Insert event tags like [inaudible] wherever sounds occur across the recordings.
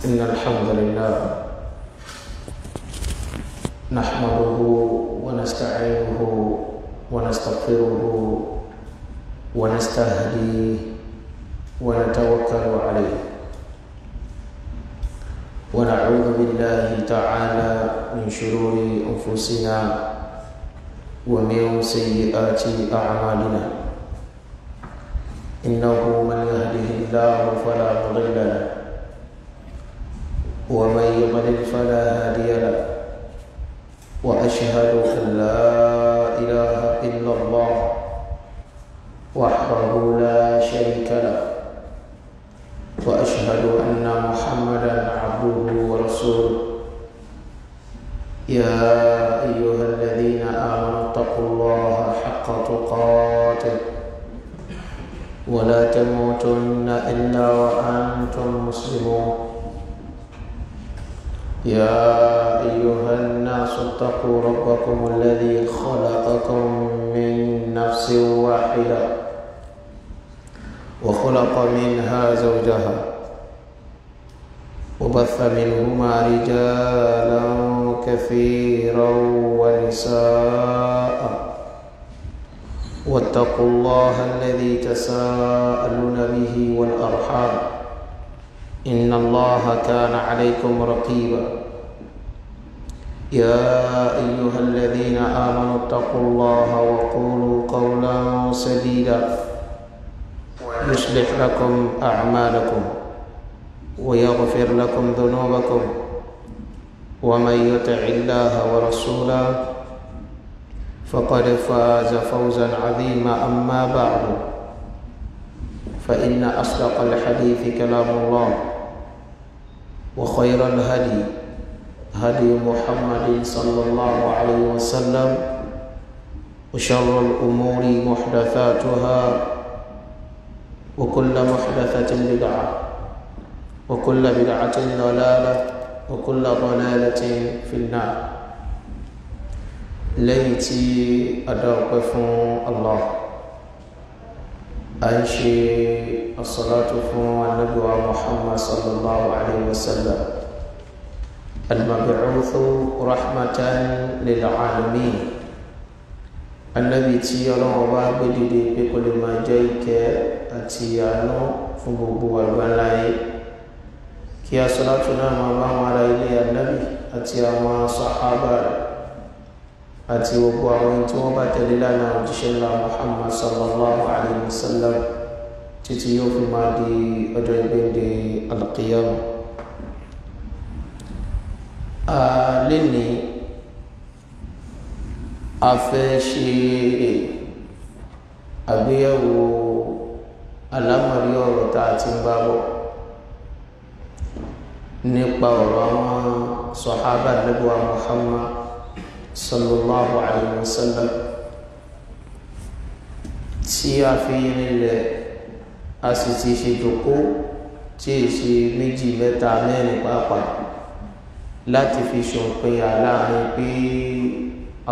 إن الحمد لله نحمده ونستعينه ونستغفره ونستهديه ونتوكل عليه ونعوذ بالله تعالى من شرور أنفسنا ومن سيئات أعمالنا إنه من يهده الله فلا مضل له ومن يضلل فلا هادي له واشهد ان لا اله الا الله وحده لا شريك له واشهد ان محمدا عبده ورسوله يا ايها الذين امنوا اتقوا الله حق تقاته ولا تموتن الا وانتم مسلمون يا أيها الناس اتقوا ربكم الذي خلقكم من نفس واحدة وخلق منها زوجها وبث منهما رجالا كثيرا ونساء واتقوا الله الذي تساءلون به والأرحام إن الله كان عليكم رقيبا يا أيها الذين آمنوا اتقوا الله وقولوا قولا سديدا يصلح لكم أعمالكم ويغفر لكم ذنوبكم ومن يطع الله ورسوله فقد فاز فوزا عظيما أما بعد فإن أصدق الحديث كلام الله وخير الهدي هدي محمد صلى الله عليه وسلم وشر الأمور محدثاتها وكل محدثة بدعة وكل بدعة ضلالة وكل ضلالة في النار ليتي أدرك الله أنشي الصلاة فهو النبي محمد صلى الله عليه وسلم المبعوث رحمة للعالمين النبي تي الله باب ديدي بكل ما جايك أتي الله فبوبو البلاي كي الصلاة نعم الله على النبي أتي الله صحابه àti gbogbo àwọn tí wọ́n bá tẹ̀lé lánàá òjíṣẹ́ ńlá Muhammad sallallahu alayhi wa sallam títí yóò fi máa di ọjọ́ ìgbéǹde alqiyama. lẹ́ni a fẹ́ ṣe àgbéyẹ̀wò alámọ̀rí ọ̀rọ̀ tá a ti ń bá bọ̀ nípa ọ̀rọ̀ àwọn sọ̀hábà lẹ́gbọ̀ọ́ Muhammad. صلى الله عليه وسلم tí a fi nílẹ̀ a sì ti ṣe jòkó tí è ṣe méjì mẹ́ta mẹ́rin pàápàá láti fi ṣòpinya láàrin pé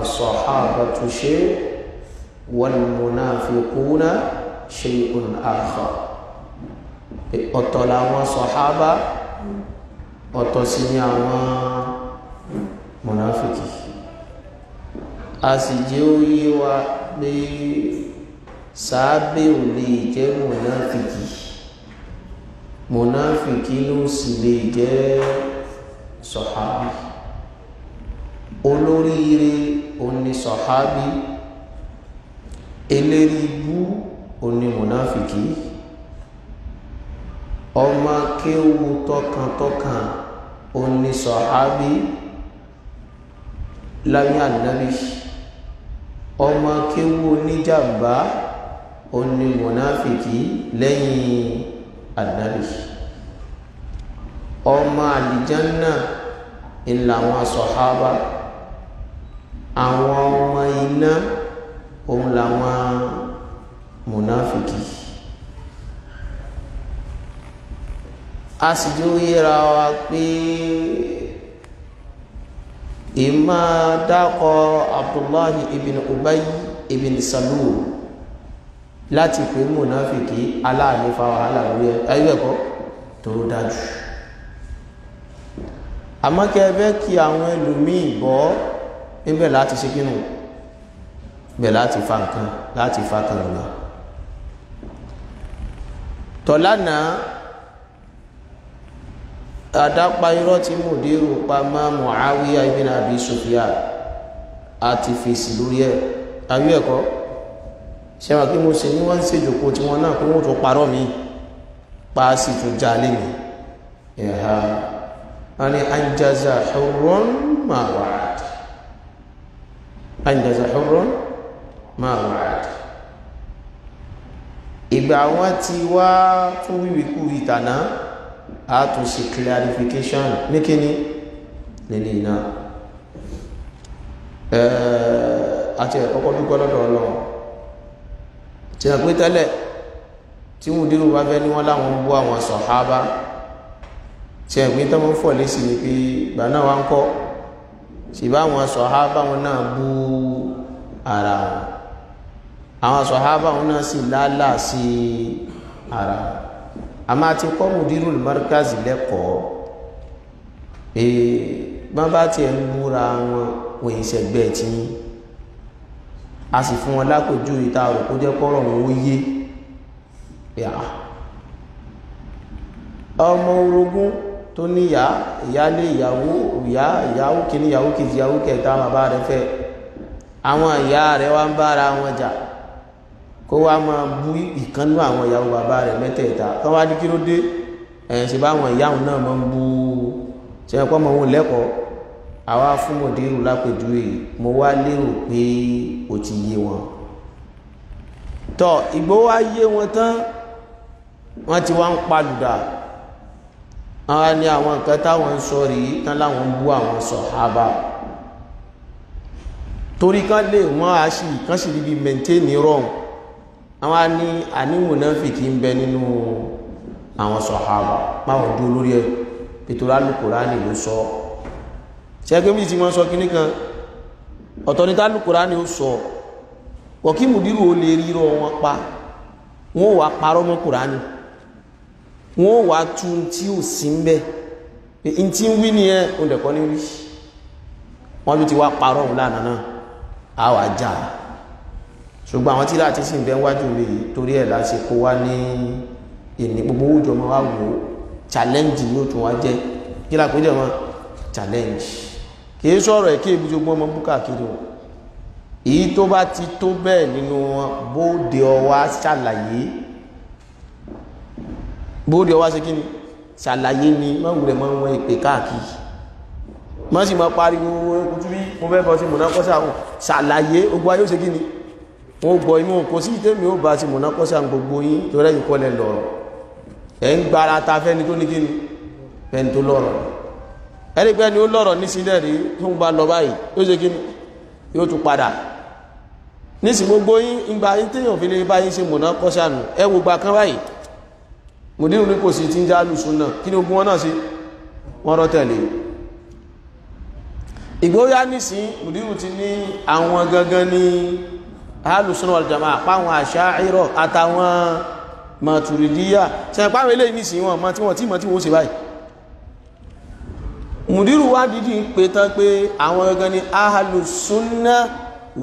as-sahabatu shay' wal-munafiquna shay'un akhar ọ̀tọ̀ làwọn sàhábà ọ̀tọ̀ sí ni àwọn mùnàfíkì a sì jẹ́ ó yé wa pé sàábẹ̀ ò lè jẹ́ mọ̀náfìkì mọ̀náfìkì ló sì lè jẹ́ sọ̀hábì olóríire òní sọ̀hábì eléri òní mọ̀náfìkì ọmọ kéwu tọkàntọkàn òní sọ̀hábì láyé ànábì ọmọ kéwú oníjàmbá oní mọ̀náfìkì lẹ́yìn ànábì ọmọ àlìjánná ńlá àwọn sọ̀hábà àwọn ọmọ iná òun làwọn mọ̀náfìkì a sì jó yẹra wa pé. ìmọ̀ dákọ̀ abdullahi ibn ubay ibn salul láti pé mùnáfìkì aláàánú fa wàhálà lórí ẹ tó dájú àmọ́ kí kí àwọn ẹlòmíì bọ́ níbẹ̀ láti ṣe kínú bẹ̀ fa nǹkan láti fa tọ́lánàá àdápa irọ́ tí mùdírù pa máa Muawiya ibn Abi Sufyan àti fèsì lórí ẹ̀ àwí ẹ̀kọ́ ṣẹ́wọ̀n kí mo ṣe ní wọ́n ń ṣèjòkó tí wọ́n náà kí wọ́n tó parọ́ mi pa á sì tún já lé mi ẹ̀hà wọ́n ní anjaza hurran ma wa'ad anjaza hurran ma wa'ad ìgbà wọn ti wá fún wíwíkú ìtànà a tún ṣe clarification ní kíni nínú iná àti ẹ̀kọ́kọ́ dúpẹ́ lọ́dọ̀ ọlọ́run tí a pé tẹ́lẹ̀ tí wọ́n dínú bá fẹ́ ní wọ́n láwọn bú àwọn sọ̀hábá tí a pé tọ́mọ́ fọ̀ lẹ́sì ni pé ìgbà náà wá ń kọ́ sì àwọn sọ̀hábá wọn náà bú ara wọn àwọn sọ̀hábá wọn náà sì lálàá sí ara wọn àmọ́ àti kọ́ mùdírù markaz lẹ́kọ̀ọ́ èè bá bá tiẹ̀ ń múra wọn wọ́n ìṣẹ̀gbẹ́ tí yín a sì fún wọn lápòjú ìta rò kó jẹ́ kọ́rọ̀ wọn ó yé yà ọmọ orogún tó níyà ìyálé ìyàwó ìyá ìyàwó kìíní ìyàwó kejì ìyàwó kẹta bàbá rẹ fẹ́ àwọn ìyá rẹ wá ń bára wọn jà. Ja kó wá máa bú ìkánú àwọn ìyàwó bàbá rẹ̀ mẹ́tẹ̀ẹ̀ta kọ́ wá ní kí ló dé ẹ̀ ṣe bá àwọn ìyáhùn náà máa ń bú ṣe ẹ̀kọ́ mọ̀ wọn lẹ́kọ̀ọ́ àwa fún mòdìrú lápèjúwe mo wá lérò pé ó ti yé wọn tọ́ ìgbó wá yé wọn tán wọ́n ti wá ń palùdà àwọn ni àwọn nǹkan táwọn ń sọ rí tán láwọn ń bú àwọn sọ̀hábà torí kan lè wọ́n á sì kan sì ríbi mẹ́ńtẹ́ẹ̀nì rọrùn àwọn ní ànímùnáfìkì ń bẹ nínú àwọn sọ̀hábà páwọn dúró lórí ẹ̀ pẹ̀tọ́rọ̀ alùkùránì ló sọ ṣẹ́gbẹ́ méjì tí wọ́n sọ kíní kan ọ̀tọ̀ ní tálùkùránì ó sọ kọ̀kí mùdírù ó lè rírọ wọn pa wọ́n wà parọ́ mọ́ kùránì wọ́n wà tún tí ò sí ń bẹ́ in tí ń wí ní ẹ́ oúnjẹ̀kọ́ ní wí wọ́n bí ti wá parọ́ òun lánàá náà a wà jáà ṣùgbọ́n àwọn tíra ti sì ń bẹ wájú rẹ̀ torí ẹ̀ la ṣe kó wá ní ìní gbogbo owó jọmọ wa wò ó challenge ni ó tún wá jẹ́ kí la pé jọmọ challenge kì í sọ̀rọ̀ ẹ̀ kí ebi jogún ọmọ búkà kiri o èyí tó bá ti tó bẹ́ẹ̀ nínú wọn bóde ọwá ṣàlàyé bóde ọwá ṣe kí ni ṣàlàyé ni má wulẹ̀ máa ń wọ ìpè káàkiri má sì máa pariwo ojúbí mo fẹ́ bọ́ sí mọ̀nà kọ́sà ṣàlàyé ogun ayé ó ṣe kí ni wọ́n gbọ́ imú kò sí tèmi ó bá ti múná kọ́ sí àwọn gbogbo yín tó rẹ́yìn kọ́lẹ̀ lọ́rọ̀ ẹ̀ ń gbára ta fẹ́ni tó ní kí ni fẹ́ni tó lọ́rọ̀ ẹni pé ni ó lọ́rọ̀ nísìnyẹ́ rí tó ń bá lọ báyìí ó ṣe kí ni yóò tún padà nísìn gbogbo yín ìgbà yín téèyàn fi lè bá yín ṣe múná kọ́ sí àná ẹ wo gbà kan báyìí mùdírù ní kò sí ti ń já lùsùn náà kí ni ogun wọn náà ṣe wọn rọ tẹ̀lé ìgbóyà nísìn mùdírù ti ní àwọn gangan ní alùsùn ọ̀lùjàmà àpáwọn àṣàírọ̀ àtàwọn màtùrìdíyà ṣe pàwọn ilé ìníṣì wọn ma tí wọ́n tí mọ̀ tí wọ́n ṣe báyìí mùdírù wá dídí ń pè tán pé àwọn gangan ni alùsùnà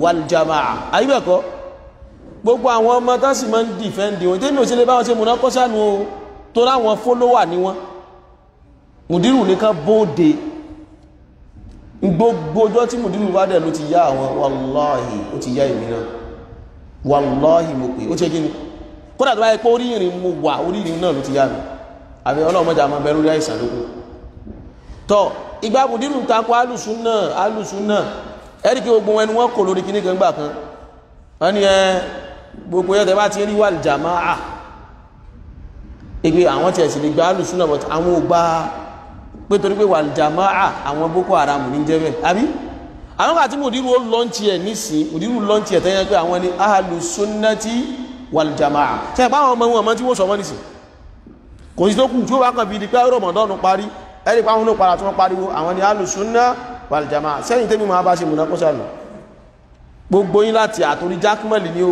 wàlùjàmà ayíbẹ̀kọ́ gbogbo àwọn ọmọ tán sì máa ń dìfẹ́ǹdì wọn tẹ́mi ò sí lè báwọn ṣe múná kọ́ sánú o tó láwọn fólówà ní wọn mùdírù nìkan bóde gbogbo ọjọ́ tí mùdírù wá dẹ̀ ló ti yá àwọn wàláhì ó ti yá ìmìíràn wàlọ́ọ̀hì mo pè ó ṣe kí ni kódà tó bá yẹ pé orí ìrìn mo wà orí ìrìn náà ló ti yá mi àbí ọlọ́mọdé àmọ́ bẹ́ẹ̀ lórí àìsàn lókun tọ́ ìgbà mùdírù ń takọ alùsùn náà alùsùn náà ẹ̀rí kí gbogbo ẹni wọ́n kò lórí kíní kan gbà kan wọ́n ní ẹ gbogbo yẹn tẹ́ bá ti rí wal jamaa ìgbé àwọn tí ẹ̀sìn lè gba alùsùn náà bọ̀ àwọn ò gbà pé torí pé wal jamaa àwọn boko haram ní jẹ́ bẹ́ẹ̀ àbí àwọn àti mòdìrú ó lọ́ǹtì ẹ̀ nísìn mòdìrú lọ́ǹtì ẹ̀ tẹ́yẹ pé àwọn ni ahlu sunnati wal jamaa tẹ́ bá àwọn ọmọ wọn tí wọ́n sọ wọ́n nísìn kò sí tó kù tí ó wá kàn fi di pé rọmọdọ́nù parí ẹ̀rí pa àwọn olóòpàá tí wọ́n pariwo àwọn ni ahlu sunna wal jamaa sẹ́yìn tẹ́mi máa bá ṣe múnakọ́sà lọ gbogbo yín láti àtòrí jákúmọ̀lì ni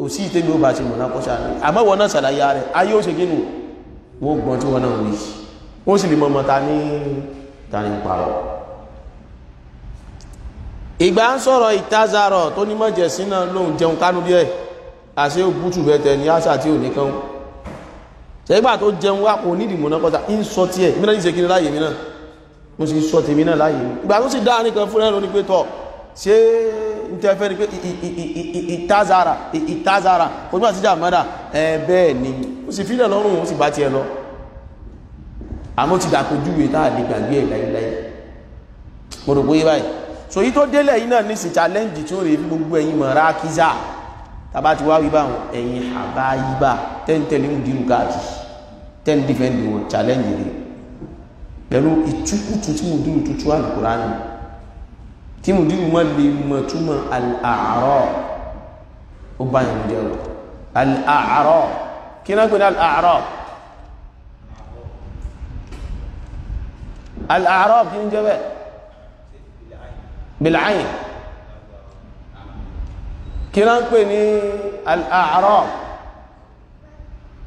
ò sí ìtẹ́gbẹ́ ó bá ti mọ̀ lápọ́ṣà ní àmọ́ wọn náà ṣàlàyé rẹ̀ ayé ó ṣe gínú wọ́n gbọ́n tí wọ́n náà wí wọ́n sì lè mọ̀ ta ní ta ní parọ́ ìgbà ń sọ̀rọ̀ ìtazarọ̀ tó ní mọ̀jẹ̀ sínà lóhun jẹun kánú bí ẹ̀ àṣẹ òbútù bẹ̀tẹ̀ ní àṣà tí ò ní kán ṣẹ́gbà tó jẹun wá kò nídìí mọ̀nà kọta ń sọ tiẹ̀ mí náà ní ṣe kí ní láàyè mí náà mo sì sọ tèmi náà láàyè ìgbà tó sì dáa nìkan fúnra lórí pé tọ̀ ṣe n tẹ́ fẹ́ ni pé ìtazara ìtazara kò nígbà tíjà mọ́dà ẹ bẹ́ẹ̀ ni ó sì fílẹ̀ lọ́rùn ó sì bá tiẹ̀ lọ àmọ́ ti dàpọ̀júwe tá a lè gbàgbé ẹ̀ láyéláyé mo rò pé báyìí so yí tó délẹ̀ yìí náà ní sí challenge tí ó rèé fi gbogbo ẹ̀yin mọ̀ rákíza tàbá ti wá wíbá àwọn ẹ̀yin àbáyíbá tẹ́ntẹ́lẹ́ ń dirú káàkiri tẹ́n dífẹ́ndì wọn challenge rèé pẹ̀lú ìtúkùtù tí mo dúró tuntun àlùkùránì tí mùdírù má lè mọ̀ túmọ̀ al-a'ra ó bá yẹn jẹ́ o al-a'ra kí náà pè ní al-a'ra al-a'ra kí ń jẹ́ bẹ́ẹ̀ bil-ayn kí náà pè ní al-a'ra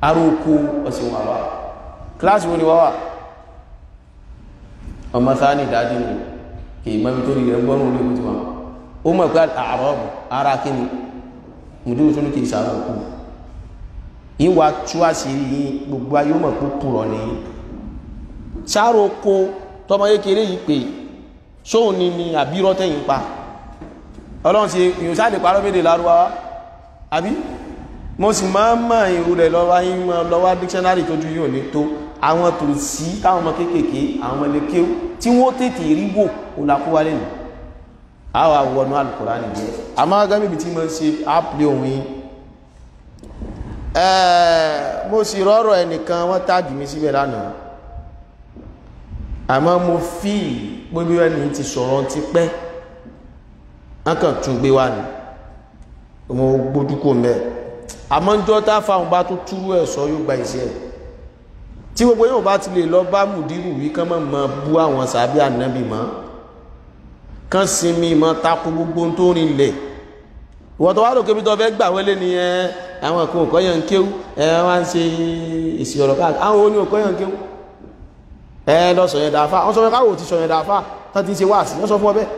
aróko ọ̀sìn wà wá kíláàsì wo ni wá wà ọmọ sáà ní ìdájí kì í mọ́bi tó rí rẹ̀ ń gbọ́rùn orí ìbùtù wọn ó mọ̀ pé àrọ́ọ̀bù ara kí ni mùdúrù tó ní kì í sàrò kù ìwà tú àṣírí yín gbogbo ayé ó mọ̀ pé kùrọ̀ nìyí sáró ko tọmọ kékeré yìí pé sóun ni ni àbírọ́ tẹ̀yìn pa ọlọ́run ṣe ìyóò sáà lè parọ́ méde lárúbáwá àbí mo sì máa ń mọ̀ ìrù rẹ̀ lọ́wọ́ yín lọ́wọ́ dictionary tójú yóò ní tó àwọn tòsí táwọn ọmọ kéékèèké àwọn ọmọ ilé tí wọ́n tètè rí wò kò lákúwá lẹ́nu àwọn àwọnú alukùránì jẹ́ a máa gámi bí tí mọ́ sí ápùlé ohun yìí mo sì rọ́rọ̀ ẹnìkan wọ́n táàgì mi síbẹ̀ lánàá àmọ́ mo fi pé bí ẹni ti sọ̀rọ̀ ti pẹ́ wọ́n kàn tún gbé wá ní mo gbójúkò mẹ́ àmọ́ ń jọ́ tá fáwọn bá tó túrú ẹ̀ sọ yóò gba iṣẹ́ rẹ̀ tí gbogbo yóò bá ti lè lọ bá mùdírù wí kán mọ̀ mọ̀ bú àwọn sàbí ànábì mọ́ kán sinmi mọ́ tako gbogbo tó rinlẹ̀ ìwọ́n tó wá lò kébi tó fẹ́ gbà wọlé nìyẹn àwọn kan òkọ́ yẹn ń kéwú ẹ wá ń ṣe èsì ọ̀rọ̀ káàkiri àwọn òní òkọ́ yẹn ń kéwú ẹ lọ sọ yẹn dàáfà wọ́n sọ fún káwọ́ ti sọ yẹn dàáfà tó ti ṣe wáàsí wọ́n sọ fún ọ bẹ́ẹ̀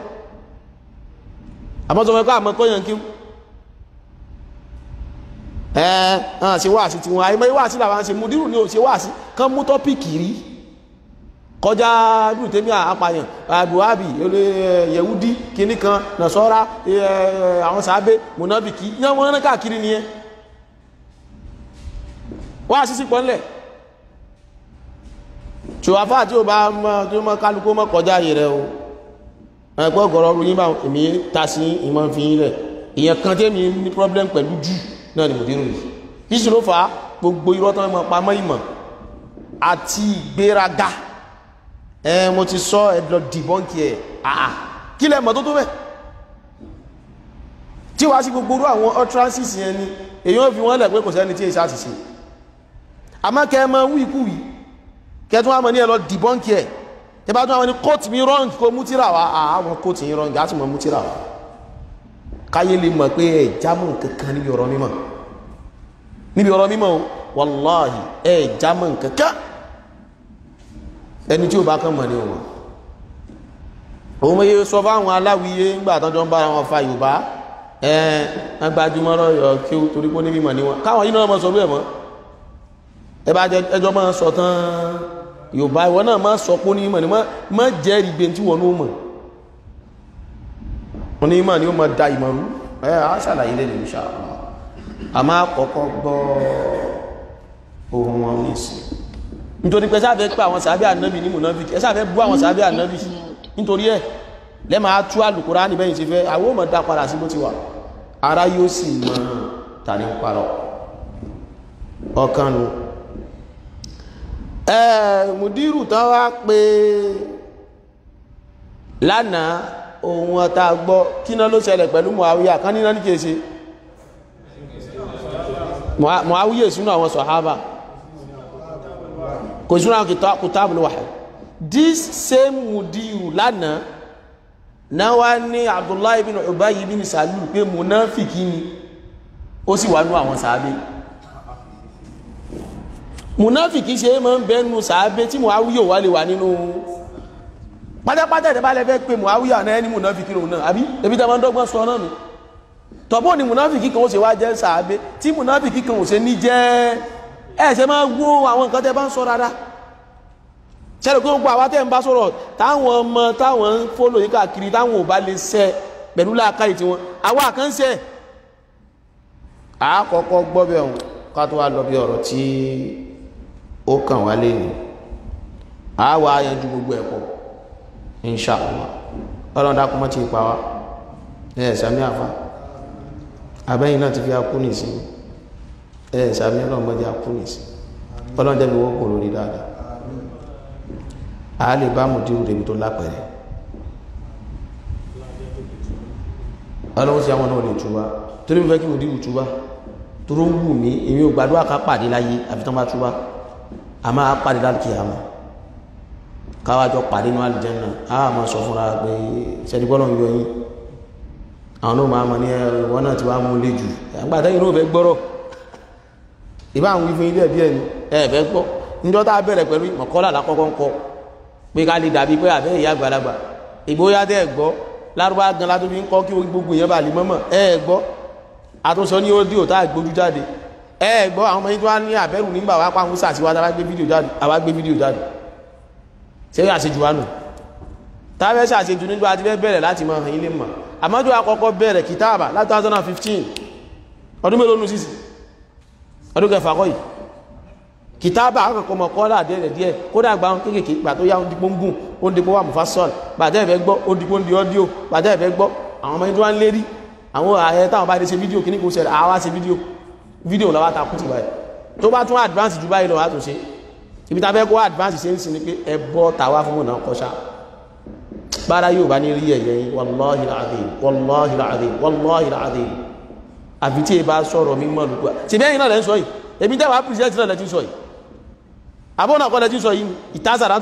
àmọ́ sọ fún káwọ́ ẹ hàn ṣe wáàsí tiwọn àìmọ ìwáàsí làwọn ṣe mudiru ni ò ṣe wáàsí kán mú tọ́pìkì rí kọjá dùtẹ́mí àpàyàn àdùábì yẹ̀wúdí kìíní kan nàṣọ́ra àwọn sàábé mùnàbìkì yẹn wọ́n rán káàkiri nìyẹn wáàsí sí pọ́nlẹ̀ tùwáfà tí ó bá mọ kálukú mọ kọjá yìí rẹ o ẹ̀pọ̀ gọ̀rọ̀ ọ̀rùn yín bá èmi ta sí ìmọ̀ fi yín rẹ̀ ìyẹn kan tẹ́mi ní problem pẹ̀lú jù náà ni mùdírù yìí yíṣu ló fà á gbogbo irọ́ tó ń mọ pamọ́ ìmọ̀ àti ìgbéraga ẹ mo ti sọ ẹ lọ dìbọ́ǹkì ẹ àà kí lẹ mọ̀ tó tó bẹ̀ tí wàá sí gbogbo irú àwọn utterances yẹn ni èèyàn fi wọ́n lẹ̀ pé kò sẹ́ni tí èsì àṣìṣe àmọ́ kẹ́ ẹ mọ wíkúwì kẹ́ ẹ tún wá mọ ní ẹ lọ dìbọ́ǹkì ẹ tẹ́ bá tún wá mọ ní kóòtù mi rọ́ǹkì kó mú tíra wá àwọn kóòtù yín rọ́ǹkì á sì mọ mú tíra káyé lè mọ̀ pé ẹ jámọ̀ kankan níbi ọ̀rọ̀ mímọ́ níbi ọ̀rọ̀ mímọ́ o wàláhì ẹ jámọ̀ kankan ẹni tí ó bá kàn mọ̀ ní ọmọ òun mọ̀ yóò sọ fáwọn aláwìyé ńgbà àtọ́jọ́ ń bára wọn fa yorùbá ẹ ẹ gbajúmọ̀ lọ́yọ̀ kí ó torí pé ó ní mímọ̀ ní wọn káwọn yìí náà mọ̀ sọ bí ẹ̀ mọ́ ẹ bá ẹjọ́ máa sọ tán yorùbá ìwọ náà máa sọ pé ní mímọ̀ ní mọ́ jẹ́ ìgbẹ́ tí wọ́n mọ̀ wọn ní ìmọ̀ ni ó mọ̀ da ìmọ̀ rú ẹ á ṣàlàyé lẹ́nu ìṣà a máa kọ́kọ́ gbọ́ ohun wọn ní ìsìn nítorí pé sáfẹ́ pé àwọn sàábẹ́ ànábì ní mùnábì ẹ sáfẹ́ bú àwọn sàábẹ́ ànábì nítorí ẹ lẹ́mà á tú àlùkùrá níbẹ̀ yìí ṣe fẹ́ àwọn ò mọ̀ dá padà sí bó ti wà ara yóò sì mọ̀ tàní parọ́ ọ̀kan nu ẹ̀ mùdírù tán wá pé lánàá ohun ọ̀ta gbọ́ kí náà ló ṣẹlẹ̀ pẹ̀lú Muawiya kan níná ní kèèṣe Muawiya sínú àwọn sọ̀hábà kò sínú àwọn kìtàbù ní wàhálà this same mudiru lánàá náà wá ní Abdullahi ibn Ubay ibn Salul pé munafiki ni ó sì wà nú àwọn sàábé munafiki ṣe é máa ń bẹ́nu sàábé tí Muawiya wà lè wà nínú pátápátá ìdẹ́bà lẹ́fẹ́ pé Muawiya náà ẹni mùnáfìkì lòun náà àbí ebi tẹ́ máa ń dọ́gbọ́n sọ náà nù tọ́bọ̀ ni mùnáfìkì kan ó ṣe wá jẹ́ sàábé tí mùnáfìkì kan ó ṣe ní jẹ́ ẹ ṣe máa gbó àwọn nǹkan tẹ́ bá ń sọ rárá ṣẹlẹ̀ pé gbogbo àwa tẹ́ ń bá sọ̀rọ̀ táwọn ọmọ táwọn ń fólò yìí káàkiri táwọn ò bá lè ṣe pẹ̀lú làákàyè tiwọn àwa kan ṣe àkọ́kọ́ gbọ́ bẹ́ẹ̀ hùn ká tó wá lọ bí ọ̀rọ̀ tí ó kàn wá lé ní àwa yanjú gbogbo ẹ̀kọ́ inṣàlá ọlọ́run dákun mọ́ ti pa wá ẹ sàmì àfa abẹ́yìn náà ti fi akú nìsí ẹ sàmì ọlọ́run mọ́ ti akú nìsí ọlọ́run jẹ́ mi wọ́n kò lórí dáadáa a lè bá mùdírù débi tó lápẹ̀rẹ̀ ọlọ́run sí àwọn náà lè túbá torí mi fẹ́ kí mùdírù túbá toró wù mí èmi ò gbàdúrà ká pàdé láyé àfi tán bá túbá àmọ́ á pàdé láti kìí àmọ́ káwájọ pàdé ní alìjẹ́nà a máa sọ fúnra pé sẹ́dígbọ́lọ̀ ń yọ yín àwọn náà máa mọ̀ ní ẹ̀wọ́n náà ti wá mú lé jù àgbàtà yìí náà fẹ́ gbọ́rọ̀ ìbá àwọn wí fún ilé ẹ̀bí ẹ̀ni ẹ̀ fẹ́ gbọ́ níjọ́ tá a bẹ̀rẹ̀ pẹ̀lú mọ̀kọ́lá lákọ́kọ́ ń kọ pé ká lè dàbí pé àbẹ́ ìyá àgbàlagbà ìgbóyá tẹ́ ẹ̀ gbọ́ lárúbá gan látó fi ń kọ́ kí gbogbo yẹn bá lè mọ́mọ́ ẹ̀ gbọ́ àtúnṣe ní rédíò tá a gbójú jáde ẹ̀ gbọ́ àwọn ọmọ yín tó wá ní àbẹ́rù nígbà wá pa àwọn a bá gbé fídíò jáde ṣe àṣejù wa nù tàbí ṣe àṣejù nígbà àti fẹ́ bẹ̀rẹ̀ láti mọ ilé mọ̀ àmọ́jú àkọ́kọ́ bẹ̀rẹ̀ kìtàbà 2015 ọdún mélòó nù sísì ọdún kẹfà kọ́ yìí kìtàbà àkọ́kọ́ mọ̀ kọ́ láàdẹ́rẹ̀ díẹ̀ kódà gba kéékèèké gbà tó yá ó ń digbó ń gùn ó ń digbó wà mú fásọ́ọ̀lù bàtẹ́ ìfẹ́ gbọ́ ó ń digbó ń di ọ́díò bàtẹ́ ìfẹ́ gbọ́ àwọn ọmọ ìdúrà ń lérí àwọn ààyè táwọn bá dé ṣe fídíò kíní kò ṣẹlẹ̀ àwa ṣe fídíò fídíò làwa ta kú ti báyìí tó bá tún advance ju báyìí lọ wà á tún ṣe ibi tàbẹ́ kó advance ṣe ń sin ni pé ẹbọ tàwa fún mọ̀nà kọ́ṣá bára yóò bá ní rí ẹ̀yẹ wallahi alazim wallahi alazim wallahi alazim àfi tí ẹ bá sọ̀rọ̀ mi mọ̀ lùkú ṣe bẹ́ẹ̀ iná lẹ́ ń sọ yìí ebi tẹ́wà pìrìsẹ́tì náà lẹ́ ti sọ yìí àbọ̀nà kọ́ lẹ́ ti sọ yìí ìtazàrà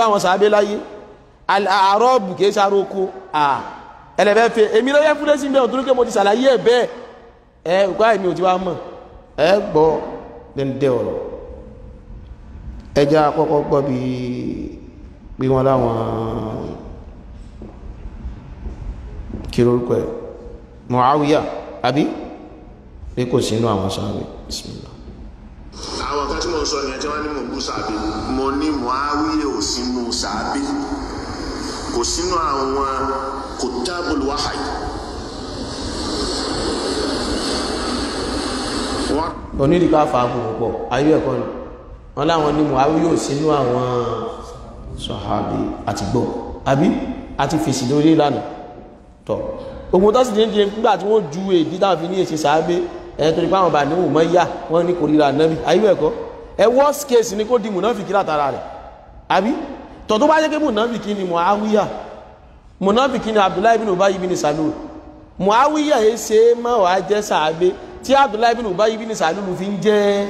wọn sàábé láyé àrọ́bù kéé àà ẹlẹ́fẹ́ fẹ́ èmi lọ́yẹ́ fún lẹ́sìn bẹ́ẹ̀ òtúrú pé mo ti ṣàlàyé ẹ̀ bẹ́ẹ̀ ẹ ìkọ́ àìmí ò ti wá mọ̀ ẹ gbọ́ dẹ́ndẹ́ ọ̀rọ̀ ẹja kọ́kọ́ gbọ́ bí pé wọ́n láwọn kí lórúkọ ẹ̀ Muawiya àbí pé kò sínú àwọn sàábé bismillah àwọn kan tí mo sọ yẹn tí wọ́n ní mo bú sàábé mo ní Muawiya ò sínú sàábé kò sínú àwọn kutabul wahayi. onídìgbà fàákù púpọ̀ ayé ẹ̀kọ́ ni wọ́n láwọn ní muhawi yóò sínú àwọn sọ̀hábì àti gbọ́ àbí àti fèsì lórí ìlànà tọ̀ ogun tó sì dé dé nígbà tí wọ́n ju èdè tàbí ní èsì sàábé ẹni tó ní pàwọn bá níwò mọ́ yá wọ́n ní kòríra nábì ayé ẹ̀kọ́ ẹ worst case ni kó di mùnáfìkì látara rẹ̀ àbí tọ̀ tó bá yẹ kí mùnáfìkì ni muhawi yá munafiki ni abdullahi bin ubayi bin salul muawiya yìí ṣe é má wàá jẹ́ sàábé tí abdullahi bin ubayi bin salul fi ń jẹ́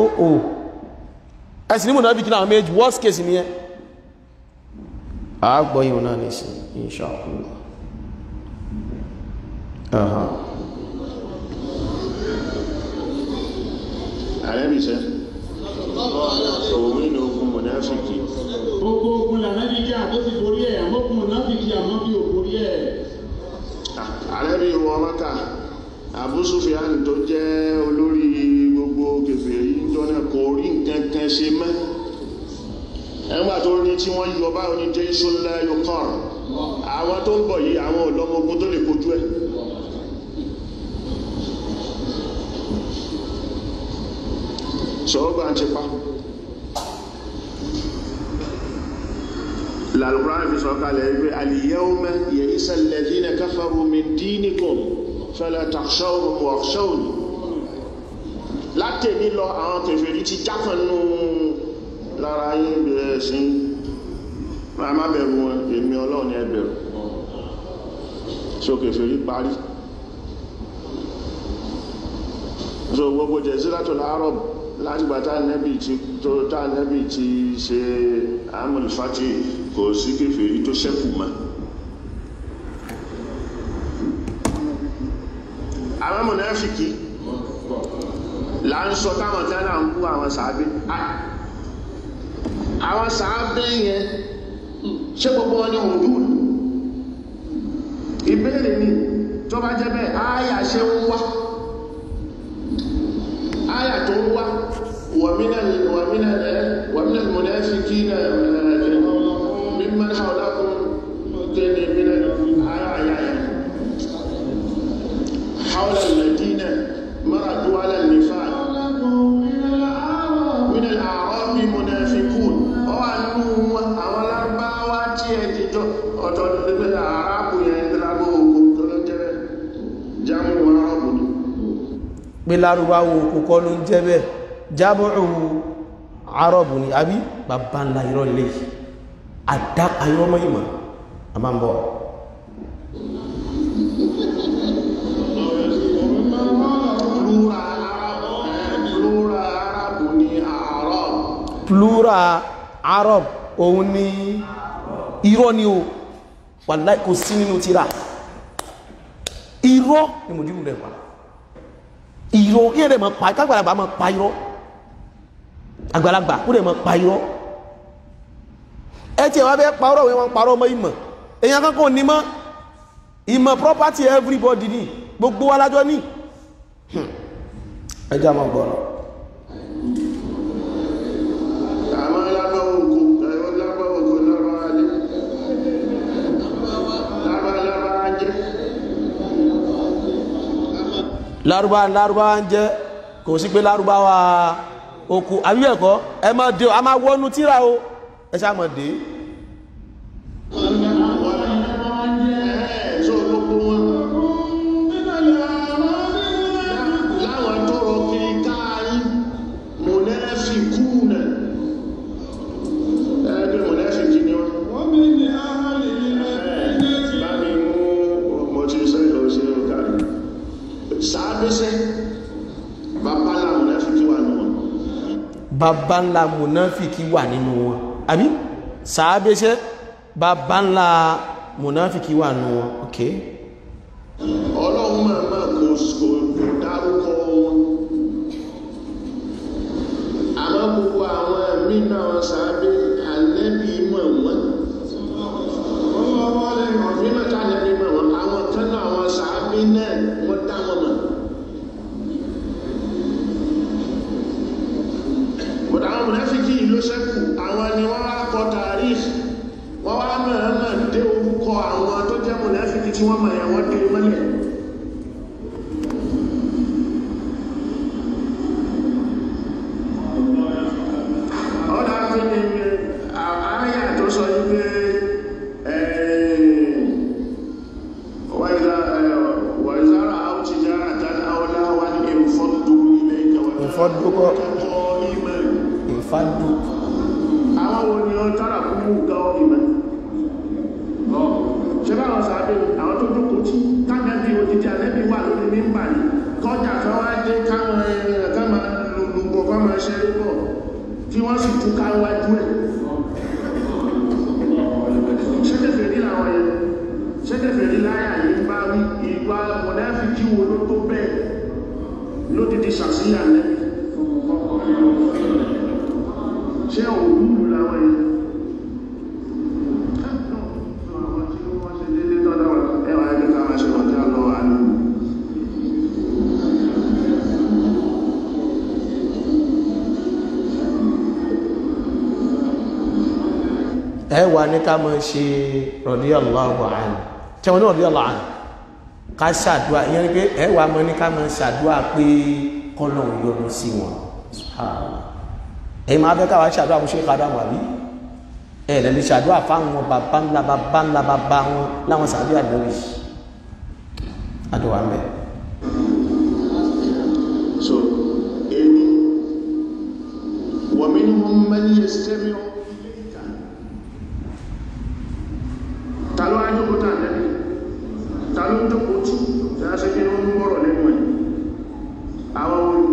oh oh ẹ̀sìn ní munafiki náà méjì worst case ni ẹ àgbọ̀yìn náà ní sí inṣàkúrò Uh-huh. Àrẹ́bìsẹ́, òun ní ogun mọ̀náfíkì gbogbo ogun lànà bí jà tó borí ẹ̀ àmọ́ kùn náà fi kí àmọ́ fi wọ mọ́kà Abu tó jẹ́ olórí gbogbo kèfèrí jọ́nà kò rí nǹkan kan ṣe mọ́ ẹgbà tó ní tí wọ́n yọ báwo ní jésù ńlá àwọn tó ń bọ̀ yìí àwọn ọ̀dọ́mọ tó lè kojú ẹ̀ sọ̀rọ̀ gbà ń ti pa. làlùkùránì fi sọ̀rọ̀ kalẹ̀ wípé al-yawma ya'isa alladhina kafaru min dinikum fala takhshawhum wakhshawni látẹ̀mí lọ àwọn kèfèrí ti jákànnú lára yín bẹ̀rẹ̀ sí máa má bẹ̀rù wọn èmi ọlọ́run ẹ bẹ̀rù so kèfèrí parí so gbogbo jẹ̀sílátò láàárọ̀ látìgbà tá nẹ́bì ti ṣe amúlùfátì kò sí kèfèrí tó ṣẹ́kù mọ́. àwọn mọ̀nàfíkì là ń sọ táwọn tí wọn ń kú àwọn sàábé ah, àwọn sàábé yẹn ṣé gbogbo wọn ní òun dùn ìbéèrè ni tó bá jẹ́ bẹ́ẹ̀ ááyà ṣe ń wá. lárúbáwò kòkọ́ ló ń jẹ́ bẹ́ẹ̀ jábọ̀rù arọ́bù ni àbí bàbá ńlá irọ́ lè àdápa irọ́ mọ́ ìmọ̀ àbámbọ̀ plural arab òun ni irọ́ ni o sí nínú tírà irọ́ ni mòjúlù rẹ̀ wà irọ́ yẹn dẹ̀ mọ̀ pa kágbàlagbà mọ̀ pa irọ́ àgbàlagbà ó dẹ̀ mọ̀ pa irọ́ ẹ tiẹ̀ wá fẹ́ parọ́ òwe wọn parọ́ ọmọ ìmọ̀ èèyàn kankan ní mọ́ ìmọ̀ property everybody ni gbogbo wa lájọ́ ní hmm. ẹjá máa bọ̀ lárúbáwá lárúbáwá ń jẹ́ kò sí pé lárúbáwá oko àbí ẹ̀kọ́ ẹ máa dé ọ a máa wọnú tíra o ẹ ṣáà máa dé. bàbá ńlá mùnáfìkì wà nínú wọn àbí sàábẹ́sẹ́ bàbá ńlá mùnáfìkì wà nínú wọn ok. transforma ṣẹ́kẹ̀fẹ̀ rí láyà yìí bá rí ìwà mọ̀láfíkí wo ló tó bẹ́ẹ̀ lódìdí ṣàṣíyàn lẹ́yìn ṣé òun lù ah, láwọn yìí ẹ wà ní ká mọ̀ ṣe radiyallahu anhu tí wọn náà rí ọlọ àná ká ṣàdúrà ìyẹn ni pé ẹ wà mọ ní ká mọ ṣàdúrà pé kọ́nà òyọnu sí wọn ẹ̀yin máa fẹ́ káwa ṣàdúrà fún ṣéka dáhùn àbí ẹ lẹ́nu ṣàdúrà fáwọn bàbá ńlá bàbá ńlá bàbá wọn láwọn sàbí àdúrà àdúrà mẹ́rin. ومنهم من يستمع إليك تلو عجبتان ló ń jókòó tì òṣìṣẹ́ ṣe kí ló ń gbọ́rọ̀ lẹ́nu ẹ̀ àwọn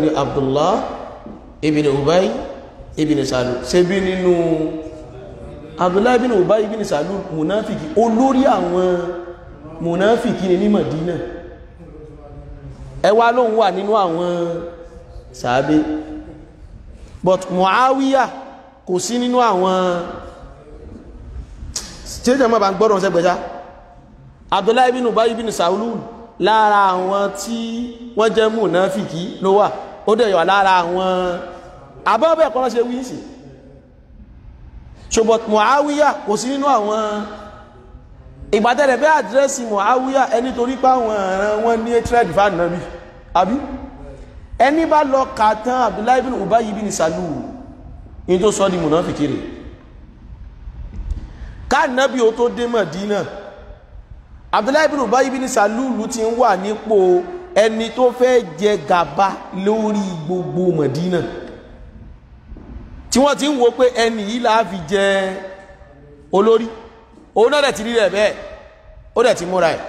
ni Abdullah ibn Ubay ibn Salul ṣebí nínú Abdullah ibn Ubay ibn Salul munafiki olórí àwọn munafiki ni ní Madina ẹwà lóhun wà nínú àwọn sàábé but Muawiya kò sí nínú àwọn tí ó jẹ́ mọ́ bá ń gbọ́rọ̀ sẹ́gbẹ̀já Abdullah ibn Ubay ibn Salul lára àwọn tí wọ́n jẹ́ mùnáfìkì ló wà ó dẹ̀ yọ̀ lára àwọn abẹ́ọ̀bẹ́ ẹ̀kọ́ náà ṣe wí sí ṣùgbọ́n Muawiya kò sí nínú àwọn ìgbàtẹ̀lẹ̀ bẹ́ àdírẹ́sì Muawiya ẹni torí pé àwọn ọ̀ràn wọn ní trade fan náà bí àbí ẹni bin Ubayy bin Salul ní tó sọ di mùnáfìkì rẹ̀ káànábì ó tó bin Ubayy bin Salul ti ẹni tó fẹ́ jẹ gàba lórí gbogbo Mọ̀dínà tí wọ́n ti ń wo pé ẹni yìí la fi jẹ olórí òun náà dẹ̀ ti rí rẹ̀ bẹ́ẹ̀ ó dẹ̀ ti múra ẹ̀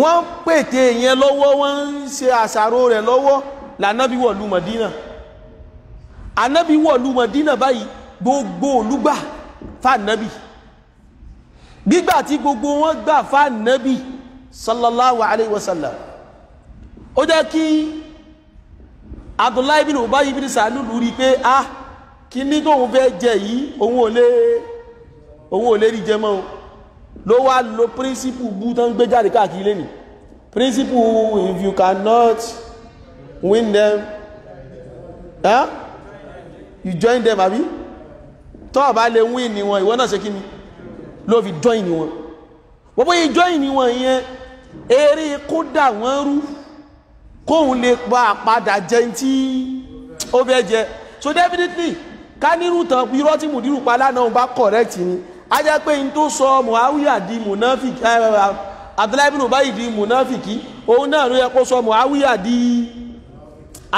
wọ́n ń pètè yẹn lọ́wọ́ wọ́n ń ṣe àṣàrò rẹ̀ lọ́wọ́ lànàbí wọ̀lú Mọ̀dínà ànàbí wọ̀lú Mọ̀dínà báyìí gbogbo olúgbà fànàbí gbígbà tí gbogbo wọn gbà fànàbí sallallahu alayhi wa sallam ó jẹ́ kí Abdullahi bin Ubayi bin Salulu rí pé ah kí ní tóun fẹ́ jẹ yìí òun ò lè òun ò lè rí jẹ mọ́ o ló wá lo príncipù bú tán gbé jáde káàkiri lẹ́nìí príncipù if you cannot win them eh? you join them àbí tó o bá lè win ni wọn ìwọ náà ṣe kí ni ló fi join ni wọn wọ́n bóyá join ni wọn yẹn eré kódà wọ́n rú kóun lè pa àpadà jẹ tí ó fẹ́ jẹ so definitely ká nírú tán irọ́ tí mùdírù pa lánàá òun bá correct ni a jẹ́ pé n tó sọ muawiya di munafik eh, abdullahi bin ubayi di munafiki òun náà ló yẹ kó sọ muawiya di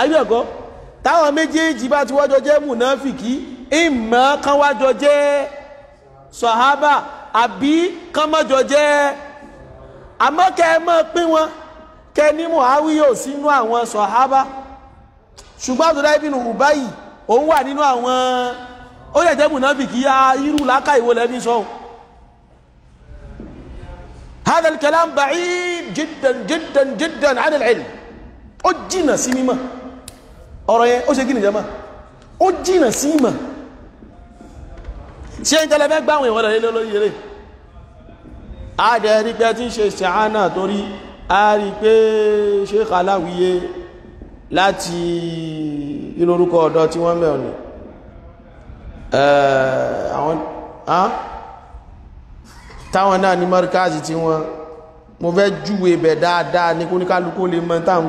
ayọ̀kọ́ táwọn méjèèjì bá ti wájọ jẹ́ munafiki ìmọ̀ kan wájọ jẹ́ sahaba àbí kan mọ́jọ jẹ́ àmọ́ mọ́ pín wọn. kẹni muhawi yóò sínú àwọn sọ̀hábà ṣùgbọ́n Abdullahi bin Ubayi òun wà nínú àwọn ó lè jẹ́ mùnáfìkì yá irú láká ìwò lẹ́bí sọ hadha al-kalam ba'id jiddan jiddan jiddan 'an al-'ilm ó jìnà sí mímọ̀ ọ̀rọ̀ yẹn ó ṣe gínì jẹ́mà ó jìnà sí mímọ̀ ṣe ń tẹ́lẹ̀ fẹ́ ìwọ̀n lórí a rí pé Sheikh Aláwíyé láti ilorúkọ ọ̀dọ́ tí wọ́n mẹ́ọ̀ ní àwọn táwọn náà ní markazi tí wọ́n mo fẹ́ júwe bẹ̀ dáadáa ní kóníkálukú lè mọ́ táwọn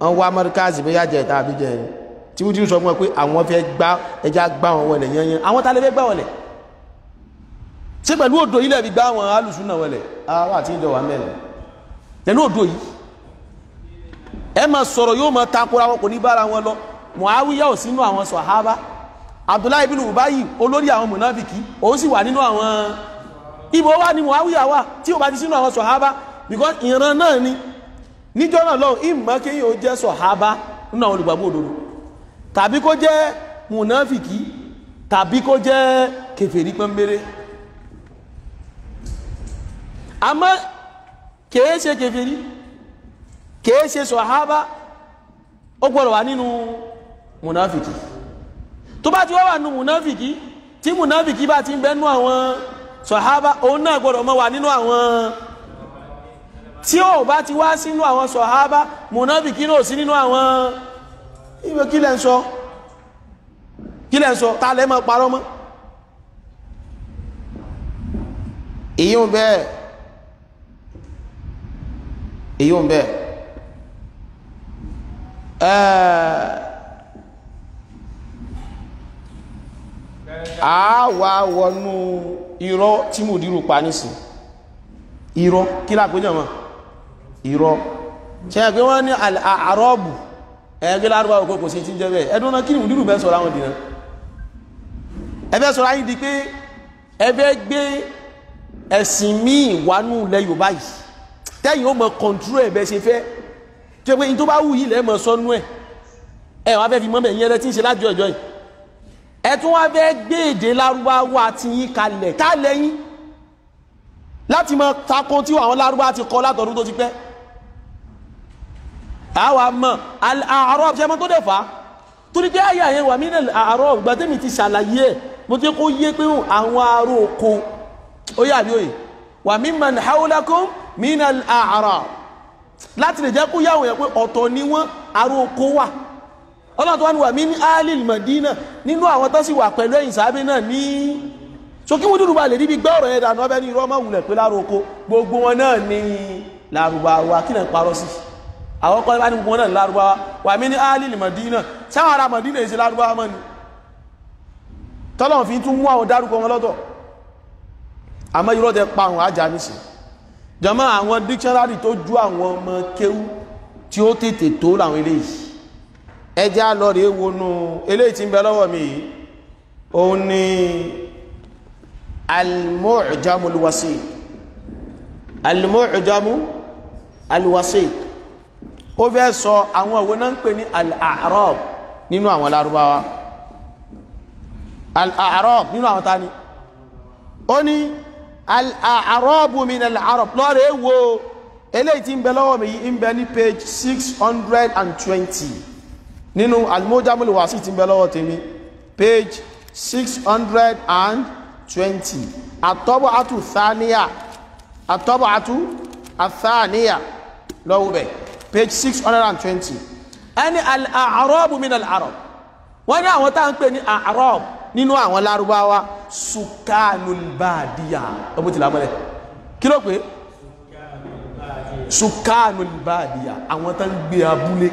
wọ́n wá markazi bẹ́ yájẹ̀ tàbí jẹ́ ni tí wọ́n ti sọ fún ẹ pé àwọn fẹ́ gbá ẹja gbá wọn wọlé yanyan àwọn tá lè fẹ́ gbá wọlé ṣé pẹ̀lú odò ilẹ̀ fi gbá wọn alùsùn náà wọlé àwọn àti ìjọ wà mẹ́rin nínú odò yìí ẹ máa sọ̀rọ̀ yóò máa takora wọn kò ní bára wọn lọ Muawiya ò sínú àwọn olori Abdullahi bin Ubayi olórí àwọn mùnàfìkì òun sì wà wa ni Muawiya wà tí bá ti sínú àwọn sọ̀hábà because ìran náà ni níjọ́ náà lọ́hùn ìmọ̀ kéyìn ó jẹ́ sọ̀hábà nínú àwọn olùgbàgbọ́ òdodo tàbí kó jẹ́ mùnàfìkì tàbí kó jẹ́ kèfèrí kèé ṣe kèfèrí kèé ṣe sọ̀hábà ó gbọ́dọ̀ wà nínú mùnáfìkì tó bá ti wá wà nínú mùnáfìkì tí mùnáfìkì bá ti ń bẹ́nu àwọn sọ̀hábà òun náà gbọ́dọ̀ mọ́ wà nínú àwọn tí ó bá ti wá sínú àwọn sọ̀hábà mùnáfìkì náà sí nínú àwọn ìwé kílẹ̀ ń sọ kílẹ̀ ń sọ ta lẹ́ parọ́ mọ́ ìyún bẹ́ẹ̀ eyi ò ń bẹ awa wà wọnú tí pa nísìn irọ́ kí lápéjọ mọ́ ṣe ẹgbẹ́ wọ́n ni àrọ́bù ẹgbẹ́ lárúbá òkú kò sí tí ń jẹ́ bẹ́ẹ̀ ẹdún náà kí ni di pé ẹbẹ́ wanu Yorùbá yìí tẹ́yìn ó mọ kọ̀ǹtúrò ẹ̀ bẹ́ẹ̀ ṣe fẹ́ tí ó pé ní tó bá wù yìí lẹ́ẹ̀ mọ sọ́nú ẹ̀ ẹ̀ wá fẹ́ fi mọ́ bẹ̀yìn ẹ̀rẹ́ tí ń ṣe lájọ ìjọ yìí ẹ̀ tún wá fẹ́ gbé èdè lárúbáwá ti yín kalẹ̀ ká lẹ́yìn láti mọ takun tí àwọn lárúbá ti kọ látọ̀dún tó ti pẹ́ àwa mọ àárọ̀ ṣe mọ́ tó dẹ̀ fà á torí pé àyà yẹn wà mílẹ̀ àárọ̀ gbàtẹ́mi ti ṣàlàyé ẹ̀ mo ti kó yé pé àwọn aró oko ó yà ní òye wà mí mọ̀ ní hawlakum minal a'rab láti lè jẹ́ kó yáwọn yẹn pé ọ̀tọ̀ ni wọ́n aró oko wà ọlọ́run tó wá ní wà min alil madina nínú àwọn tó sì wà pẹ̀lú ẹ̀yìn sábẹ́ náà ní so kí wọ́n dúdú ba lè ríbi gbẹ́ ọ̀rọ̀ yẹn dànù ọbẹ̀ ní irọ́ mọ̀wùlẹ̀ pé láàrọ̀ oko gbogbo wọn náà ní lárúbáwá kí náà parọ́ sí àwọn kọ́ bá ní gbogbo wọn náà lárúbáwá wà mí ní alil madina sáwọn ará madina èsì lárúbáwá mọ́ ni tọ́lọ́run fi tún mú àwọn dárúkọ wọn lọ́tọ̀ àmọ́ irọ́ tẹ pa àwọn ajá nísìnyí jọmọ́ àwọn dictionary tó ju àwọn ọmọ kéwú tí ó tètè tó làwọn eléyìí ẹjẹ́ àlọ́rẹ̀ wọnú eléyìí tí ń bẹ lọ́wọ́ mi òun ni al-mu'jamu al-wasiq ó fẹ́ sọ àwọn òwe náà ń pè ní al nínú àwọn lárúbáwá al nínú àwọn tani ó ní al-arabu min al-arab lọ́rẹ̀ èwo eléyìí tí ń bẹ lọ́wọ́ mi yìí ń bẹ ní page 620 nínú al-mujamul wasi tí ń bẹ lọ́wọ́ tèmi page 620 àtọ́bọ̀ àtú thaniya àtọ́bọ̀ àtú athaniya lọ́wọ́ bẹ̀ page 620 ẹni al-arabu min al-arab wọ́n ní àwọn táà ń pè ní al nínú àwọn lárúbáwá sukanulbadiya ọmọ tí lámọ́lẹ̀ kí ló pé sukanulbadiya àwọn tán gbé abúlé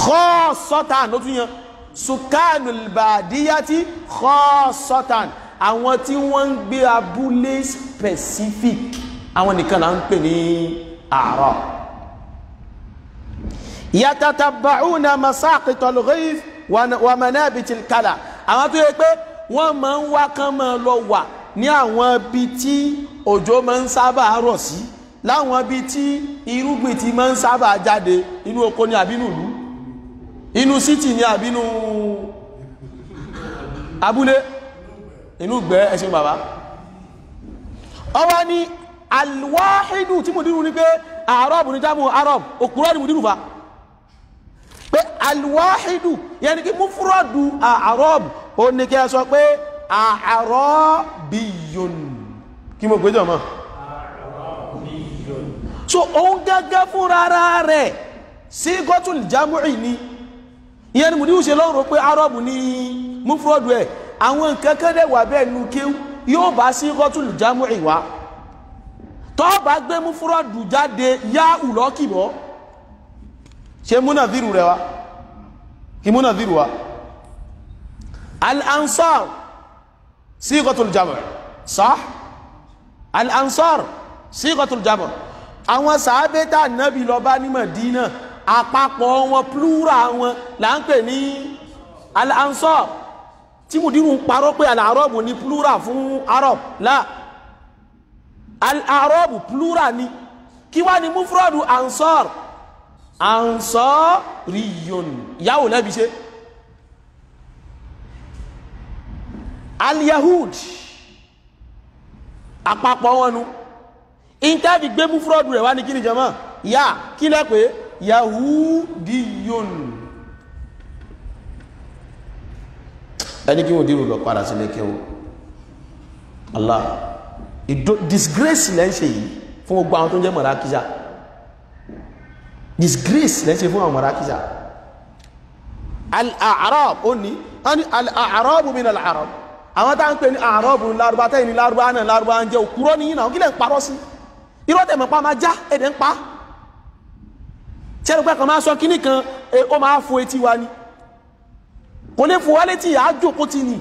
khosatan ló tún yan sukanulbadiya ti khosatan àwọn tí wọ́n ń gbé abúlé specific àwọn nìkan là ń pè ní àárọ̀ yàtàtàbàúnà masáàkìtọ̀lùgẹ́yìí wà manabiti kálà àwọn tó yẹ pé wọ́n máa ń wá kán máa lọ wà ní àwọn ibi tí òjò máa ń sábà rọ̀ sí láwọn ibi tí irúgbìn ti máa ń sábà jáde inú oko ni àbínú ìlú inú sítì ni àbínú abúlé inú gbẹ́ ẹ̀sìn bàbá ọwọ́ ni alwahidu tí mo dínú ni pé àrọ́bù ní jámù arọ́bù ni mo dínú fa pé alwahidu yẹn ni kí mufuradu àárọ̀bù ó ní kí a sọ pé àárọ̀bìyùn kí mo gbé jọ mọ́ so òun gẹ́gẹ́ fúnra rẹ̀ sí gọ́tùl jam'i ni ìyẹn ni mo ní ìṣe lọ́rùn pé arọ́bù ní mufuradu ẹ̀ àwọn nǹkan wà bẹ́ẹ̀ nu kí yóò bá sí gọ́tùl jam'i wá tó bá gbé mufuradu jáde yá ùlọ́kìbọ́ ṣe múnàdírù rẹ wa kí múnàdírù wa al-ansar sígọ́tul jama sah al-ansar sígọ́tul jama àwọn sàábẹ́tà nábi lọ bá ní Madina àpapọ̀ wọn plural wọn là ní al tí mùdírù ń parọ́ pé al-arab ní plural fún arab la al-arab plural ni kí wá ní mufradu ansar ansọ́ríyòn yáwò náàbí ṣe al-yahud àpapọ̀ wọn nu intavi gbé mú fúrọ́dù rẹ̀ wá ní kíni jama ya kí lẹ́ pé yahudiyon ẹni kí wọ́n dìrò lọ padà sílé kẹwọ́ Allah ìdó disgrace lẹ́ ń ṣe yìí fún gbogbo àwọn tó ń jẹ́ mọ̀lá kíjà disgrace lẹ́sẹ̀ fún àwọn marakisa al-arab ó ní al-arab min al-arab àwọn tá ń pè ní arab lárúbá tẹ́ ní lárúbá náà lárúbá ń jẹ́ òkúrọ́ ní ìnà kílẹ̀ ń parọ́ sí irọ́ tẹ̀mọ̀ pa máa já èdè ń pa tẹ́lú kan máa sọ kíní kan ó máa fo etí wa ni kò lè fò wá létí àájòkó ti ni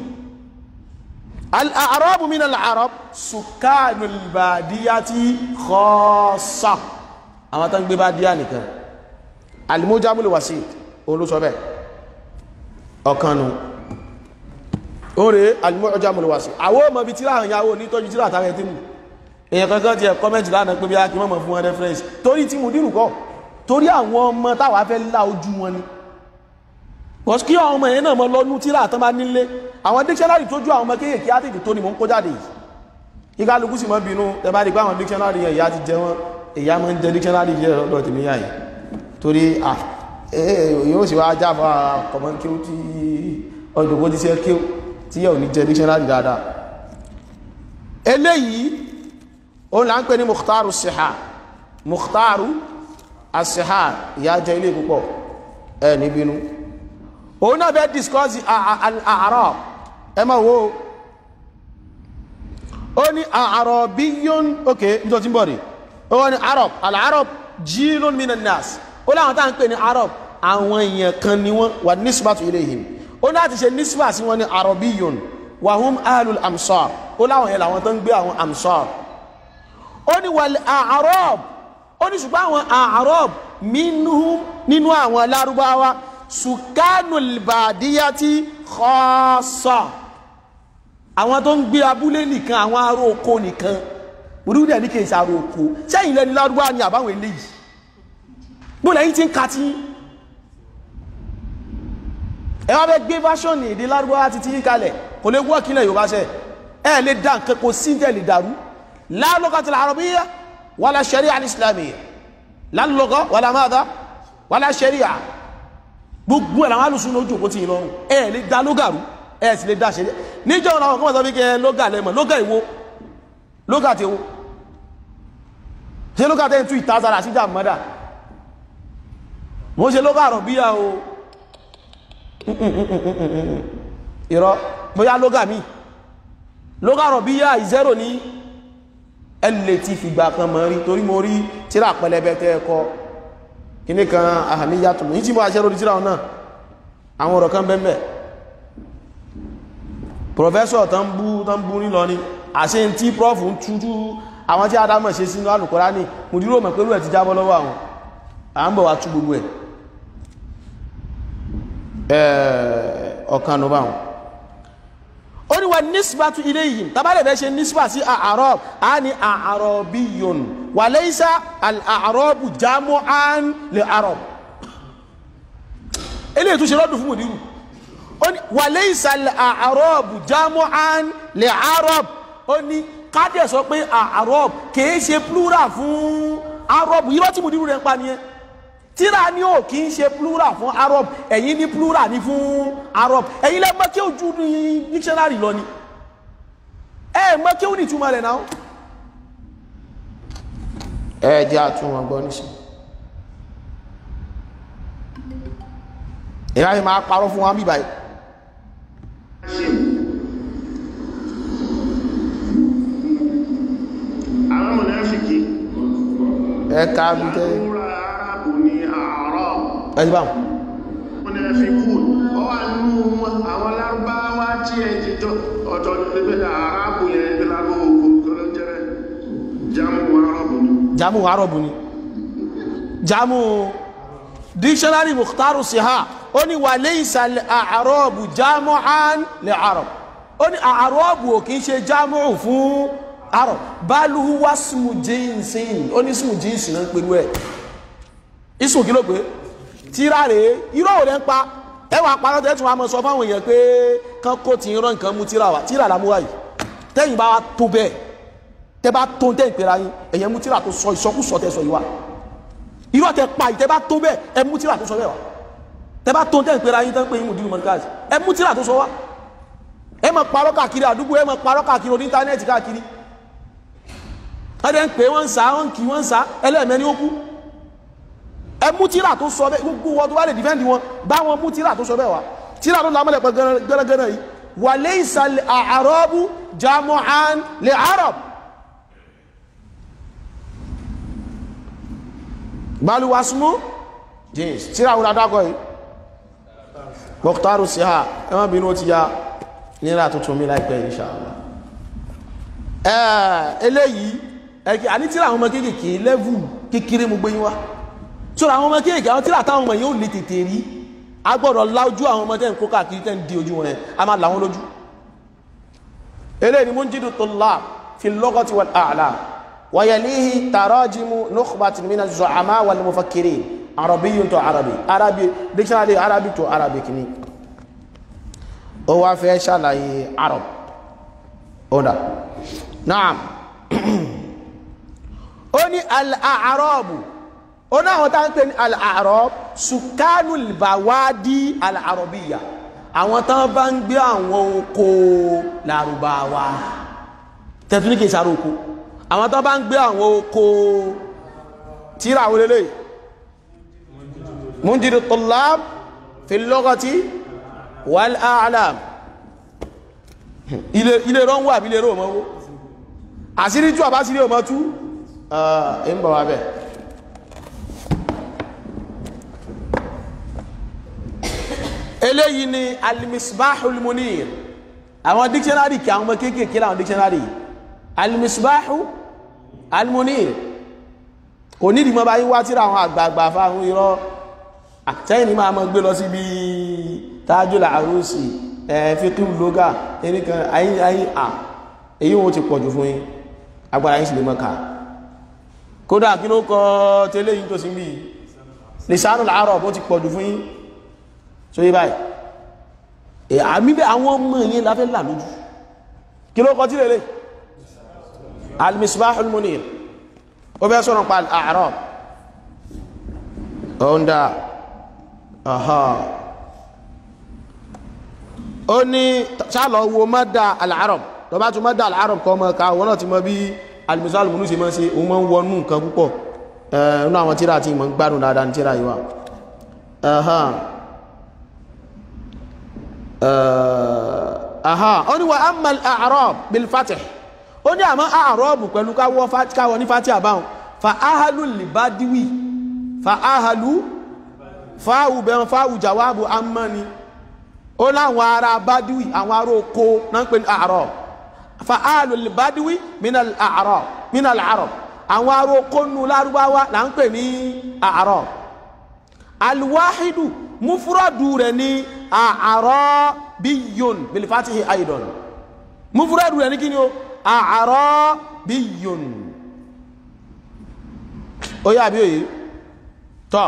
al min al sukanul badiyati khassa àwọn tá ń gbé bá díà alimujamuli wasi òun ló sọ bẹ́ẹ̀ ọ̀kanu òun rèé alimujamuli wasi àwọn ọmọ ibi tíra àyàwó onítọ́jú tíra àtàrẹ tí mu èèyàn kankan tiẹ̀ kọ́mẹ́ntì lánàá pé bí a kì í fún wọn rẹ́fẹ́rẹ́nsì torí tí mo dínú kọ́ torí àwọn ọmọ táwa fẹ́ lá ojú wọn ni bọ́sí kí àwọn ọmọ yẹn náà mọ lọ́nú tíra àtàn bá nílé àwọn dictionary tó ju àwọn ọmọ kéèkéé àtètè tó ni mò ń kó jáde yìí ìkálukú sì mọ́ bínú tẹ bá rí pé àwọn dictionary yẹn ìyá ti jẹ wọn èyí á máa ń jẹ dictionary yẹn lọ́dọ̀ tèmi yìí torí yóò sì wá jáfà kọ̀mọ́ kí ó tí ọdọ̀gbó ti ṣe kí ó tí yóò ní jẹ dictionary dáadáa eléyìí òun là ń pè ní mukhtaru siha mukhtaru asiha ìyá jẹ ilé púpọ̀ ẹ níbinú òun náà bẹ́ discuss al-a'rab ẹ máa wo ó ní a'rabiyyun ok nítorí tí ń bọ̀ rí ó ní arab al-arab jilun minan ó láwọn táwọn pè ní arab àwọn èèyàn kan ni wọ́n wà nísùbà tó ilé yìí ó láti ṣe nísùbà sí wọn ní arabiyun wahum ahlul amsar ó láwọn yẹn làwọn tó ń gbé àwọn amsar ó ní wal arab ó ní ṣùgbọ́n àwọn arab nínú àwọn alárúbáwá sukanul badiyati khassa àwọn tó ń gbé abúlé nìkan àwọn aró oko nìkan mùdúdẹ̀ ní kí n ṣe aró oko sẹ́yìn lẹ́ni lárúbáwá ni àbáwọn eléyìí gbọ́dọ̀ yìí ti ń ka tí ẹ wá bẹ́ gbé fásọ́nì èdè lárúbáwá ti ti kalẹ̀ kò lè wọ́ọ̀ kílẹ̀ yorùbá ṣẹ ẹ lè dá nǹkan kò sí tẹ̀ lè dàrú la lughata al-arabiyya wala sharia al-islamiyya la lugha wala madha wala sharia gbogbo ẹ̀rọ àwọn alùsùn lójú òkú ti ìlọrun ẹ lè dá lógàrú ẹ sì lè dá ṣe níjọ́ ọ̀nà àwọn kọ́mọ̀sọ́ fi lógà lẹ́mọ̀ lógà ìwo lógà ti wo ṣe lógà tẹ́ ń tú ìtazara sí dàmọ́dà wọ́n ṣe ló bá àrọ̀ bíyà o ìrọ̀ bóyá lóga mi lóga àrọ̀ bíyà ìzẹ́rò ní ẹlẹ́ ti fìgbà kan mọ̀ rí torí mo rí tíra pẹlẹbẹ tẹ́ ẹ̀kọ́ kìíní kan àhàníyà tó yí tí mo aṣẹ́rò tíra náà àwọn ọ̀rọ̀ kan bẹ́ẹ̀ pọ̀fẹ́sọ̀ tán bú tán bú ni àṣẹ tí prọ́fù ń tútú àwọn tí adámọ̀ ṣe sínú alùkọ́rá ní mùdírò mọ̀ pẹ̀lú Eh, ọ̀kan ló bá wọn ó ní wa nísìbà tún ilé yìí tabalẹ̀ fẹ́ ṣe nísìbà sí àárọ̀ á ní àárọ̀ bí yòn wà lẹ́yìnsá àárọ̀ bù jámọ́ á ń lè àárọ̀ eléyìí tún ṣe lọ́dún fún mòdìrú ó wà lẹ́yìnsá àárọ̀ bù jámọ́ á ń lè àárọ̀ ó ní kádẹ̀ sọ pé àárọ̀ kìí ṣe plural fún àárọ̀ bù yìí lọ́tí mòdìrú rẹ̀ ń pa nìyẹn tíra ni ó kì í ṣe plural fún arab ẹ̀yin ní plural ni fún arab ẹ̀yin lẹ́ẹ̀ mọ́kí ojú ní dictionary lọ ni ẹ̀ mọ́kí ó ní ìtumọ̀ rẹ̀ náà. ẹ jẹ́ àtúnwọ̀n gbọ́ níṣẹ́. ìyá yìí máa parọ́ fún wa bíbá yìí. àwọn ọ̀nà ẹ̀fìkì. ẹ̀ka bíi tẹ́lẹ̀ ẹ̀sì báwọn mọ̀nàfikún ọwà nínú wọn àwọn lárúbáwá tí ẹ jíjọ ọ̀tọ̀ nílẹ̀ àrábù yẹn ìgbìlábò òkúrò jẹ́rẹ̀ jámù arọ́bù ni jámù arọ́bù ni jámù dictionary mukhtaru siha ó ní wà lẹ́yìn sàlẹ̀ àrọ́bù jámù án lè àrọ́bù ó ní àrọ́bù ò kí ń ṣe jámù fún àrọ́bù báàlù wá sùmù jíǹsìn ó ní sùmù jíǹsìn náà ń pẹ̀lú ẹ̀ tíra rèé irọ́ ò lẹ́ ń pa ẹ wàá parọ́ tẹ́ tún wàá mọ sọ fáwọn èèyàn pé kán kó ti rán nǹkan mú tíra wa tíra làmú wáyé tẹ́yìn bá wa tó bẹ́ẹ̀ tẹ́ bá tó tẹ́yìn pera yín ẹ̀yẹ́ mú tíra tó sọ ìsọkúsọ tẹ́ sọ yìí wa irọ́ tẹ́ pa yìí tẹ́ bá tó bẹ́ẹ̀ ẹ mú tíra tó sọ bẹ́ẹ̀ wa tẹ́ bá tó tẹ́yìn pera yín tẹ́ pé ìmùdí ìmọ̀ káàsì ẹ mú tíra tó sọ wa ẹ máa parọ́ káàkiri àdúgbò ẹ máa parọ́ káàkiri orí káàkiri ẹ dẹ́ ń pè wọ́n ń sá wọ́n ń kì wọ́n ń sá ẹlẹ́ẹ̀mẹ́ni ó kú ẹ mú tíra tó sọ bẹ́ẹ̀ gbogbo wọn tó bá lè dìfẹ́ǹdì wọn bá wọn mú tíra tó sọ bẹ́ẹ̀ wá tíra tó lámọ́lẹ̀ pẹ̀ gẹ́rẹ́gẹ́rẹ́ yìí wà lè ìsàlẹ̀ àrọ́bù jamuhan lè arab baluwasmu james tíra wọn adágọ́ yìí mọ̀kútàrù sí ha ẹwọ́n bínú ti ya nílá tuntun mi láìpẹ́ insha Allah eléyìí àní tíra àwọn ọmọ kéékèèké lẹ́vù kékeré mo gbé yín wá sọ̀rọ̀ àwọn ọmọ kéèké àwọn tíra táwọn ọmọ yìí ó lè tètè rí a gbọ́dọ̀ lájú àwọn ọmọ tẹ́ ń kó káàkiri tẹ́ ń di ojú wọn yẹn a máa làwọn lójú eléyìí ni munjidu tullab fi al-lughati wal-a'lam wa yalihi tarajimu nukhbatin min az-zu'ama wal-mufakkirin arabiyyun to arabi arabi dictionary arabi to arabic ni ó wá fẹ́ ṣàlàyé arab ọ̀dà naam [clears throat] ó ní al-a'rabu ó náà àwọn tá ń pè ní al-A'rab sukanul bawadi al-Arabiya àwọn tán bá ń gbé àwọn oko Lárúbáwá tẹ̀túníkì ìsàrò oko àwọn tán bá ń gbé àwọn oko tíra àwọn olélè munjidu tullab wal a'lam ilé rán wà bí ilé rán ọmọ wó àsírí tú àbásírí ọmọ tú ẹ̀ ń bọ̀ wá bẹ́ẹ̀ eléyìí ni alimisbahul munir àwọn dictionary kí àwọn ọmọ kéékèèké láwọn dictionary alimisbahu almunir kò nídìí mọ́ báyìí wá tíra àwọn àgbààgbà fáwọn irọ́ àtẹ́yìn ní máa mọ́ gbé lọ síbi tájúlà àrùsì ẹ̀ẹ́fíkú lóga ẹnìkan ayín à èyí wọn ti pọ̀jù fún yín agbára yín sì lè mọ́ka kódà kí ló kọ tẹ́lẹ̀ yìí tó sí bí lisanu al-arab ó ti pọ̀jù fún yín so yí báyìí ẹ̀ e, àmì bẹ́ àwọn ọmọ yẹn la fẹ́ là lójú kí ló kọ tí lélẹ̀ al-misbahul munir ó fẹ́ sọ̀rọ̀ pa al-a'rab ọ̀ndà aha ó ní sálọ̀ wo mọ́dà al-a'rab tó bá tún mọ́dà al kọ́ mọ́ ká wọn náà ti mọ bí al-misbahul Uh, aha ó ní wa amal a'rab bil fatih ó ní àmọ́ a'rab pẹ̀lú káwọ́ ní fatih àbáhùn fa ahalu libadiwi fa ahalu fáwù bẹ̀rẹ̀ fáwù jàwáàbù amani ó láwọn ará badiwi àwọn ará oko náà ń pè ní a'rab fa ahalu libadiwi minal a'rab minal a'rab àwọn ará oko nù lárúbáwá là ń pè ní a'rab alwahidu mufuradu rẹ̀ ní àárọ̀bíyùn bilifatihi aidan mufuradu rẹ̀ ní kí ni o àárọ̀bíyùn ó yá àbí òye tọ́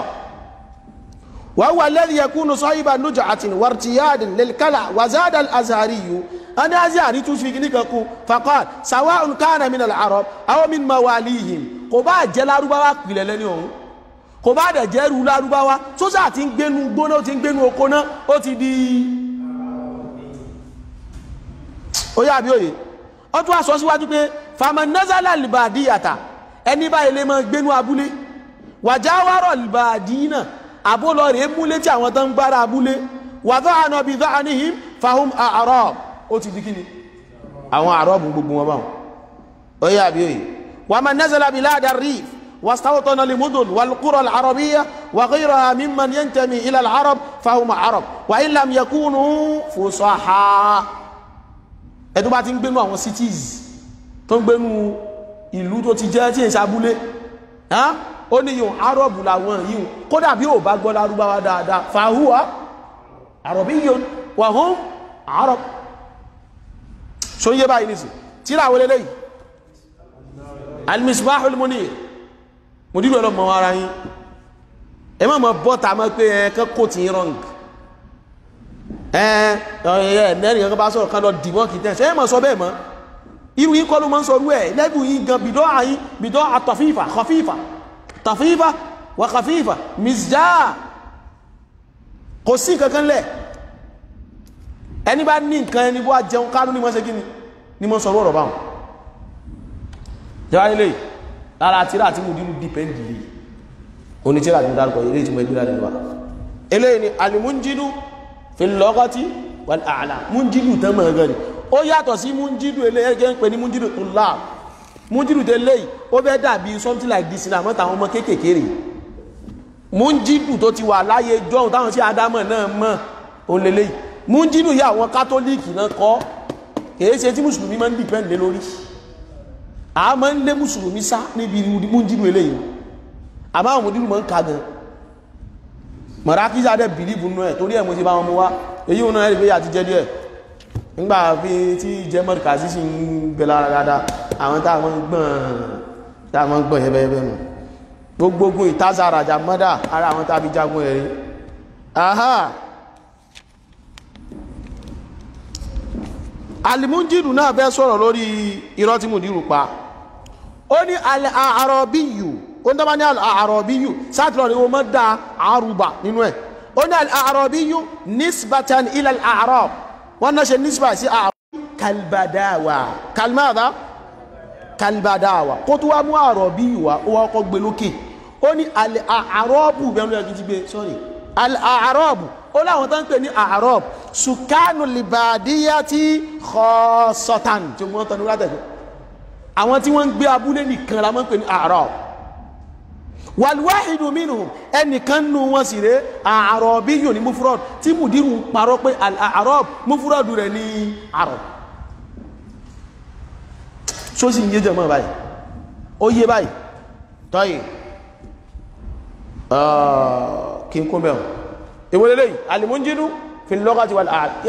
وهو الذي يكون صاحبا نجعة وارتياد للكلى وزاد الأزهري أنا أزهري تشفيكنيككو فقال سواء كان من العرب أو من مواليهم قبا جلارو بواك بلالنيو kò bá dẹ̀ jẹ́rú lárúbáwá sósà ti ń gbénu gbóná ó ti ń gbénu oko náà ó ti di ó yà bí òye ó tún àsọ síwájú pé fama nazala libadi yàtà ẹni báyìí lè máa gbénu abúlé wàjáwárọ̀ libadi náà àbólọ rèé múlé tí àwọn tó ń gbára abúlé wàdọ́ ànábi dọ́ àníhìm fahum àárọ̀ ó ti di kíni àwọn àárọ̀ gbogbo wọn báwọn ó yà bí òye wàmà nazala bilada rif واستوطن لمدن والقرى العربية وغيرها ممن ينتمي إلى العرب فهم عرب وإن لم يكونوا فصحاء ẹ̀tọ́ bá ti ń gbénú àwọn cities tó ń gbénú ìlú tó ti jẹ́ tí ń sàbúlé ó ní yíò arọ́bù làwọn yíò kódà bí ó bá gbọ́ lárúbáwá dáadáa fàáhùwá àrọ̀bí yíò wà hún àárọ̀ ṣó yé báyìí nìsí tíra wọlé lẹ́yìn al-Misbahul Munir mo dúró ẹlọ́mọ ara yín ẹ má mọ bọ́ta mọ́ pé ẹ kán kò tí ń rọ̀ǹg ẹ ẹ nẹ́rìn kan bá sọ̀rọ̀ kan lọ dìbọn kì í tẹ̀sí ẹ má sọ bẹ́ẹ̀ mọ́ irú yín kọ́ ló máa ń sọrú ẹ̀ lẹ́bù yín gan bìdọ́ àyín bìdọ́ àtọ̀fífà kọfífà tọ̀fífà wà kọfífà mìsíjà kò sí kankan lẹ̀ ẹni bá ní nǹkan ẹni bó a jẹun kánú ni wọ́n ṣe kí ni ni wọ́n sọrú ọ̀rọ̀ báwọn jẹ́ wáyé lẹ́yìn lára tíra tí mo dínú dìpẹ́ndì lè oní tíra tí mo dárúkọ eléyìí tí mo gbé láti wà eléyìí ni alimunjidu fi lọ́kọ́tí wal àlà munjidu tán mọ̀ gan ni ó yàtọ̀ sí munjidu eléyìí jẹ́ ń pè ní munjidu tùlá munjidu tẹ léyìí ó fẹ́ dàbí something like this náà mọ́ta àwọn ọmọ kéékèèké munjidu tó ti wà láyé jọ́hun táwọn sí adámọ̀ náà mọ̀ òun lélẹ́yìí munjidu yà àwọn kátólíìkì náà kọ́ kèé ṣe tí mùsùlùmí máa ń dìpẹ́ǹdé lórí a máa ń lé mùsùlùmí sá níbi múndínú eléyìí a máa mú dínú máa ń ka gan mọ̀rákísá dẹ̀ bìlíbù nú ẹ̀ torí ẹ̀ mo ti bá wọn mú wá èyí òun náà rí pé àti jẹ́ díẹ̀ nígbà fi tí german kazi sì ń bẹ lára àwọn táwọn gbọ̀n táwọn gbọ̀n yẹbẹyẹbẹ nù ara àwọn tàbí jagun ẹ̀rí aha alimunjiru náà fẹ́ sọ̀rọ̀ lórí irọ́ tí mùdírù pa ó ní al-A'rabiyu ó ń dábàá ní al-A'rabiyu sáàtìlọ́ ni wọ́n mọ́ da àrùbà nínú ẹ̀ ó ní al-A'rabiyu nisbatan ila al-A'rab wọ́n náà ṣe nisba sí àrùbà kalbadawa kalmada kalbadawa kó tó wá mú A'rabiyu wá ó wá kọ́ gbé lókè ó ní al-A'rabu bẹ́ẹ̀ ló yẹ kí n ti gbé sorry al-A'rabu ó láwọn tó ń pè ní A'rab sukanu libadiyati khasatan tí wọ́n tọ́ ní wọ́n tẹ̀lé àwọn tí wọ́n ń gbé abúlé nìkan la máa ń pè ní àárọ̀ wàlúwàhìdù mínú ẹnìkan nù wọn sì ré àárọ̀ bí yóò ní mufurọ́d tí mùdírù parọ́ pé àárọ̀ mufurọ́d rẹ̀ ní àárọ̀ tó sì ń yé jẹ̀mọ́ báyìí ó yé báyìí tọ́yì kí n kún bẹ̀rùn ìwòlélé alìmújínú fi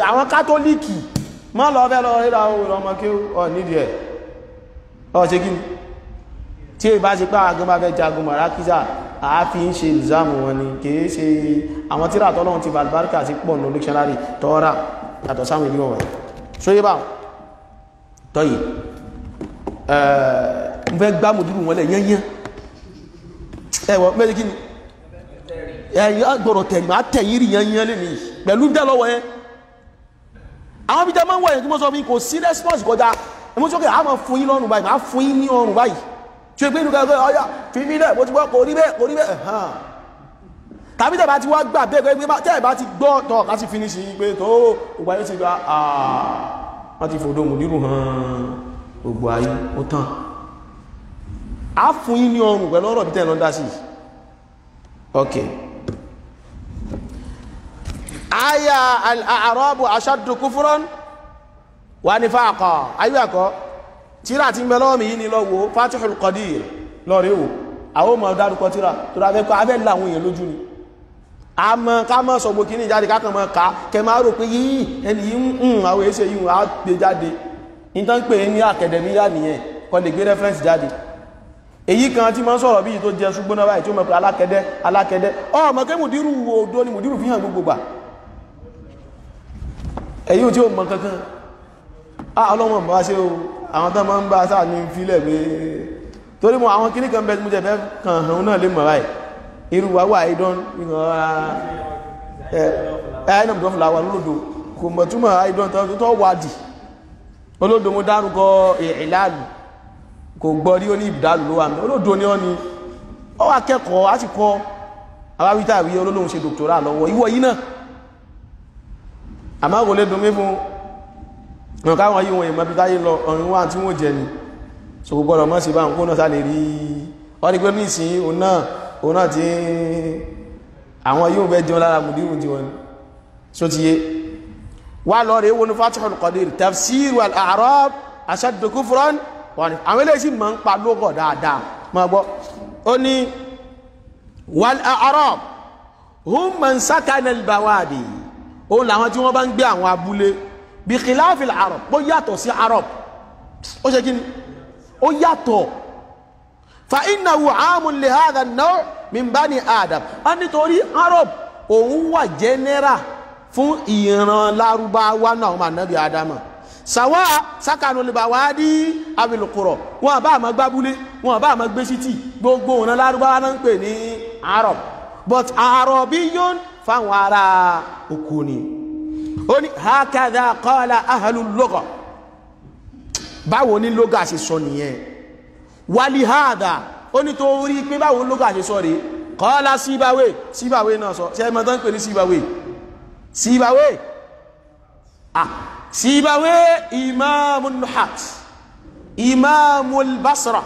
àwọn kátólíkì má lọ fẹ́ lọ rí ọ̀ṣẹ́ kí tí èyí bá ṣe pé àgọ́ bá fẹ́ jagun marakiza àáfi ń ṣe ìzámù wọn ni kìí ṣe àwọn tíra tọ́lọ́run ti balbarka sí pọ̀ ní dictionary tọ́ra yàtọ̀ sáwọn ìlú ọ̀wẹ̀ so yé bá tọ́yì mo fẹ́ gbá mùdúrù ni ẹ̀yà gbọ́dọ̀ tẹ̀yìn máa tẹ̀yìn rí yẹ́yẹ́ lè mi pẹ̀lú ẹmú sókè a máa fún yín lọ́rùn báyìí máa fún yín ní ọrùn báyìí tí ó gbé nìkan gbé ọyá fi mí lẹ̀ mo ti gbọ́ kò rí bẹ́ẹ̀ kò rí bẹ́ẹ̀ hàn tàbí tẹ̀bá ti wá gbà bẹ́ẹ̀ pé tẹ̀bá ti gbọ́ tọ̀ ká sì finish yìí pé tó gbogbo ayé ti gba wọ́n ti fòdó mùdírù hàn gbogbo ayé ó tán a fún yín ní ọrùn pẹ̀lú ọ̀rọ̀ bí tẹ̀lọ́ dá sí ok aya al-a'rabu ashaddu kufran wà ní fáàkọ ayúwàkọ tíra ti ń bẹ lọ́wọ́ mi yìí ni lọ wo Fatihul Qadir lọ rí wò àwọn ọmọ dárúkọ tíra tó ra fẹ́ kọ́ abẹ́ láwọn èèyàn lójú ni a mọ ká mọ sọgbó kí ní ìjáde ká mọ ká kẹ máa rò pé yìí ẹni yìí ń àwọn èsè yìí á gbé jáde nítorí pé ní àkẹ́dẹ̀míyà nìyẹn kọ́ lè gbé rẹ́fẹ́rẹ́nsì jáde èyí kan tí mọ́ sọ̀rọ̀ bíi tó jẹ ṣùgbọ́n náà báyìí tí ó mọ̀ pé alákẹ́dẹ́ alákẹ́dẹ́ ọmọ kí mùdírù òdo ni mùdírù fi hàn gbogbo gbà èyí tí ó mọ kankan Ah, ọlọ́wọ́n bá ṣe o àwọn tán máa ń bá sáà ní fílẹ̀ pé torí mọ àwọn kíní kan bẹ tí mo jẹ̀fẹ́ kan hàn náà lè mọ̀ báyìí irú wa wà idán ìhàn ara ẹ̀ ẹ̀ náà bọ́fù làwọn olódò kò mọ̀ túmọ̀ idán tó wádìí olódò mo dárúkọ ìlàlù kò gbọ́ rí ó ní ìdálù ló wà mí olódò ni ó ni ó wà kẹ́kọ̀ọ́ á sì kọ́ àwáwítà ìwé olólùwọ̀n ṣe dòkítọ́rà lọ́wọ́ ìwọ yìí náà àmọ́ kò lè dùn mí fún un nù káwọn yíò wọn ìmọ̀ bí táyé lọ ọ̀rìn wà tí wọ́n jẹ ni so gbọ́dọ̀ mọ́ sí bá ń kó náà sálè rí wọ́n ni pé ní ìsìn òun náà òun náà ti àwọn yíò bẹ́ jẹun lára mùdírù ti wọn so ti yé wà lọ rẹ̀ wọnú Fathul Qadir tafsir wal a'rab ashaddu kufran wọn àwọn eléyìí sì ń pa lókọ̀ dáadáa máa gbọ́ ó ní wal a'rab hum man sakana al-bawadi òun làwọn tí wọ́n bá ń gbé àwọn abúlé bí kìláàfì arab ó yàtọ̀ sí arab ó ṣe kí ni ó yàtọ̀ fa innahu amun li hadha an-naw' min bani adam a nítorí arab òun wà general fún ìran lárúbáwá náà ọmọ ànábì adama sàwá sákànù lè bá wá dí abilùkùrọ̀ wọn bá àmọ́ gbábúlé wọn bá àmọ́ gbé sítì gbogbo òun lárúbáwá náà ń pè ní arab but arab yóò fáwọn ará oko ni ó ní hakadha qala ahlul lugha báwo ni lugha ṣe sọ nìyẹn walihada ó ní tó rí pé báwo lugha ṣe sọ rèé qala Sibawayh Sibawayh náà sọ ṣe é mọ́tán pè ní Sibawayh Sibawayh ah nuhat imamul basra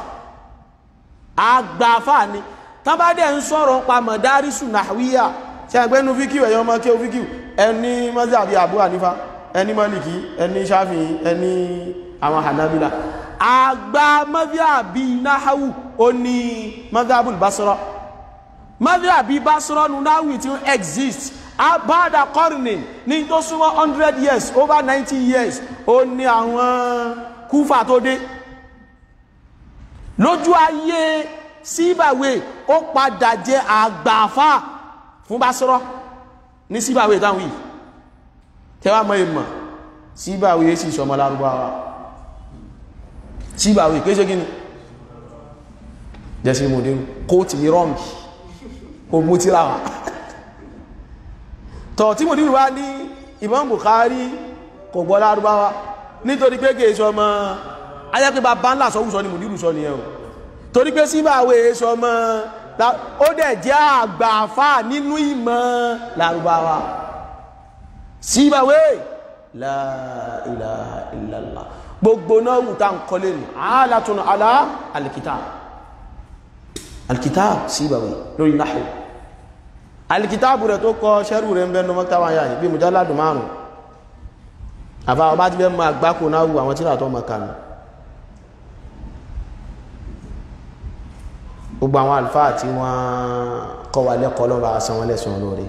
àgbàfà ni tábàdẹ̀ ń sọ̀rọ̀ pa madarisù nahwiya ṣe àgbẹ́nu fíkíù ẹ̀yàn ọmọ kí o fíkíù ẹni mọ́sàbí àbú ànífà ẹni mọ́lìkì ẹni ṣáfì ẹni àwọn hanabila àgbà mọ́sàbí náhàwù ó ní mọ́sàbí basra mọ́sàbí basra nu náhàwù tí ó exist abada kọrìnì ní tó súnmọ́ 100 years over 90 years ó ní àwọn kúfà tó dé lójú ayé síbàwé ó padà jẹ àgbàfà fún bá sọ́rọ́ ní síbàwé táwọn yìí tẹwà mọ́ ìmọ̀ síbàwé sí ìṣọ́mọ́ lárúbáwá síbàwé kéṣe gíní jẹ́sí mo dé kó ti mi rọ́mì o mú tí láwà tọ̀ tí mo dínú wá ní Imam Bukhari kò gbọ́ lárúbáwá nítorí pé kéṣe torí pé síbàwé sọmọ́ ó dẹ̀ jẹ́ àgbà àfà nínú ìmọ̀ lárúbáwá síbàwé la ilaha illallah gbogbo náà wù tá n kọlé nù alatun ala alkitab alkitab síbàwé lórí nahwu alkitab rẹ̀ tó kọ ṣẹ́rù rẹ̀ ń bẹ́ẹ̀ nọmọ́ táwọn ayá yìí bí mujalladu gbogbo àwọn àlùfáà tí wọ́n kọ́ wa lẹ́kọ̀ọ́ lọ́ba àṣà wọn lẹ́sùn olóore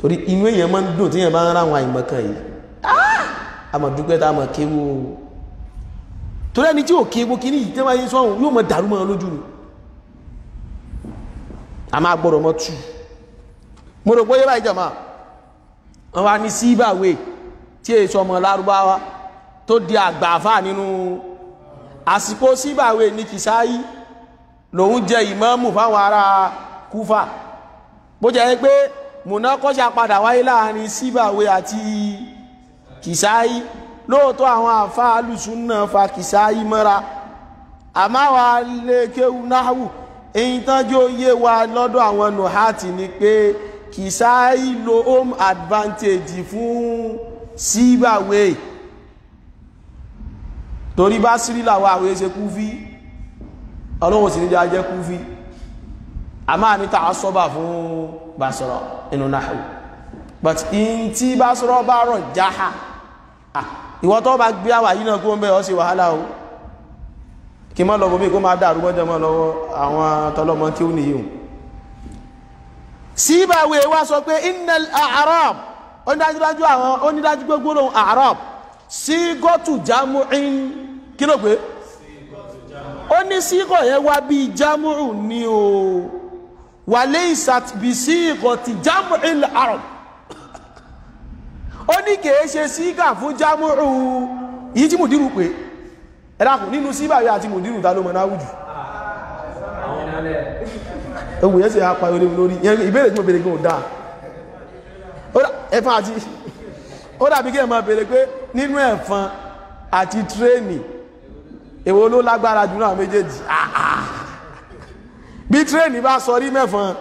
torí inú èèyàn máa ń dùn tí èèyàn bá ń ráwọn àìmọ̀kan yìí a máa dúpẹ́ tá a máa kéwú o torí ẹni tí ò kéwú kí ní yìí tẹ́ wáyé sọ́hún yóò máa dàrú mọ́ lójú ni a máa gbọ́dọ̀ mọ́ tù mo rò bóyá báyìí jàmá wọn wá ní síbàwé tí èso ọmọ lárúbáwá tó di àgbà àfáà nínú àsìkò síbàwé ní kìsáyìí lòun jẹ ìmáàmù fáwọn ará kúfà bó jẹ́ pé mùnákọ́ṣà padà wáyé láàrin síbàwé àti kìsáyí lóòótọ́ àwọn àfa alùsùn náà fa kìsáyí mọ́ra àmáwa lè kéwu náhù èyí tánjú yé wa lọ́dọ̀ àwọn nùhátì ni pé kìsáyí lo home advantage fún síbàwé torí bá sírí làwọn àwẹ̀ ṣe kú fí ọlọ́run sì ní jẹ́ ajẹ́ kúfí a máa ní tàà sọ́bà fún Basra inú náà but in tí Basra bá rọ̀ jáha ìwọ tó bá gbé àwà yìí náà kó ń bẹ́ ọ sí wàhálà o kí mọ́ lọ́gbọ́ bí kó máa dàrú mọ́jọ mọ́ lọ́wọ́ àwọn tọ́lọ́mọ kí ó nìyí o síbàwé wá sọ pé innal a'rab onídájúdájú àwọn onídájú gbogbo lóhun a'rab sí gọ́tù jámúín kí ló pé ó ní síkọ̀ yẹn wá bíi jámùrù ni o wàlẹ́ ìsàtìbí síkọ̀ ti jámùrù ilẹ̀ arab ó ní kèé ṣe síkà fún jámùrù yìí tí mùdírù pé ẹ dákun nínú síbàwí àti mùdírù ta ló mọ̀ náà wùjù ewu yẹn sì á pa orí lórí ìbéèrè tí mo béèrè gan dáa ẹ̀fọn àti ó dàbí kí ẹ̀ máa béèrè pé nínú ẹ̀fọn àti tírẹ́ẹ̀nì èwo ló lágbára jù náà méjèèjì ah, ah. bí tírèènì bá sọrí mẹ́fọn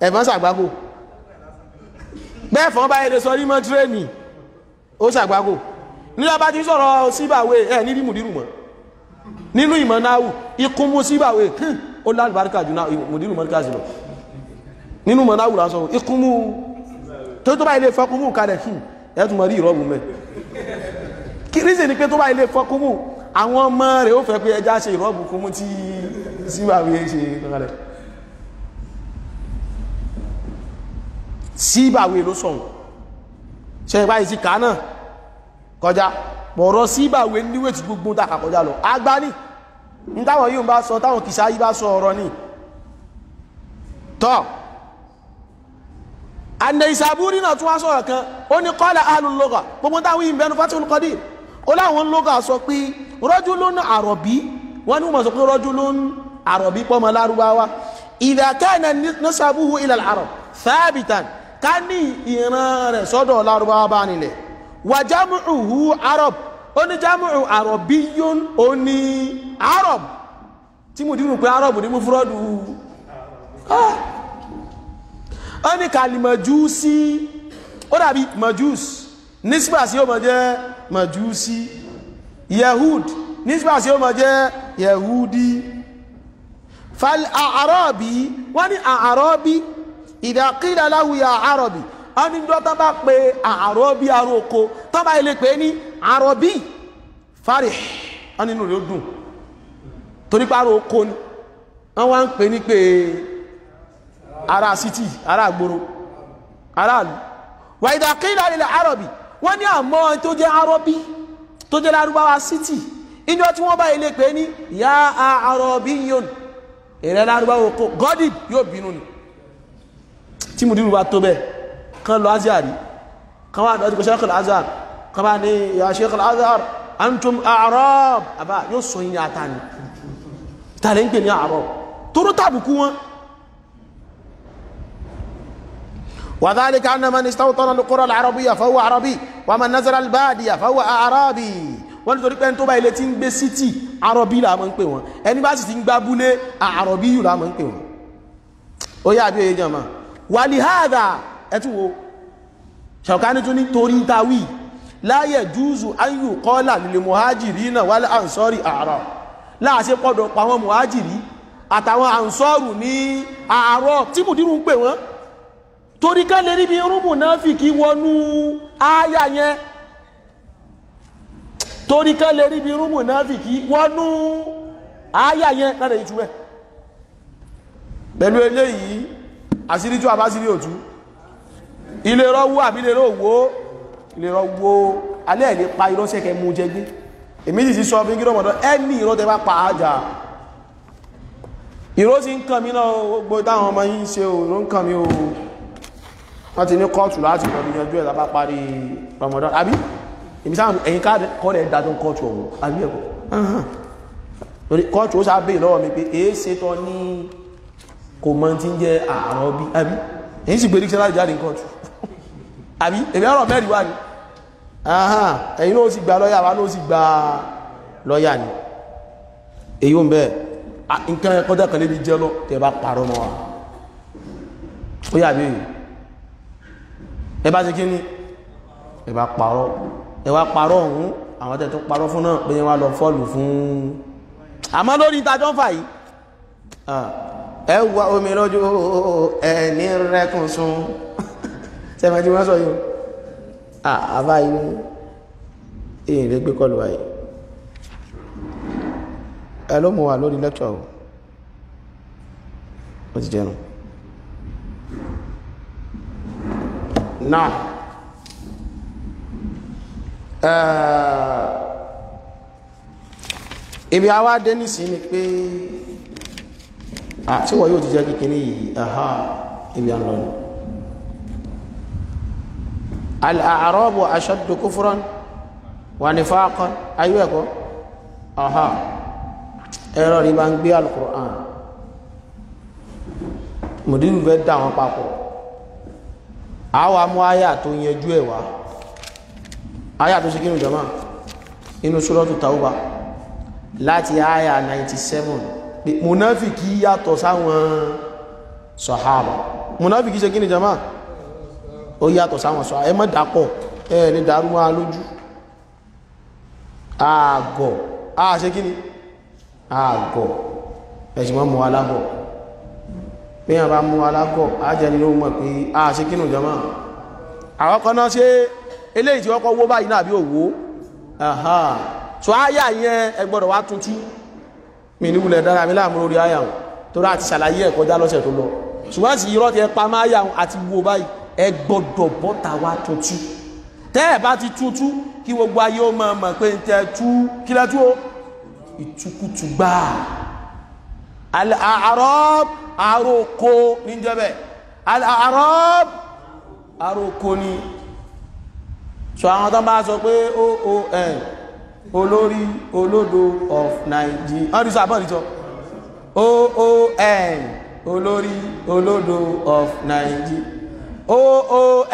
ẹ̀fọn ṣàgbákò bẹ́ẹ̀fọn bá yẹde sọrí mọ́ tírèènì ó ṣàgbákò nílá bá ti sọ̀rọ̀ síbàwé ẹ̀ ní rímùdírù mọ́ nínú ìmọ̀ náà ikú mú síbàwé ó lálùbáríkà jù náà mùdírù mọ́ níkàsí lọ nínú ìmọ̀ náà sọ ikú mú tó tó bá ilé fọkúmù kalẹ̀ ẹ̀ tún mọ̀ rí ìrọ́mù mẹ́ kí rísì ni pé tó bá ilé fọkúmù àwọn ọmọ rẹ̀ ó fẹ́ pé ẹjá ṣe ìrọ́bù kó mú tí síbàwí ṣe rẹ̀ síbàwí ló sọ̀rọ̀ ṣe ìbáyìí sí kàá náà kọjá pọ̀rọ̀ síbàwí níwé tí gbogbo tàkà kọjá lọ agbá ní ní táwọn yóò bá sọ táwọn kìsá yí bá sọ ọ̀rọ̀ ní tọ́ àndẹ̀ ìsàbúrí náà tún wá sọ̀rọ̀ kan ó ní kọ́lá ahlul lugha gbogbo táwọn yìí ó láwọn lóga sọ pé rajulun àrọ̀bí wọ́n ní wọ́n sọ pé rajulun àrọ̀bí pọ́mọ lárúbáwá idha kana nasabuhu ila al-arab thabitan ká ní ìran rẹ̀ sọ́dọ̀ lárúbáwá bá nílẹ̀ wa jam'uhu arab ó ní jam'u arabiyyun ó ní arab tí mo dínú pé arab ní mú fúrọ́dù ah! ó ní kàlìmọ̀jú ó dàbí mọ̀júùsì nísìbà sí ó mọ̀ jẹ́ màjúsí yehud nísìbà sí ó mọ̀ jẹ́ yehudi fal àárọ̀bí wọ́n ní àárọ̀bí ìdàkílẹ̀ aláwù ya àárọ̀bí wọ́n ní dọ́tọ́ bá pe àárọ̀bí aróko tọ́ bá ilé pé ní àárọ̀bí fari wọ́n nínú rẹ̀ ó dùn torí pé ni wọ́n wá ń pè ní pé ará city ará àgboro aráàlú wà ìdàkílẹ̀ alẹ́ àárọ̀bí wọ́n ní àmọ́ tó jẹ́ arọ́bí tó jẹ́ lárúbáwá city inú ọtí wọ́n bá ilé pé ní ya arọ́bí yòn èrè lárúbáwá oko godin yóò bínú ni tí mo dínú bá tó bẹ́ẹ̀ kan lọ azhar kan wà lọ́dún sheikh al-azhar kan bá ní ya sheikh al-azhar antum arab àbá yóò sọ yín ní ata ni tàlẹ́ ń pè ní arab toró wọn وذلك أن من استوطن القرى العربية فهو عربي ومن نزل البادية فهو أعرابي wọ́n nítorí pé ẹni tó bá ilé tí ń gbé sítì àrọ̀bí là máa ń pè wọ́n ẹni bá sì ti ń gbá búlé àrọ̀bí yù là máa ń pè wọ́n ó yá àbí òye jẹ́ ọmọ wà ní hádà ẹtù wo ṣọ̀kání tún nítorí tawí láyẹ̀ júùsù ayù kọ́là nílé muhajiri náà wálé ansọ́rì àárọ̀ láàṣẹ pọ̀dọ̀ pa àwọn muhajiri àtàwọn ansọ́rù ní àárọ̀ tí mùdírù ń pè wọ́n torí ká lè ríbi irúmù náà fi kí wọnú àyà yẹn torí ká lè ríbi irúmù náà fi kí wọnú àyà yẹn lára ìtumẹ̀ pẹ̀lú eléyìí àṣírí tú àbáṣírí òtú ilé rọ́wó àbí ilé rọ́wó ilé rọ́wó alẹ́ ẹ̀ pa irọ́ sẹ́kẹ̀ mú jẹ gbé èmi sì sọ bí gírọ̀ mọ̀dọ́ ẹni irọ́ tẹ bá pa ájà irọ́ sì ń kàn mí náà gbogbo táwọn ọmọ yìí ń ṣe òòrùn kàn mí òòrùn wọ́n ti ní kóòtù láti lọ́dún yanjú ẹ̀ lábá parí Ramadan àbí èmi sáà ẹ̀yìn káàdì kọ́lẹ̀ dájọ́ kóòtù ọ̀hún àbí ẹ̀kọ́ lórí kóòtù ó sáà bèèrè lọ́wọ́ mi pé èé ṣe tọ́ ní kò mọ tí ń jẹ́ àárọ̀ bí àbí èyí sì gbé díkṣẹ́ láti jáde kóòtù àbí èmi ọ̀rọ̀ mẹ́rin wà ní ẹ̀yìn ló sì gba lọ́yà wa ló sì gba lọ́yà ni èyí ò ń bẹ́ẹ̀ nǹkan ó yà bẹ́ẹ̀ ẹ bá kí ni ẹ bá parọ́ ẹ wá parọ́ ọ̀hún àwọn tẹ̀ tó parọ́ fún náà pé wọ́n lọ fọ́ọ̀lù fún àmọ́ lórí ìtajọ́ fà yìí ẹ wá omi lójú ẹni rẹ́kùn sun sẹ́mẹ̀tì wọ́n sọ yìí àbá yìí èyí lè gbé kọlù wáyé ẹ ló mọ̀ wà lórí lẹ́kṣọ̀ ọ̀ ti jẹun now uh, ibi àwa dé nísìnyí ni pé àti ah, wọ́n yóò ti jẹ́ kékeré yìí aha ibi àlọ́ ni al-a'rabu ashaddu kufran wa nifaqan ẹ̀kọ́ aha ẹ̀rọ rí bá ń gbé al-Qur'an mùdírù bẹ́ẹ̀ papọ̀ àwa mú àyà tó yanjú ẹ̀ wá àyà tó ṣe kí nìjọ máa inú Suratu Tauba láti àyà 97 pé mùnáfìkì yàtọ̀ sáwọn sọ̀hábà mùnáfìkì ṣe kí nìjọ máa ó yàtọ̀ sáwọn sọ̀hábà ẹ má dàpọ̀ ẹ ní dàrú máa lójú àgọ̀ àṣekíni àgọ̀ ẹ̀sìn mọ́ mọ́ alábọ̀ pé yàn bá mú alákọ̀ ajẹni ló mọ̀ pé a ṣe kínú jama àwọn kan náà ṣe eléyìí tí wọ́n kọ́ wó báyìí náà bí òwò tó áyà yẹn ẹ gbọ́dọ̀ wá tuntun mi ní wulẹ̀ dára mi láàmú lórí áyà wọn tó rà ti ṣàlàyé ẹ̀ kọjá lọ́sẹ̀ tó lọ ṣùgbọ́n sì irọ́ ti ẹ pa máa yà wọn àti wo báyìí ẹ bọ́ta wá tuntun tẹ́ ẹ̀ bá ti tuntun kí gbogbo ayé ó máa mọ̀ pé ń tẹ tú kí lẹ́tú ìtukùtù gbà àrọ́bù aróko níjẹ́bẹ̀ al-a'rab aróko ni so àwọn tán bá sọ pé oon olórí olódo of Nigeria ọdún sọ àbọ̀dún sọ oon olórí olódo of Nigeria oon oon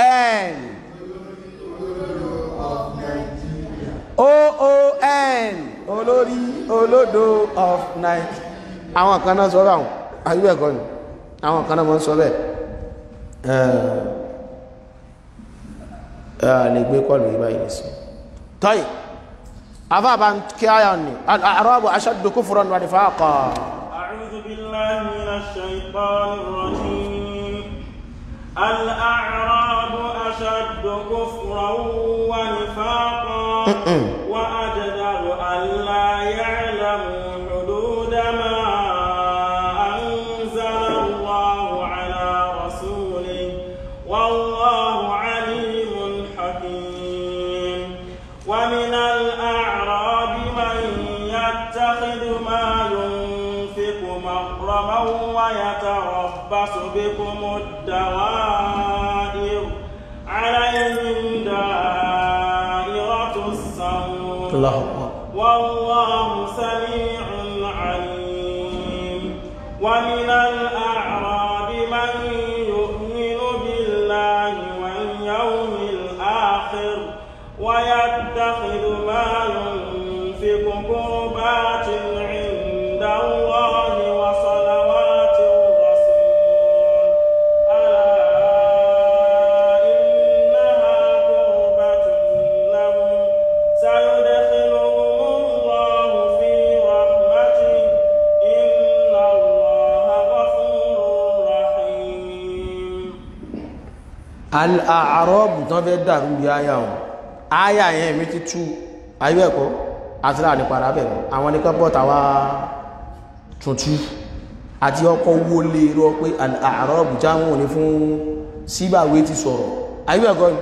olórí olódo of Nigeria àwọn kan náà sọ báwọn àbí bẹ́ẹ̀ kọ́ ni àwọn kan náà mọ́ ń sọ bẹ́ẹ̀ lè gbé kọlù yìí báyìí sí tọ́yì afábà ń kí ayà ni al-a'rabu ashaddu kufran wa nifaqa a'udhu billahi minash shaytanir rajim al-a'rabu ashaddu kufran wa nifaqa wa ajdaru an la ya'lamu ويتربص بكم الدوائر عليهم دائرة السوء الله والله سميع عليم ومن الأعراب من يؤمن بالله واليوم الآخر ويتخذ ما ينفق قربات àrọ́bù tán fẹ́ dàrú bí àyà wọn àyà yẹn mi ti tú ayé ẹ̀kọ́ àti láàrin padà bẹ̀rẹ̀ àwọn ní kọ́pọ̀ tàwa tuntun àti ọkọ̀ owó lè e rọ pé àrọ́bù jáwọn òní fún síbàwé ti sọ̀rọ̀ ayé ẹ̀kọ́ ni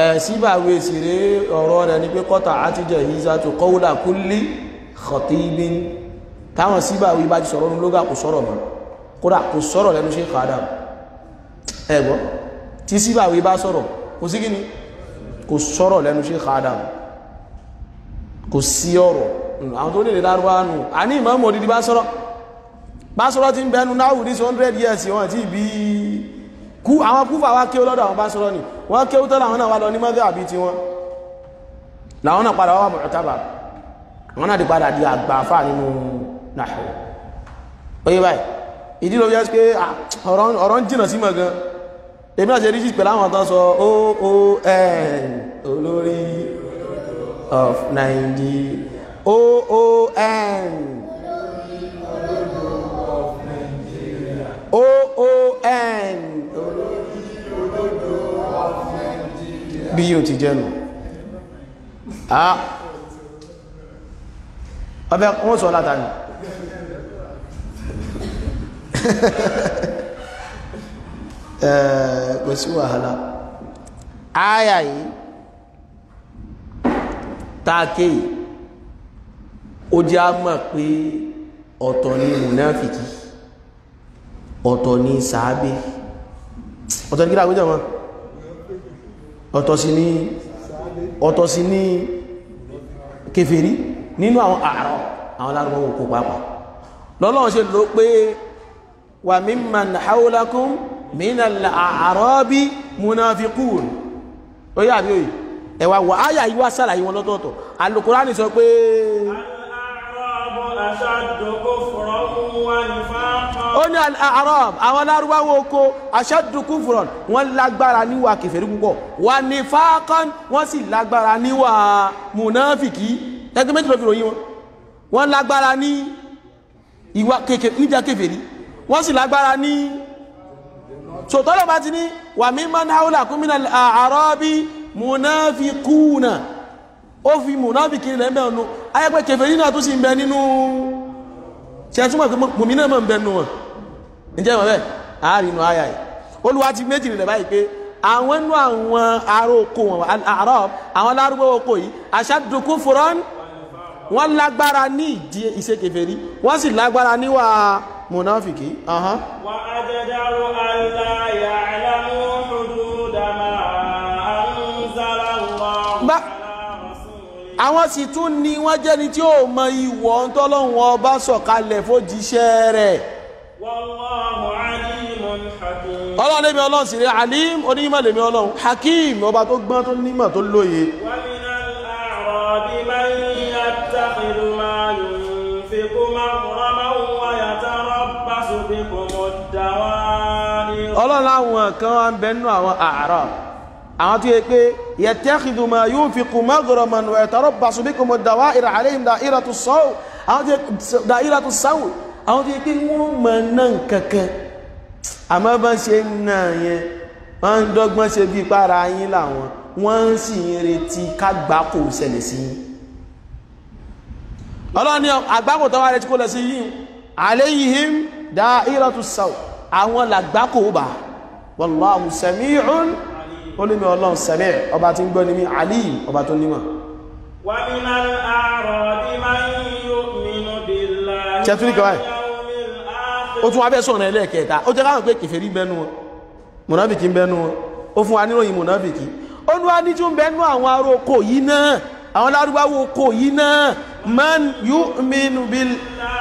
ẹ̀ síbàwé sì ré ọ̀rọ̀ rẹ̀ ni pé kọ́tà àti jẹ̀ yìí sátò kọ́wúlà kúlí khatibin táwọn síbàwé bá ti sọ̀rọ̀ lóga kò sọ̀rọ̀ mọ́ kódà kò sọ̀rọ̀ lẹ́nu ṣe kàdà ẹ̀gbọ́n tí síbàwí bá sọ̀rọ̀ kò sí gíní kò sọ̀rọ̀ lẹ́nu Sheikh Adam kò sí ọ̀rọ̀ àwọn tó nílẹ̀ lárúbá a ní ìmọ̀mù òdìdí bá sọ̀rọ̀ bá sọ̀rọ̀ ti ń bẹnu náà wùdí 100 years wọ́n ti bí kú àwọn kúfà wá kí ó lọ́dọ̀ àwọn bá sọ̀rọ̀ ni wọ́n kí ó tọ́lá àwọn náà wá lọ ní mọ́gẹ́ àbí ti pé ọ̀rọ̀ ń jìnà sí mọ̀ gan-an èmi náà ṣe rí pẹ̀lú àwọn tán sọ oon olórí of Nigeria oon oon bí yóò ti jẹ́nu ọbẹ̀ wọ́n sọ látàrí [laughs] Eh, kò sí wàhálà ááyà yìí táàkì ó jẹ́ á mọ̀ pé ọ̀tọ̀ ni mùnáfìkì ọ̀tọ̀ ni sàábé ọ̀tọ̀ ni kí lágbéjọ mọ́ ọ̀tọ̀ sí ní ọ̀tọ̀ sí ní kèfèrí nínú àwọn àárọ̀ àwọn lárúbọ̀ wọn kò pàápàá lọ́lọ́run ṣe ló pé wa mimman hawlakum minal a'rabi munafiqun ó yà bí òyì ẹ̀wà wà áyà yìí wá sàlàyé wọn lọ́tọ̀ọ̀tọ̀ alukurani sọ pé ó ní al-a'rab àwọn lárúbáwọ̀ oko ashaddu kufran wọ́n lágbára níwà kèfèrí púpọ̀ wa nifaqan wọ́n sì lágbára níwà munafiki ẹgbẹ́ méjì ló fi ròyìn wọn wọ́n lágbára ní ìwà kèfèrí wọ́n sì lágbára ní sòtọ́lọ́ bá ti ní wà mí máa ń haúlà kún mí náà àárọ̀ bí munafikuna ó fi munafikiri lẹ́mẹ̀ ọ̀nù ayẹ́pẹ́ kèfèrí náà tó sì ń bẹ nínú ṣe é túmọ̀ pé mùmí náà mọ̀ ń bẹ nínú wọn ǹjẹ́ ìmọ̀ bẹ́ẹ̀ àárín inú ayà yìí olúwa ti méjì rẹ̀ báyìí pé àwọn inú àwọn ará oko wọn àárọ̀ àwọn alárúgbó oko yìí ashaddu kufran wọ́n lágbára ní ìdí ìṣe kèfèrí wọ́n sì lágbára níwàá munafiki aha wa ajdaru an la ya'lamu hududa ma anzala Allah àwọn sì tún ni wọ́n jẹ́ni tí ó mọ ìwọ̀ ń tọ́lọ́hun ọba sọ̀kalẹ̀ fójíṣẹ́ rẹ̀ ọlọ́run lèmi ọlọ́run sì rí alim onímọ̀ lèmi ọlọ́run hakim ọba tó gbọ́n tó nímọ̀ tó lóye ومن الأعراب من يتخذ ما ينفق مغرما láwọn kan wá ń bẹ nínú àwọn A'rab àwọn tó yẹ pé yattakhidhu ma yunfiqu maghraman wa yatarabbasu bikum ad-dawa'ira 'alayhim da'iratu as-saw' àwọn tó yẹ da'iratu as-saw' àwọn tó yẹ pé wọ́n mọ̀ náà kankan àmọ́ bá ń ṣe náà yẹn wọ́n ń dọ́gbọ́n ṣe ọlọ́ni àgbákò tó wá retí kó lọ sí yín 'alayhim da'iratu as-saw' àwọn làgbákò bá wallahu sami'un olúmi ọlọ́run sami' ọba tí ń gbọ́ ní mi alim ọba tó nímọ̀ wa minal a'rabi man yu'minu billahi ṣẹ́tún ní kọwàá ó tún wá bẹ́ sọ̀rọ̀ ẹlẹ́ẹ̀kẹta ó jẹ́ káwọn pé kèfèrí bẹnu wọn mùnáfìkì àwọn aró oko yìí náà àwọn lárúbáwò oko yìí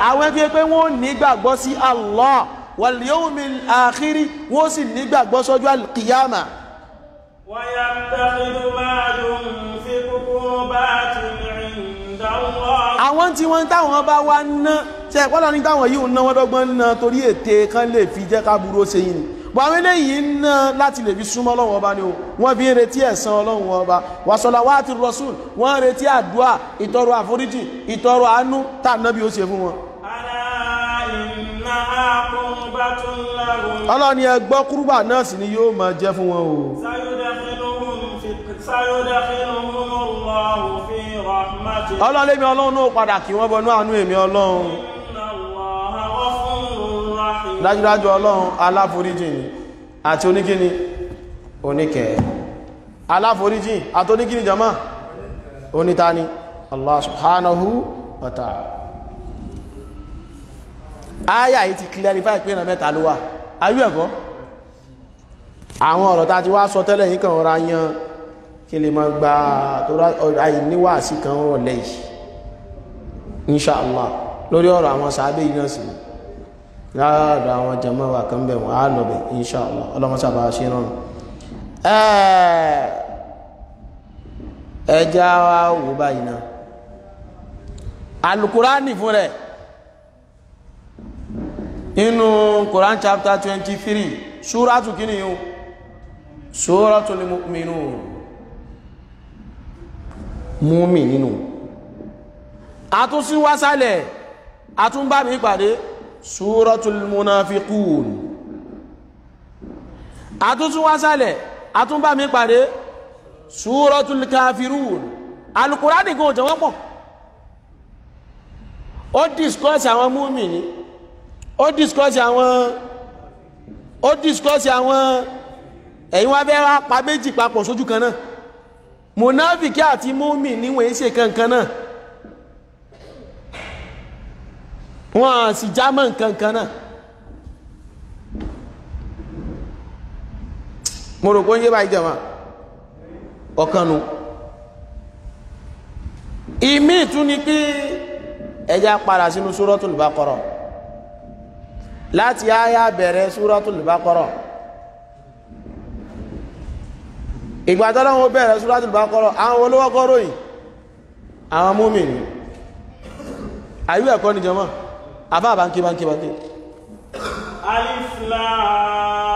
àwọn ẹgbẹ́ pé wọ́n nígbàgbọ́ sí Allah wal yawmil akhiri wọ́n sì nígbàgbọ́ sọ́jọ́ alkiyama. àwọn tí wọ́n táwọn bá wá ná ṣe ìpọ́lọ́ ní táwọn yìí ń ná wọ́n dọ́gbọ́n ná torí ète kan lè fi jẹ́ ká burú ṣe yìí ni bọ̀wọ́n eléyìí ń ná láti lè fi súnmọ́ ọlọ́run ọba ni o wọ́n fi ń retí ẹ̀san ọlọ́run ọba wàsọ̀lá wa ti rọ̀ṣùn wọ́n ń retí àdúà ìtọrọ àforíjì ìtọrọ àánú tànàbí ó ṣe fún wọn ọlọ́run ni ẹgbọ́ kúrúbà náà sì ni yóò máa jẹ́ fún wọn o ọlọ́run lèmi ọlọ́run náà padà kí wọ́n bọnú àánú èmi ọlọ́run dájúdájú ọlọ́run aláforíjìn àti oníkíni oníkẹ̀ aláforíjìn àti oníkíni jama onítani Allah subhanahu wa ta'ala aya yìí ti clarify pé ọ̀nà mẹ́ta ló wà ayú ẹ̀kọ́ àwọn ọ̀rọ̀ tá ti wá sọ tẹ́lẹ̀ yìí kan ọ̀rọ̀ yan kí lè máa gba àìníwàásí kan rọ̀ lẹ́yìn inṣàlá lórí ọ̀rọ̀ àwọn sàábé yìí náà sì láàrọ̀ àwọn jẹmọ́ wà kan bẹ̀ wọ́n á lọ bẹ̀ inṣàlá ọlọ́mọsàbà ṣe rán ẹjá wa wò báyìí náà alukurani fún rẹ̀ inú Quran chapter twenty three suratu kini yìí suratu ni muminu mumi nínú àtúnṣí wásálẹ̀ àtúnbá mi pàdé suratu munafikun àtúnṣí wásálẹ̀ àtúnbá mi pàdé suratu kafirun alukurani kan ò jẹ́ wọ́n pọ̀ ó discuss àwọn mumi ó discuss àwọn ó discuss àwọn ẹ̀yin wá bẹ́ẹ̀ wá pa méjì papọ̀ sójú kan náà mùnáfìkì àti múmi níwọ̀n ń kankan náà wọ́n á sì já mọ́ nkankan náà mo rò pé ó ń yé báyìí jẹ̀ wọ́n ọ̀kan nu ìmí ìtún ni pé ẹja padà sínú Suratul Baqarah láti àyà bẹ̀rẹ̀ Suratul Baqarah ìgbà tó lọ́wọ́ bẹ̀rẹ̀ Suratul Baqarah àwọn olówó kọ́ròyìn àwọn mùmínì àyú ẹ̀kọ́ nìjọmọ́ àbá àbánkí bánkí bánkí alif lam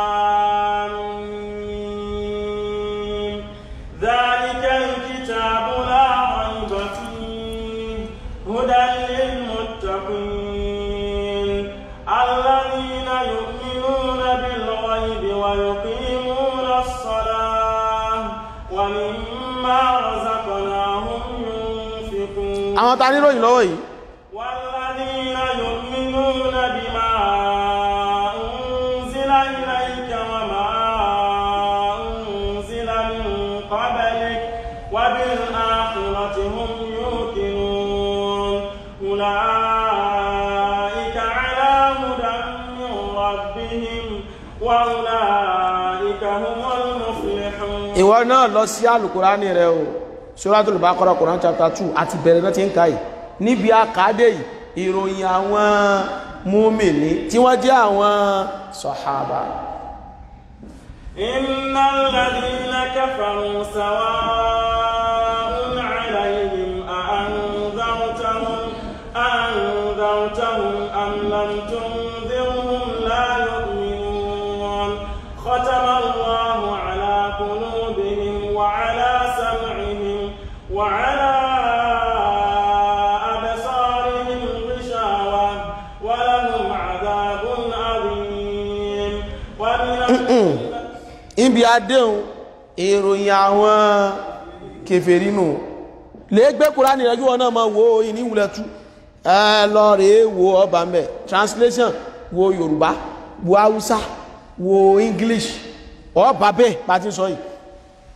ويقيمون الصلاة ومما رزقناهم ينفقون والذين يؤمنون بما أنزل إليك وما أنزل من قبلك وبالآخرة هم يوقنون أولئك ìwọ náà lọ sí alukurani rẹ o suratul baqara quran chapter two àti bẹ̀rẹ̀ náà ti ń ka yìí níbi àkàdé yìí ìròyìn àwọn múmìnì tí wọ́n jẹ́ àwọn sọ̀hábà innal ladina kafaru sawa níbi adéhùn ìròyìn àwọn kèfèrí nù lè gbé kúránì rẹ̀ náà mọ́ wo ìníwulẹ̀ tú ẹ lọ wo ọba mẹ́ translation wo yorùbá wo haúsá wo english ọba bẹ́ẹ̀ bá ti sọ yìí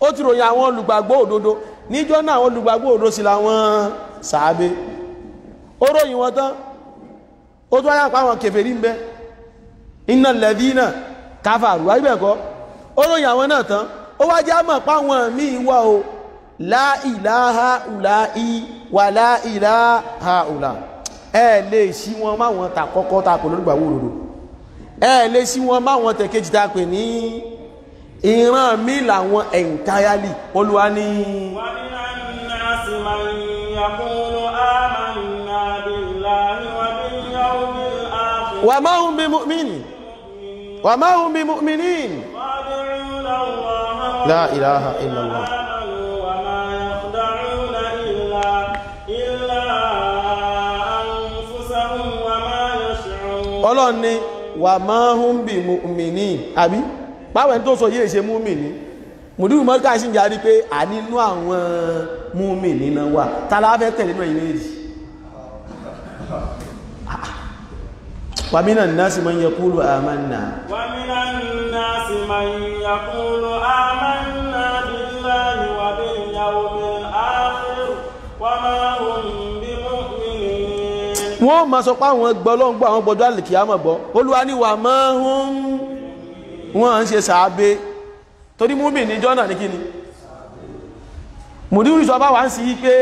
ó ti ròyìn àwọn olùgbàgbọ́ òdodo níjọ́ náà àwọn olùgbàgbọ́ òdodo sì làwọn sàábé ó ròyìn wọn tán ó tún wáyà pa àwọn kèfèrí ń bẹ innal ladhina kafaru àyíbẹ̀kọ́ ó ròyìn àwọn náà tán ó wá jẹ́ àmọ̀ páwọn míì wà o láìláha ùláì wà láìláha ùlà ẹ lè sí wọn máwọn ta kọ́kọ́ ta kò lórúgbàwó òdodo ẹ lè sí wọn máwọn tẹ̀kejì ta pè ní ìran mi làwọn entirely olúwa ní. wà ní àná sí máa ń yàkúrò àmà wàmáhùn bí mu'minin wàmáhùn bí لا إله إلا الله Ọlọ́run ni wà máa ń bí mùmìnì àbí báwọn tó sọ yìí ṣe mùmìnì mùdúrù mọ́ríkà sì ń jarí pé à nínú àwọn mùmìnì náà wà tá fẹ́ tẹ̀lé náà ìrẹ́jì ومن الناس من يقول آمنا ومن الناس من يقول آمنا بالله وباليوم الآخر وما هم بمؤمنين wọ́n máa sọ pé àwọn gbọ́ ló ń gbọ́ àwọn gbọ́dọ̀ àlìkìyàmọ̀ gbọ́ olúwa ní wà máa ń wọ́n ń ṣe sàábé torí múmi ní jọ́nà ní kíni mùdíwì sọ bá wà ń sí pé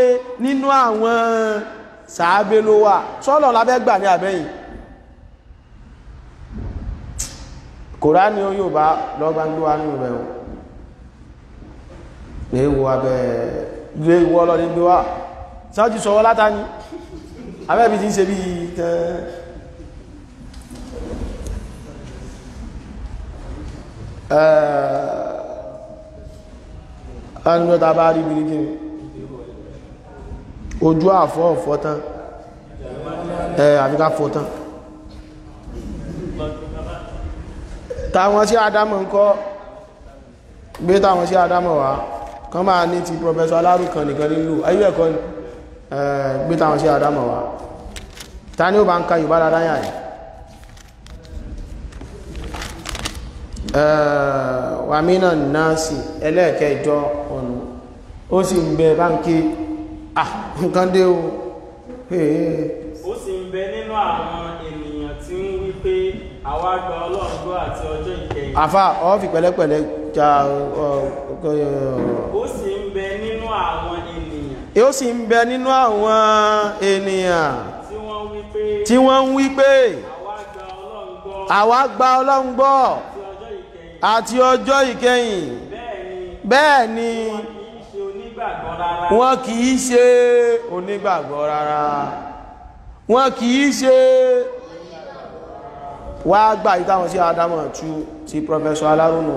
nínú àwọn sàábé ló wà sọ́lọ̀ lábẹ́gbà ní àbẹ́yìn kòránì ó yóò bá lọ́gbà ń gbówá nínú rẹ̀ o lè wo abẹ́ ilé ìwọ ọlọ́ni gbé wá sáájú sọwọ́ látàní abẹ́bí ti ń ṣe bí tẹ́ ẹ̀ẹ́dẹ́gbẹ́ta bá rí birigiri ojú àfọ́ ọ̀fọ́ tán ẹ̀ àfikà fọ́ tán táwọn sí adamu ń kọ́ gbé táwọn sí adámọ̀ wá kán máa ní ti professor alárùkan nìkan nílò ayé ẹ̀kọ́ gbé táwọn sí adámọ̀ wá ta ni ó bá ń ka yorùbá dáadáa yà yìí wàmínà náàsì ẹlẹ́ẹ̀kẹ́ ìjọ ọ̀nà ó sì ń bẹ báńkì ah nǹkan dé o ó sì ń bẹ nínú àwọn ènìyàn tí ń wí àwa gba ọlọ́run gbọ́ àti ọjọ́ ìkẹyìn. àfa ọ fi pẹ̀lẹ́pẹ̀lẹ́ ja ó sì ń bẹ nínú àwọn ènìyàn. ó sì ń bẹ nínú àwọn ènìyàn. tí wọ́n wí pé. tí wọ́n wí pé. àwa gba ọlọ́run gbọ́. àti ọjọ́ ìkẹyìn. bẹ́ẹ̀ ni wọ́n kì í ṣe onígbàgbọ́ rárá wọ́n kì í ṣe wá gbà yí táwọn sí àdámọ̀ tú ti prọfẹ́sọ alárùnù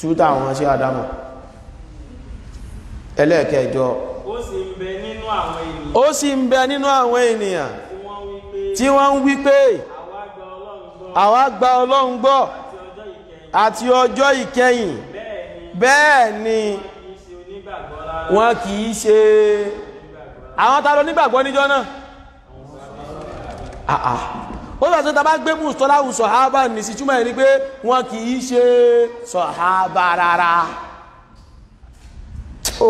tú táwọn sí àdámọ̀ ẹlẹ́ẹ̀kẹjọ ó sì ń bẹ nínú àwọn ènìyàn ó sì ń bẹ nínú àwọn ènìyàn tí wọ́n ń wí pé àwa gba ọlọ́run gbọ́ àti ọjọ́ ìkẹyìn bẹ́ẹ̀ ni wọ́n kì í ṣe àwọn tá nígbàgbọ́ níjọ́ náà ó sọ pé tàbá gbé mùsùlá sọ̀hábà ní sí túmọ̀ ní pé wọn kì í ṣe sọ̀hábà rárá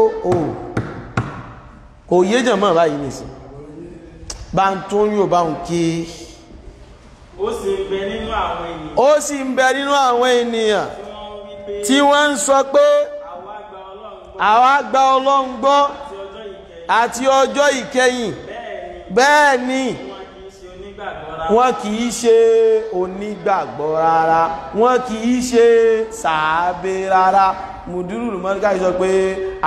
ó ó kò yé jẹ̀mọ́ báyìí nìsí bá ń tún yóò bá ń kí ó sì ń bẹ nínú àwọn ènìyàn ó sì ń bẹ nínú àwọn ènìyàn tí wọ́n ń sọ pé àwa gba ọlọ́run gbọ́ àti ọjọ́ ìkẹyìn bẹ́ẹ̀ ni. Bẹ́ẹ̀ ni wọ́n kì í ṣe onígbàgbọ́ rárá wọ́n kì í ṣe sàábé rárá mùdúrù lùmọ́ríkà sọ pé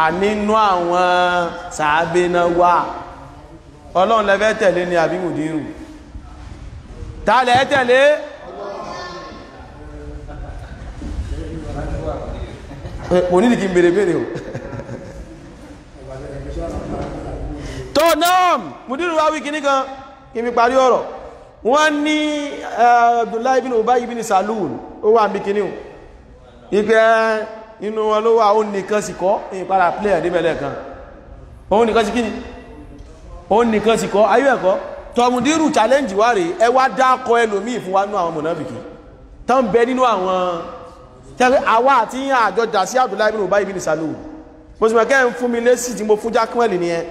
ànínú àwọn sàábé náà wà ọlọ́run lẹ́fẹ́ tẹ̀lé ni àbí mùdírù ta lẹ́ tẹ̀lé mo ní ìdíkì bèrè bèrè o tó náà mùdírù wá wí kìíní kan kí n fi parí ọ̀rọ̀ wọ́n ní Abdullahi bin Ubay bin Salul ó wà bí kìíní ìpẹ́ inú wọn ló wà ó nìkan sì kọ́ ìpàdà player dé mẹ́lẹ̀ kan òun nìkan sì kí ni òun nìkan sì kọ́ ayé ẹ̀kọ́ tọmùdírù challenge wà rèé ẹ wá dákọ ẹlòmíì fún wa nú àwọn mọ̀nàbìkì tán bẹ nínú àwọn tẹ́lẹ̀ àwa àti yín àjọ sí Abdullahi bin Ubay bin Salul mo sì mọ̀ kẹ́ ń fún mi lé sí ti mo fún jákúmẹ́lì nìyẹn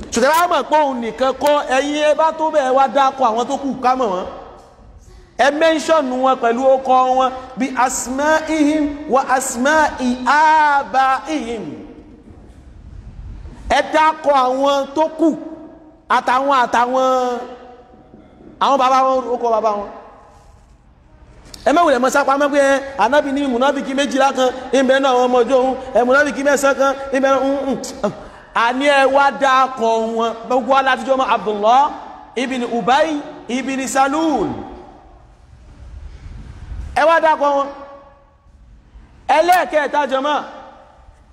ṣùgbọ́n a mọ̀ pé òun nìkan kọ́ ẹ̀yin ẹ tó bẹ́ẹ̀ wá dákọ̀ àwọn tó kù ká mọ̀ wọ́n wọn pẹ̀lú ọkọ wọn bí asmá ihim wa asmá ihim ẹ dákọ̀ àwọn tó kù àtàwọn àtàwọn àwọn bàbá wọn ọkọ bàbá wọn ẹ sápá ẹ àní ẹ wá dá akọ wọn gbogbo alátijọ́ mọ́ abdullah ibn ubay ibn salul ẹ wá dá akọ wọn ẹlẹ́ẹ̀kẹta jọmọ́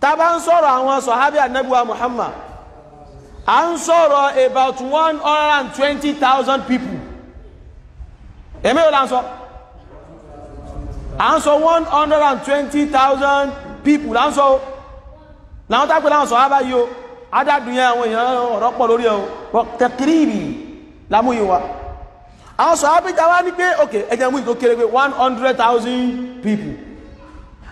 ta ń sọ̀rọ̀ àwọn sọ̀hábí anabiwa muhammad à ń sọ̀rọ̀ about one hundred and twenty thousand people èmi ò là ń sọ à ń sọ one hundred and twenty thousand people là ń sọ làwọn tá a pè láwọn sọ̀hábá yìí o adádùn yẹn àwọn èèyàn ọ̀rọ̀ pọ̀ lórí ẹ̀ o tẹkírìbì lámúyìn wa àwọn sọ ábíjà wá ní pé ok ẹjẹ mú ìtò kéré pé one hundred thousand people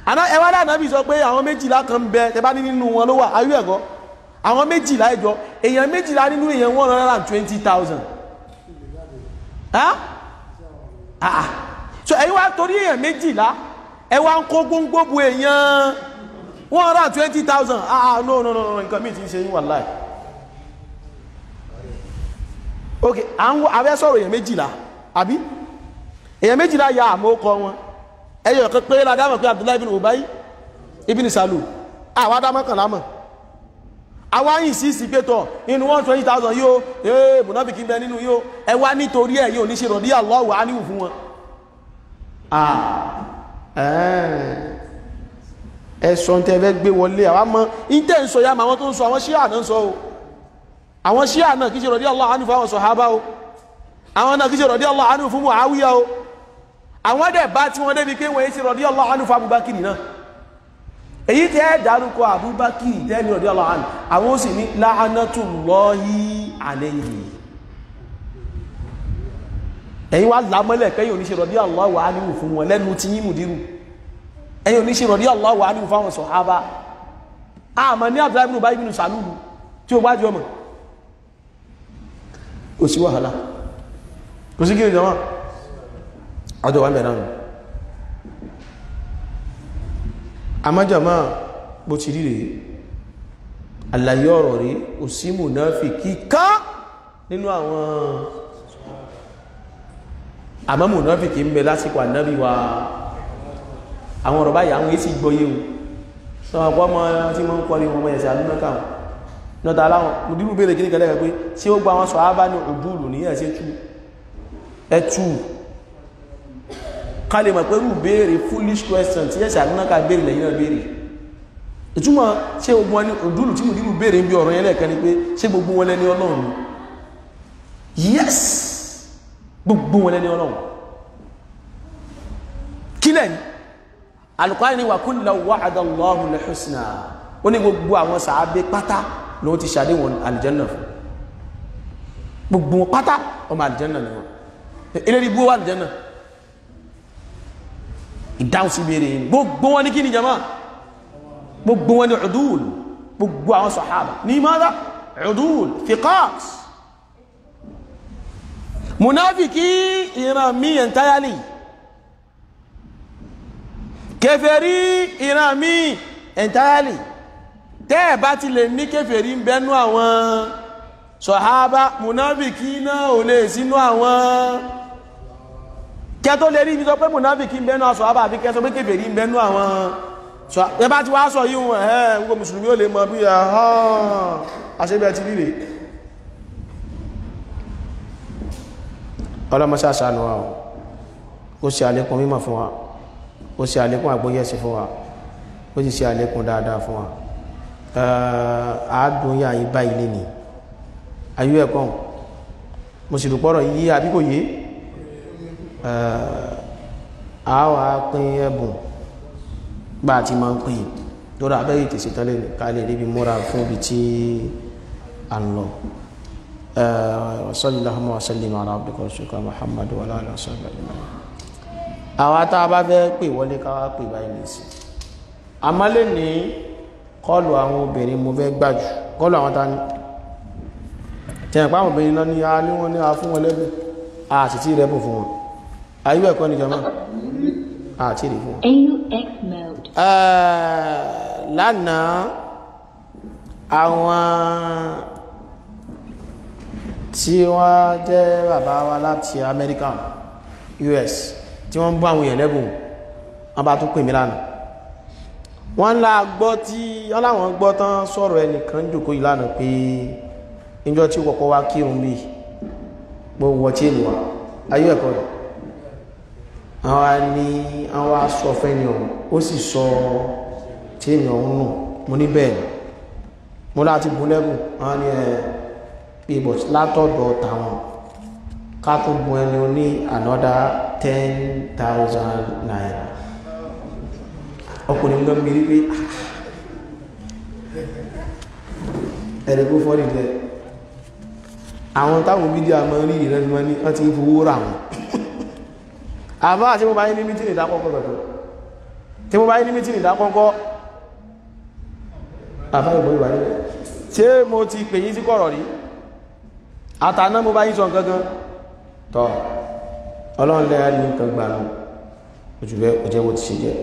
àná ẹwà dáná bí sọ pé àwọn méjìlá kan bẹ tẹ bá ní nínú wọn ló wà ayú ẹ̀kọ́ àwọn méjìlá ẹjọ èèyàn méjìlá nínú èèyàn one hundred and twenty thousand ah, ah. so ẹ̀yin wá torí èèyàn méjìlá ẹ wá ń kó gbóngbó bu èèyàn one hundred twenty thousand ah, ah no no no no nǹkan mi ti ń ṣe yín wàláì ok à ń wọ abẹ́ sọ̀rọ̀ èèyàn méjìlá àbí èèyàn méjìlá ya àmọ́ kọ wọn ẹyọ kan pé ládàmọ̀ pé Abdullahi ibn Ubay ibn Salul àwa dámọ̀ kan lámọ̀ àwa yìí sí sí pé tọ̀ inú one twenty thousand yóò ee bùnábìkì ń bẹ nínú yóò ẹ wá nítorí ẹ yóò ní ṣe rọ̀dí àlọ́ wà á níwò fún wọn ẹ̀sùn tẹ́ fẹ́ gbé wọlé àwọn mọ́ ìtẹ́ ń sọ yá mà àwọn tó ń sọ àwọn ṣíà náà ń sọ o àwọn ṣíà náà kìí ṣe radiyallahu anhu fún àwọn sọ̀hábà o àwọn náà kìí ṣe radiyallahu anhu fún Muawiya o àwọn dẹ̀ bá tí wọ́n débi pé wọ́n yé ṣe radiyallahu anhu fún Abubakar náà èyí tẹ́ ẹ dárúkọ Abubakar tẹ́ni radiyallahu ní la'anatullahi alayhi ẹ̀yin wá lámọ́lẹ̀ kẹ́yìn ẹ̀yin oníṣirò ní Allahu anhu fáwọn sọ̀hábà àmọ́ ní Abdullahi ibn Ubay ibn Salulu tí o bá jọ mọ̀ kò sí wàhálà kò sí kíni jọmọ́ àjọ wà mẹ́rin náà àmájàmá bó ti rí rèé àlàyé ọ̀rọ̀ rí kò sí mùnáfìkí ká nínú àwọn àmọ́ mùnáfìkí ń bẹ lásìkò ànábì àwọn ọ̀rọ̀ báyìí àwọn èsì gbọ́yé o sọ̀rọ̀ pọ́ mọ́ tí wọ́n ń kọ́ ní wọn mọ́ ẹ̀sẹ̀ àdúnà káwọn nọ́ta aláwọn mo dúró béèrè kí ní kẹ́lẹ́ pé ṣé ó gba àwọn sọ ábá ní òdúrù ní ẹ̀sẹ̀ tú ẹtù ká lè mọ̀ pé rú béèrè foolish question tí ẹ̀sẹ̀ àdúnà ká béèrè lẹ́yìn náà béèrè ìtumọ̀ ṣé ogun wọn ní òdúrù tí mo dúró béèrè ń bí ọ̀rọ̀ yẹn lẹ́ẹ̀kan ni pé ṣé gbogbo wọn lẹ́ni ọlọ́run yes alukọ́ni ni wàkúlọ̀ wàhádà lọ́hùn lẹ́hùsìnà ó ní gbogbo àwọn sàábé pátá ló ti ṣàdéhùn àlìjẹ́nà fún gbogbo wọn pátá ọmọ àlìjẹ́nà ni wọn eléyìí gbogbo wà àlìjẹ́nà ìdáhùn sí ìbéèrè yìí gbogbo wọn ní kí ni jama gbogbo wọn ní ọdún gbogbo àwọn sàhábà ní mọ́dá ọdún fiqas munafiki ìran míyàn táyálì kèfèrí ìran míì entirely tẹ́ ẹ̀ bá ti lè ní kèfèrí ń bẹ́nu àwọn sọ̀hábà mùnáfìkì náà ò lè sínú àwọn kẹ́ tó lè rí ibi sọ pé mùnáfìkì ń bẹ́nu àwọn sọ̀hábà àfi kẹ́ sọ pé kèfèrí ń bẹ́nu àwọn ẹ bá ti wá sọ yìí wọn ẹ̀ ń gbogbo mùsùlùmí ò lè mọ bí àṣẹ́bẹ̀ ti ríre ọlọ́mọṣáṣánú wa kó ṣe àlékún mímọ̀ fún wa ó ṣe àlékún àgbóyẹ̀sí fún wa ó sì ṣe àlékún dáadáa fún wa àádùn yà yí báyìí lè ní ayú ẹ̀kọ́ mo sì dùpọ̀rọ̀ yí àbíkò yé àwa pín ẹ̀bùn gbà tí máa ń pín lórí abẹ́rẹ́ ìtẹ̀sí tán lè ká lè múra fún ibi tí a ń lọ وصلى اللهم وسلم على عبدك ورسولك محمد وعلى اله وصحبه àwa tá a bá fẹ́ pè wọlé ká wá pè báyìí nìsí àmọ́ lè ní kọlù àwọn obìnrin mo fẹ́ gbàjù kọlù àwọn ta ni tẹ̀yìn pàwọn obìnrin lọ ní a ní wọn ní a fún wọn lẹ́bùn a sì ti rẹ́bù fún wọn ayé ẹ̀kọ́ ni jọmọ́ a ti rí fún wọn. lánàá àwọn tí wọ́n jẹ́ bàbá wa láti Amẹ́ríkà US tí wọ́n ń bọ́ àwọn èèyàn lẹ́bùn wọ́n bá tún pè mí lánàá wọ́n ńlá gbọ́ tí wọ́n láwọn gbọ́ tán sọ̀rọ̀ ẹnìkan jòkó yìí lánàá pé níjọ́ tí kọ̀kọ́ wá kírun bí gbogbo tí èlò wa ayé ẹ̀kọ́ rẹ̀ látọ̀dọ̀ tàwọn ká tún bu ẹni oní another ten thousand naira ọkùnrin gan biri pé ẹ̀rẹ̀ kó fọ́ nílẹ̀ àwọn táwọn fídíò àmọ́ rí ìrẹ́ ni wọ́n ní wọ́n ti ń fowó rà wọ́n [laughs] àbá àti mo bá yí ní mítìnì ìdákọ́kọ́ pẹ̀lú tí mo bá yí ní mítìnì ìdákọ́kọ́ àbá ìbò ìwà nílẹ̀ ṣé mo ti pè yí sí kọ̀rọ̀ rí àtàná mo bá yí sọ nǹkan gan tọ́ ọlọ́run lẹ́yà ní nǹkan gbà lọ ojú bẹ́ ọjẹ́ wo ti ṣe jẹ́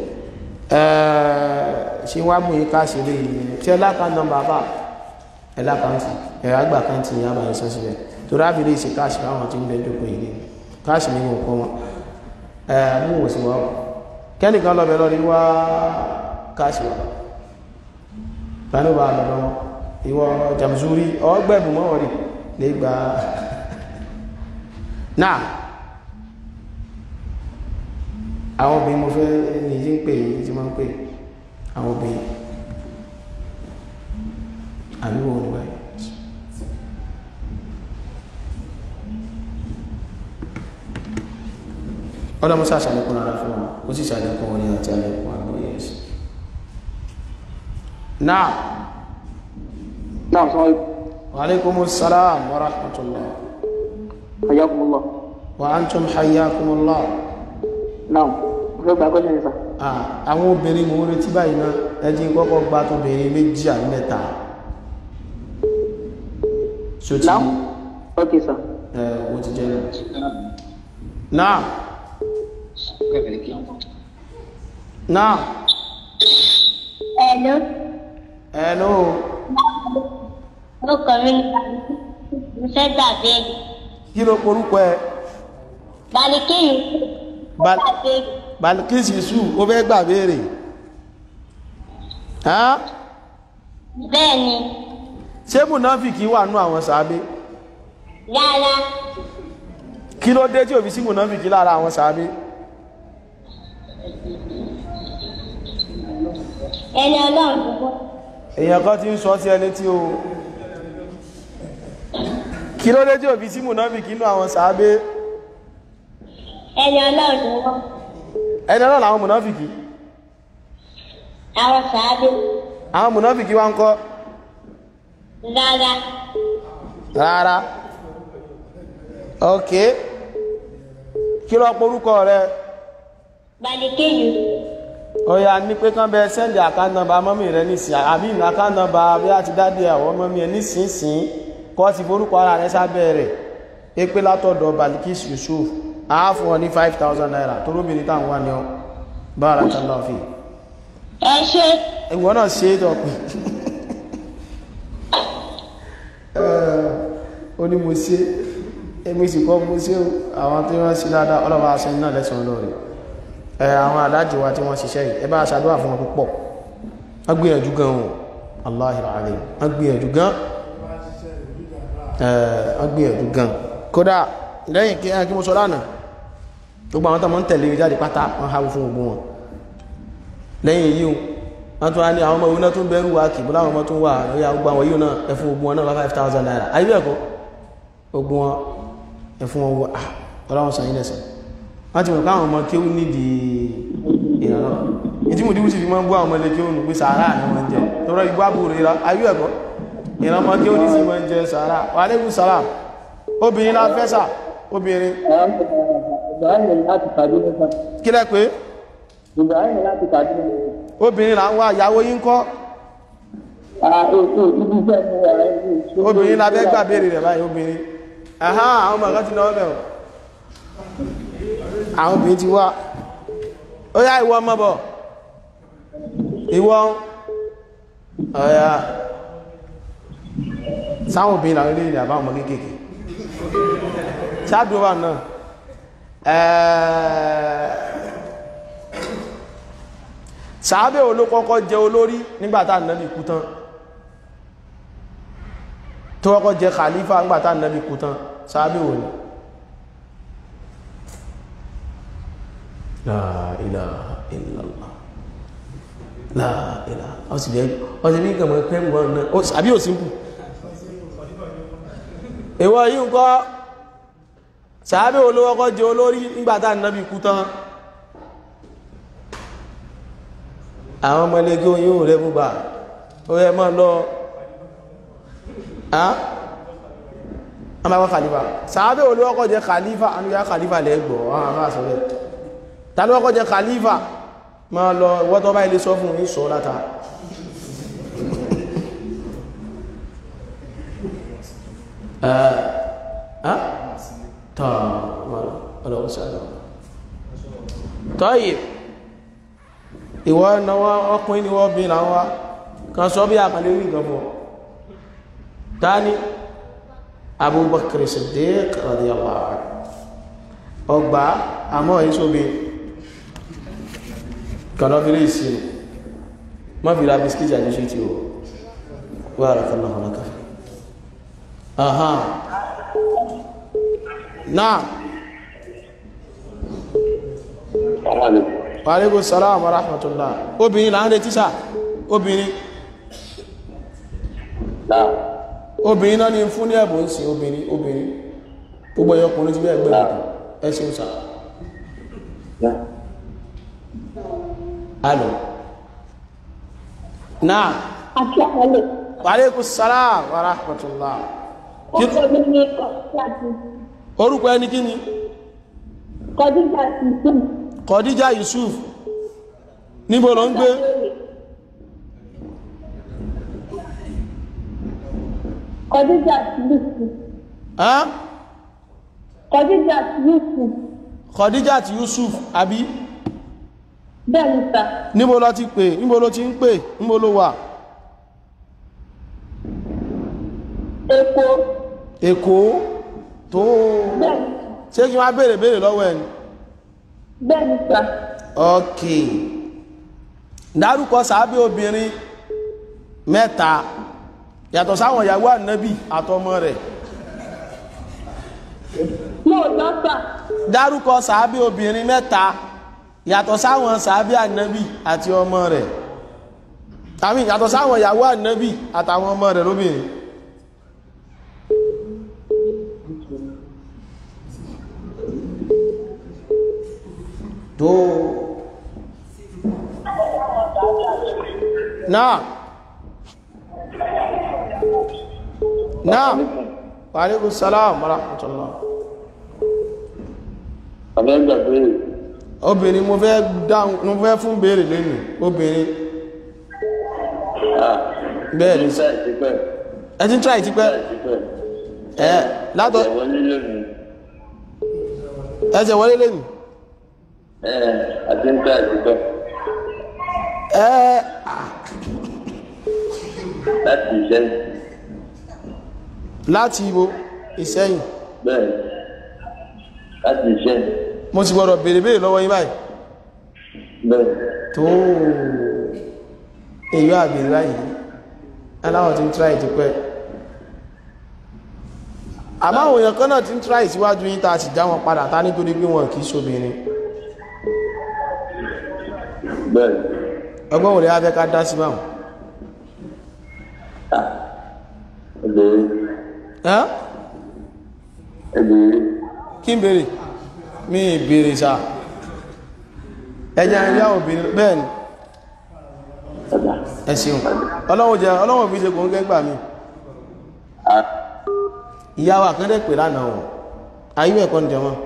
ṣé wàá mú yìí káàsì rí i ṣé ẹláka nọ́mbà bá ẹlákàntì ẹ̀rọ àgbà kàntì ní àbáyé sọ síbẹ̀ torí àbílẹ̀ ìṣe káàsì fáwọn tí ń bẹ jókòó yìí káàsì ní ìwọ̀n wọn mú wò sí wọn kẹ́nìkan lọ́bẹ̀ lọ́rí wá káàsì wọn lánàá lọ́wọ́ ìwọ jàmùsùrí ọgbẹ́bùmọ́wọ́rì lè gbà [laughs] náà àwọn obìnrin mo fẹ́ ní yí ń pè yí tí wọ́n ń pè àwọn obìnrin àríwọ̀ olùwà ọlọ́mọsá àṣàlẹ́kùn ara fún wọn ó sì ṣàlẹ́kùn orin àti àlẹ́kùn àgbóyè ẹ̀sìn náà náà sọ́ọ́ wa alaikumus salam wa rahmatullah hayyakumullah wa antum hayyakumullah náà mo fẹ́ gba kọ́ṣẹ́ nìsa. àwọn obìnrin mò ń retí báyìí náà ẹ jí kọ́kọ́ gba tó obìnrin méjì àbí mẹ́ta. náà ok sà. ẹ o ti jẹ ẹ náà. náà. hello. hello. orúkọ mi ni mo fẹ́ dàbí. kí ló porúkọ ẹ. balùwẹ̀ Balkis Yusu ó fẹ́ gbà béèrè. bẹ́ẹ̀ni. ṣé munafiki wà nú àwọn sàábé. rárá. kí ló dé tí òbí sí munafiki lára àwọn sàábé. ẹni ọlọ́run gbogbo. èèyàn kan ti ń sọ sí ẹni tí o kí ló dé tí òbí sí munafiki nú àwọn sàábé. ẹni ọlọ́run ni ẹni mùnáfìkì. àwọn sàádé. àwọn mùnáfìkì wa ń kọ́. rárá. rárá. ok kí ló porúkọ rẹ. Balikeyu. Oya ní pé kán bẹ sẹ́ndì àkánàbà mọ́mí rẹ nísìnyí àbí ìnà àkánàbà bí a ti dádé àwọn mọ́mí ẹ kọ́ ti forúkọ ara rẹ sábẹ́ rẹ̀ pé pé a fún ọ five thousand naira tó róbìnrin táwọn wà ní ọ barakallahu fi. ẹ ṣe. ìwọ náà ṣe é dọ̀pin. [laughs] ó ní mo ṣe èmi sì kọ́ mo ṣe àwọn tí wọ́n ṣe dáadáa ọlọ́wọ́ aṣẹ náà lẹ́sàn-án lórí ẹ àwọn adájọ́ wa tí wọ́n ṣiṣẹ́ yìí ẹ bá aṣàdúrà fún wọn púpọ̀ wọ́n gbìyànjú gan o Allahi alim wọ́n gbìyànjú gan wọ́n gbìyànjú gan kódà lẹ́yìn kí sọ lánàá gbogbo àwọn tọmọ ń tẹ̀lé jáde pátá wọn háwó fún gbogbo wọn lẹ́yìn yíò wọ́n tún wá ní àwọn ọmọ ìwúná tó ń bẹ̀rù wá kì bọ́lá àwọn ọmọ tó ń wà lóyà gbogbo àwọn yíò náà ẹfún ogun wọn náà five thousand naira ayé ẹ̀kọ́ ogun wọn ẹfún wọn wọ ah, ọlọ́run sàn yín lẹ́sàn wọ́n ti mọ̀ pé àwọn ọmọ kéwú nídìí ìrànlọ́ ìdí mò díwú sì fi máa ń bú àwọn ọmọ ilé kéwú nù pé sàárà ni wọ́n ń jẹ lọ́rọ̀ igbó àbúrò ìrà ayé ẹ̀kọ́ ìran ọmọ kéwú ní sì máa ń jẹ sàárà wà lẹ́gùn sàárà obìnrin la fẹ́ sà obìnrin Ibrahim láti Kaduna kan. kí pé. Ibrahim láti Kaduna. obìnrin là ń wá ìyàwó yín kọ́. obìnrin ọmọ kan ti náwó o àwọn obìnrin ti wá ó yá ìwọ ọmọ bọ̀ ìwọ sáwọn obìnrin làwọn ọmọ sàábẹ̀ olókọ́kọ́ jẹ olórí nígbàtà nàbì kú tán tó kọ́kọ́ jẹ khalifa nígbàtà nàbì kú tán sàábẹ̀ wò ní la ilaha illallah la ilaha ọ̀sẹ̀ bí kẹ̀mọ̀ pẹ́ mọ́ náà àbí ò sínkù èwọ̀ yíò kọ́ sàábé olówó kọ́ jẹ olórí nígbàtà nàbí kú tán àwọn ọmọlẹ́gẹ́ oyún rẹ̀ búgbà ó yẹ mọ́ lọ kalifa khalifa sàábé olówó kọ́ jẹ khalifa anúyá khalifa lẹ́gbọ̀ àwọn àwọn jẹ ma lọ [laughs] وسلم طيب ìwọ náwọ́ ọkùnrin ni wọ́n bí láwọ́ kan sọ bí àkàlẹ̀ orí ìgbàmọ̀ tani Abubakar Siddiq radiyallahu anhu ọgbà àmọ́ èyí sóbi kàlọ́fílẹ̀ ìsinmi má fi ra biskit àti ṣe tí ó wà rà kàlọ́fílẹ̀ kàfẹ́ aha náà wàlẹ́kùn sàlámù wa rahmatullah obìnrin là ń retí sà obìnrin obìnrin náà ni fún ní ẹ̀bùn ń sin obìnrin obìnrin gbogbo ẹ̀yọ́ ọkùnrin ti bí ẹgbẹ́ ìgbẹ́ ẹ̀sìn sà alo náà wàlẹ́kùn sàlámù wa rahmatullah orúkọ ẹni kí ni kọjú gbà Khadija Yusuf níbo ló ń gbé Khadija Yusuf Khadija Yusuf Khadija Yusuf àbí bẹ́ẹ̀ni sà níbo ló ti pè níbo ló ti ń pè níbo ló wà Èkó Èkó tó ṣé kí wọ́n á béèrè béèrè lọ́wọ́ ẹni bẹ́ẹ̀ni sà. ok dárúkọ sàábé obìnrin mẹ́ta yàtọ̀ sáwọn ìyàwó ànábì àtọmọ rẹ̀. mo lọ sà. dárúkọ sàábé obìnrin mẹ́ta yàtọ̀ sáwọn sàábé ànábì àti ọmọ rẹ̀ tàbí yàtọ̀ sáwọn ìyàwó ànábì àtàwọn ọmọ rẹ̀ lóbìnrin. to naa. naa. wàlẹ́kùn salam rahmatullah obìnrin mo fẹ́ dáhùn mo fẹ́ fún béèrè lẹ́nu obìnrin ah. bẹ́ẹ̀ ni ẹ ti ń tíra ìtipẹ́ ẹ àdínkù àdínkù. ẹ láti ìṣẹ́yìn. láti ìwo ìṣẹ́yìn. bẹ́ẹ̀ láti ìṣẹ́yìn. mo ti gbọ́dọ̀ béèrè béèrè lọ́wọ́ yín báyìí. bẹ́ẹ̀. tó èyí àbèrè báyìí aláwọ̀ ti ń tíra ìtìpẹ́ àmáwọn èèyàn kan náà ti ń tíra ìsíwájú yín tá a sì já wọn padà ta nítorí pé wọn kì í ṣobìnrin ọgbọ ọgbọ́n ya afẹ́ ká dá sí báwọn. Ah, kí n mi obìnrin bẹ́ẹ̀ ẹ ṣeun ọlọ́run jẹ ọlọ́run fi ṣe kò ń mi ìyá wa kan dẹ̀ pè lánàá ọ̀ ayé ẹ̀kọ́ wọn.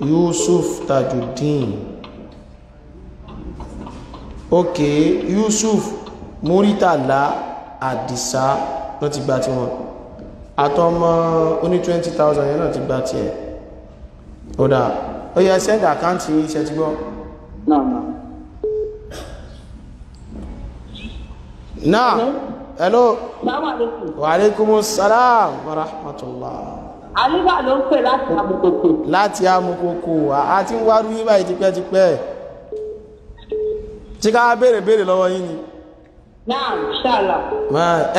Yusuf Tajuddin. ok Yusuf Muritala Adisa ló ti gba tiwọn àtọmọ oní twenty thousand yẹn náà ti gba tiẹ̀ ó dáa ó yẹ send àkáǹtì iṣẹ́ ti gbọ́. náà hello. wa aleykum salaam wa rahmatullah àlùbà ló ń pè láti amukoko. láti amukoko a ti ń wárú yín báyìí tipẹ́tipẹ́ tí ká béèrè béèrè lọ́wọ́ yín ni. náà ṣàlà.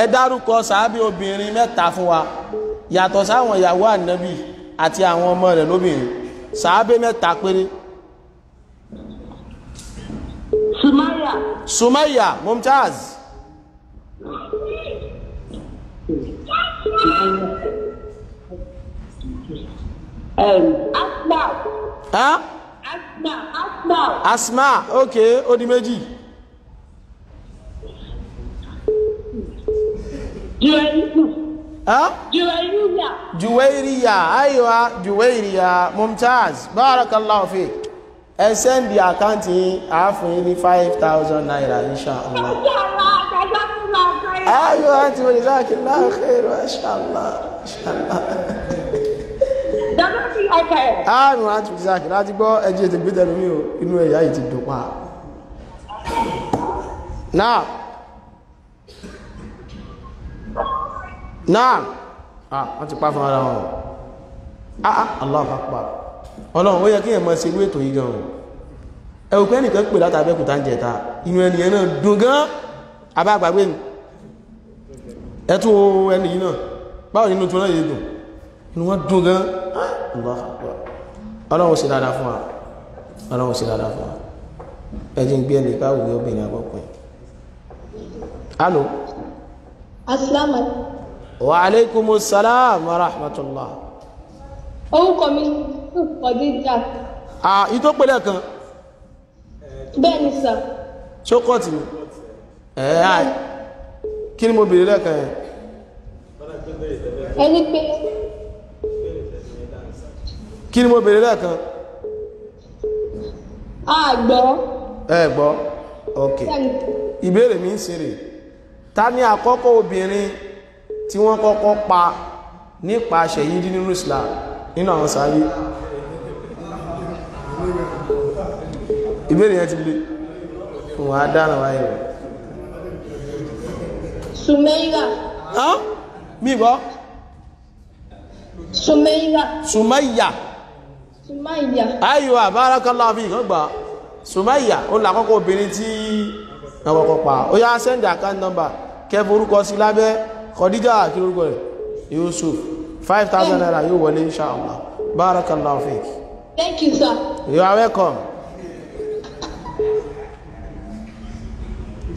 ẹ dárúkọ sàábì obìnrin mẹ́ta fún wa yàtọ̀ sáwọn ìyàwó ànábì àti àwọn ọmọ rẹ̀ lóbìnrin sàábì mẹ́ta péré. sumaya. sumaya mumtaz. sumaya asma. Huh? asma asma. asma ok ó di méjì. juwairiya. juwairiya ayiwa juwairiya mumtaz barakallahu fi ẹ sẹ́ndì àkáǹtì yín àáfún ní five thousand naira insha allah. ayiwa ti wọ́n ní láàkì láàkì ẹ̀rọ insha allah insha allah dàmẹ́fì ọkọ̀ ẹ̀. àrùn láti fi sáàkì láti gbọ́ ẹjí ètò gbé tẹnu mi ò inú ẹ̀yà yìí ti dùn pa. náà náà ah wọ́n ti pa fún ara wọn ah ah Allahu Akbar ọlọ́run ó yẹ kí èèyàn máa ṣe irú ètò yìí gan o ẹ ò pé ẹnìkan pè láti Abẹ́òkúta ń jẹta inú ẹnìyẹn náà dùn gan abá àgbàgbé ni ẹ tún ẹnìyí náà báwo nínú tí wọ́n náà yẹ dùn inú wọn dùn gan ah, ọlọ́run sì dáadáa fún wa ọlọ́run sì dáadáa fún wa ẹjìn gbé ẹnì ká òwe obìnrin àkọ́kọ́ yìí. alo. asalaamu. wa aleykum salaam wa rahmatulah. orúkọ mi yusuf kọdíjà. ah ìtò pẹ̀lẹ́ kan. bẹ́ẹ̀ ni sà. ṣó kọ́ọ̀tì ẹ ẹ kí ni mo bèrè lẹ́ẹ̀kan yẹn. ẹni pé kí ni mo bèrè lẹ́ẹ̀kan. a gbọ́. ẹ gbọ́ ok ìbéèrè mi ń ṣeré ta ni àkọ́kọ́ obìnrin tí wọ́n kọ́kọ́ pa nípa ṣẹ̀yídí nínú Islam nínú àwọn sáré ìbéèrè yẹn ti le wọ́n á dára wáyé rẹ̀. Sumeira. mi gbọ́. Sumeira. Sumeira sùmáyà. ayò àbárakàlá fi ìkan gbà Sumaya. ó là kọ́kọ́ obìnrin tí wọ́n kọ́kọ́ pa ó yá sẹ́ndì account number kẹ́ forúkọ sí lábẹ́ kọ́díjà kí lórúkọ rẹ̀ yusuf five thousand naira yóò wọlé inshallah bárakàlá fi. thank you sir. you are welcome.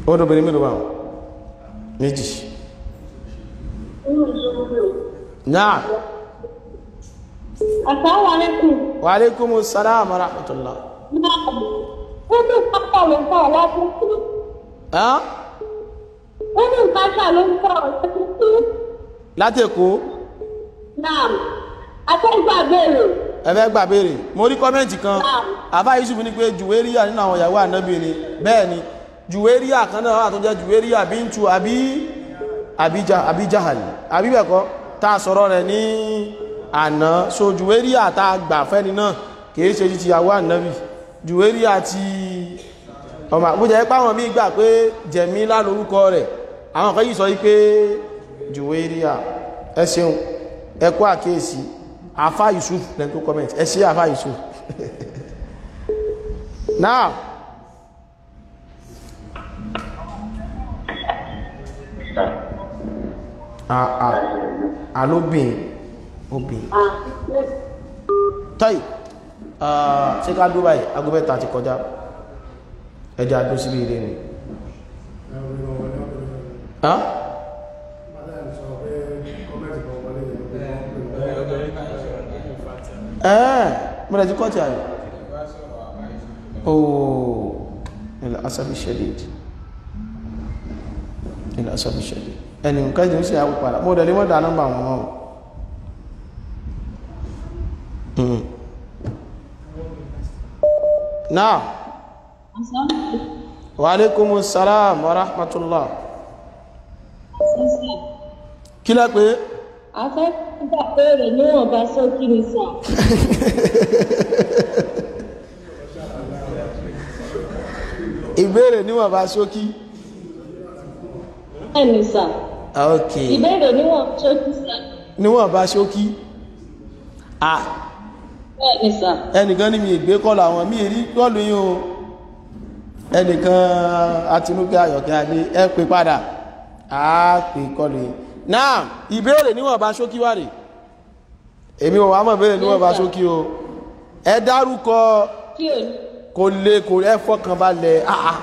ó dọ̀bẹ̀rẹ̀ mélòó báwọn méjì. náà asalaamualeykum. wa aleykum salaam wa rahmatulah. wọ́n ní káṣá ló ń bọ̀ láti kú. wọ́n ní káṣá ló ń bọ̀ láti kú. láti èkó. naam afẹ́gbà béèrè. ẹ fẹ́ gbà béèrè mo rí kọ́mẹ́ǹtì kan àbá yusuf ní pé juwéríà nínú àwọn ìyàwó ànábì ni bẹ́ẹ̀ ni juwéríà kan náà wà tó jẹ́ juwéríà bíntu àbí àbí jahal àbí tá a sọ̀rọ̀ rẹ̀ ní àná so jùwérí àta àgbà fẹ́ni náà kìí ṣe ti àwọ́ ànábì jùwérí àti ọmọ àpójẹ́ páwọn mí gbà pé jẹ̀mí lálórúkọ rẹ̀ àwọn kan yìí sọ wípé jùwérí à ẹ ṣeun ẹ kú àkíyèsí àfá Yusuf lẹ́n tó comment ẹ ṣe àfá Yusuf [laughs] now ah ah alóbìnrin obìnrin tọ́yì ṣe ká dúró báyìí agbóbẹ́ta ti kọjá ẹjá dúró síbí ilé ni ẹ̀ẹ́ mọ́lẹ̀ tí kọ́ tí a yọ ooo ilẹ̀ asabi shadid ilẹ̀ asabi shadid ẹni nǹkan jẹ́ ń ṣe àwọn padà mọ́dẹ̀lẹ́mọ́dà nọ́mbà wọn náà Mm. Naam. Wa alaikumus Kí la pé? A níwọ̀n bá sókí ni sà. [laughs] Ìbéèrè níwọ̀n bá sókí. Ok. Ìbéèrè níwọ̀n bá sókí ẹnìkan ní mi ìgbé kọlù àwọn mí rí kọlù yín o ẹnìkan Àtinúkẹ́ Ayọ̀kẹ́ Adé ẹ pè padà á pè kọlù yín náà ìbéèrè níwọ̀nba ṣókí wà rè èmi ò wá mọ̀ ìbéèrè níwọ̀nba ṣókí o ẹ dárúkọ kò lè kò ẹ fọkàn balẹ̀ àà ah, ah.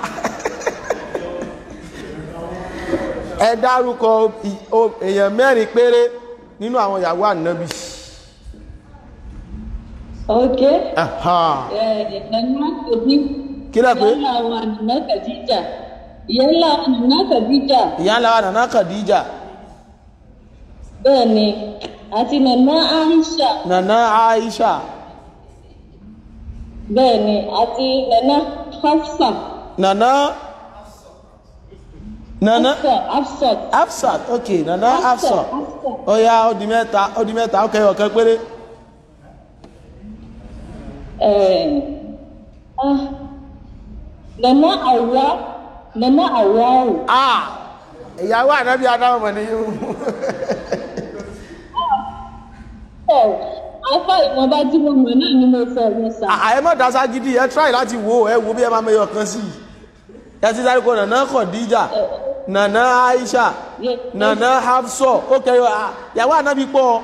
ẹ dárúkọ èèyàn mẹ́rin péré nínú àwọn ìyàwó ànábì ok kílá pé yálà nana Khadija yálà nana Khadija bẹ́ẹ̀ ni àti nana Aisha nana Aisha bẹ́ẹ̀ ni àti nana Hafsa nana nana Hafsat Hafsat ok nana Hafsat ó yá ó di mẹ́ta ó di mẹ́ta ó kẹyọ kan péré. Okay, okay, eh, ah, nana awa nana awa o. ah ìyàwó ànábì adáwọn mọ nìyí o. ọ [laughs] eh, afa ìwọnba tí mo mọ náà ni mo fẹ wọn ah, sá. àyè mọ̀ dasa gidi ẹ tíráì láti wo ẹ wo bí ẹ máa mẹyọ kan sí i ẹ ti sáré nana Khadija eh, eh. nana Aisha nana Hafsọ, ó kẹyọ ìyàwó ànábì pọ̀.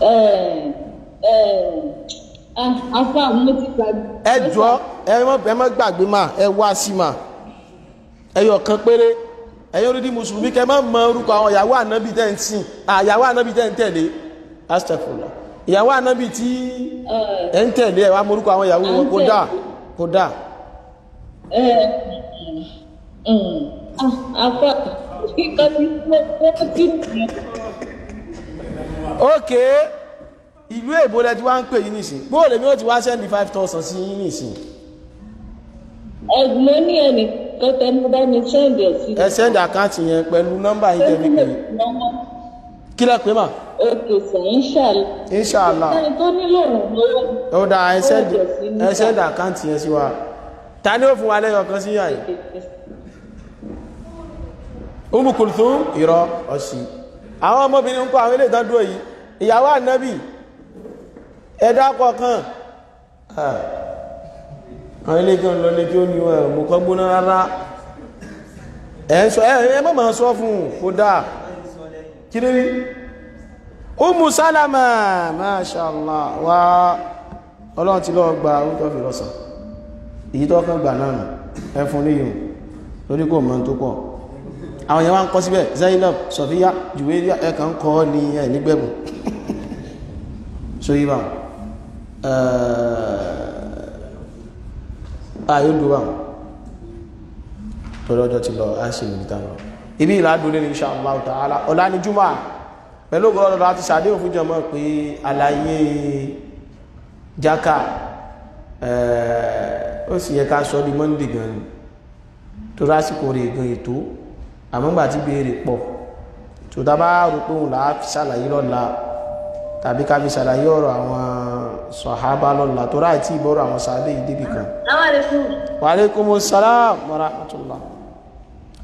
ẹẹ. Eh, afa mo ti gbàgbé. ẹ jọ ẹ má gbàgbé mà ẹ wá sí mà ẹyọ kan péré ẹ̀yin orí di mùsùlùmí kẹ má mọ orúkọ àwọn ìyàwó ànábì tẹ́ ń sìn àyàwó ah, ànábì tẹ́ ń tẹ̀lé astagfirullah ìyàwó ànábì tí eh. ẹ ń tẹ̀lé ẹ wá mọ orúkọ àwọn ìyàwó wọn kò dáa kò dáa. Eh, mm, ah, ok ìlú èbó lẹ ti wá ń pè yín nìsín bóò lèmi ó ti wá sẹ́ndì five thousand sí yín nìsín. ẹ̀gbọ́n ní ẹnì kan tẹnu bá mi sẹ́ndì ẹ̀ sí. ẹ sẹ́ndì àkáǹtì yẹn pẹ̀lú nọ́mbà yìí tẹ̀lé pé. kí lẹ pé mà. òkè sọ inṣàlá. inṣàlá. ẹni tó nílò ìrànlọ́wọ́. ó dáa ẹ sẹ́ndì ẹ sẹ́ndì àkáǹtì yẹn sí wa ta ni ó fún wa lẹ́yọ̀ kan sí yàrá Umu Kulthum irọ́ ọ̀sìn àwọn ọmọbìnrin ń kọ́ àwọn ilé ìtàn dúró ìyàwó ànábì ẹ̀dá kọ̀ọ̀kan ah. àwọn ilé kí lọ lé kí ó ní wọn mú kọ́ gbóná rárá ẹ̀ ń sọ ẹ̀ sọ fún kó dáa kí rí Salama Masha Allah ọlọ́run ti gba orúkọ fi lọ́sàn èyí tó kàn gbà náà ẹ fún lórí kò mọ́ tó pọ̀ àwọn èèyàn wá ń kọ́ síbẹ̀ Zainab [laughs] ayé ah, ń dúró àwọn torí ọjọ́ ti lọ á sì nìta lọ ibi ìlàdúró ní insha Allah ta'ala ọ̀la ní júmọ́ pẹ̀lú ògbọ́n ọ̀dọ̀ láti ṣàdéhùn fún jọmọ́ pé àlàyé jákà ó sì yẹ ká sọ di monday gan ni torí àsìkò rẹ̀ gan ètò àmọ́gbà tí béèrè pọ̀ tó dábàá rò pé òun là fi ṣàlàyé lọ́la tàbí ká fi ṣàlàyé ọ̀rọ̀ àwọn sọ̀hábà lọ́la tó ráì tí àwọn sàábé yìí débì kan. wa alaikumus salam wa rahmatullah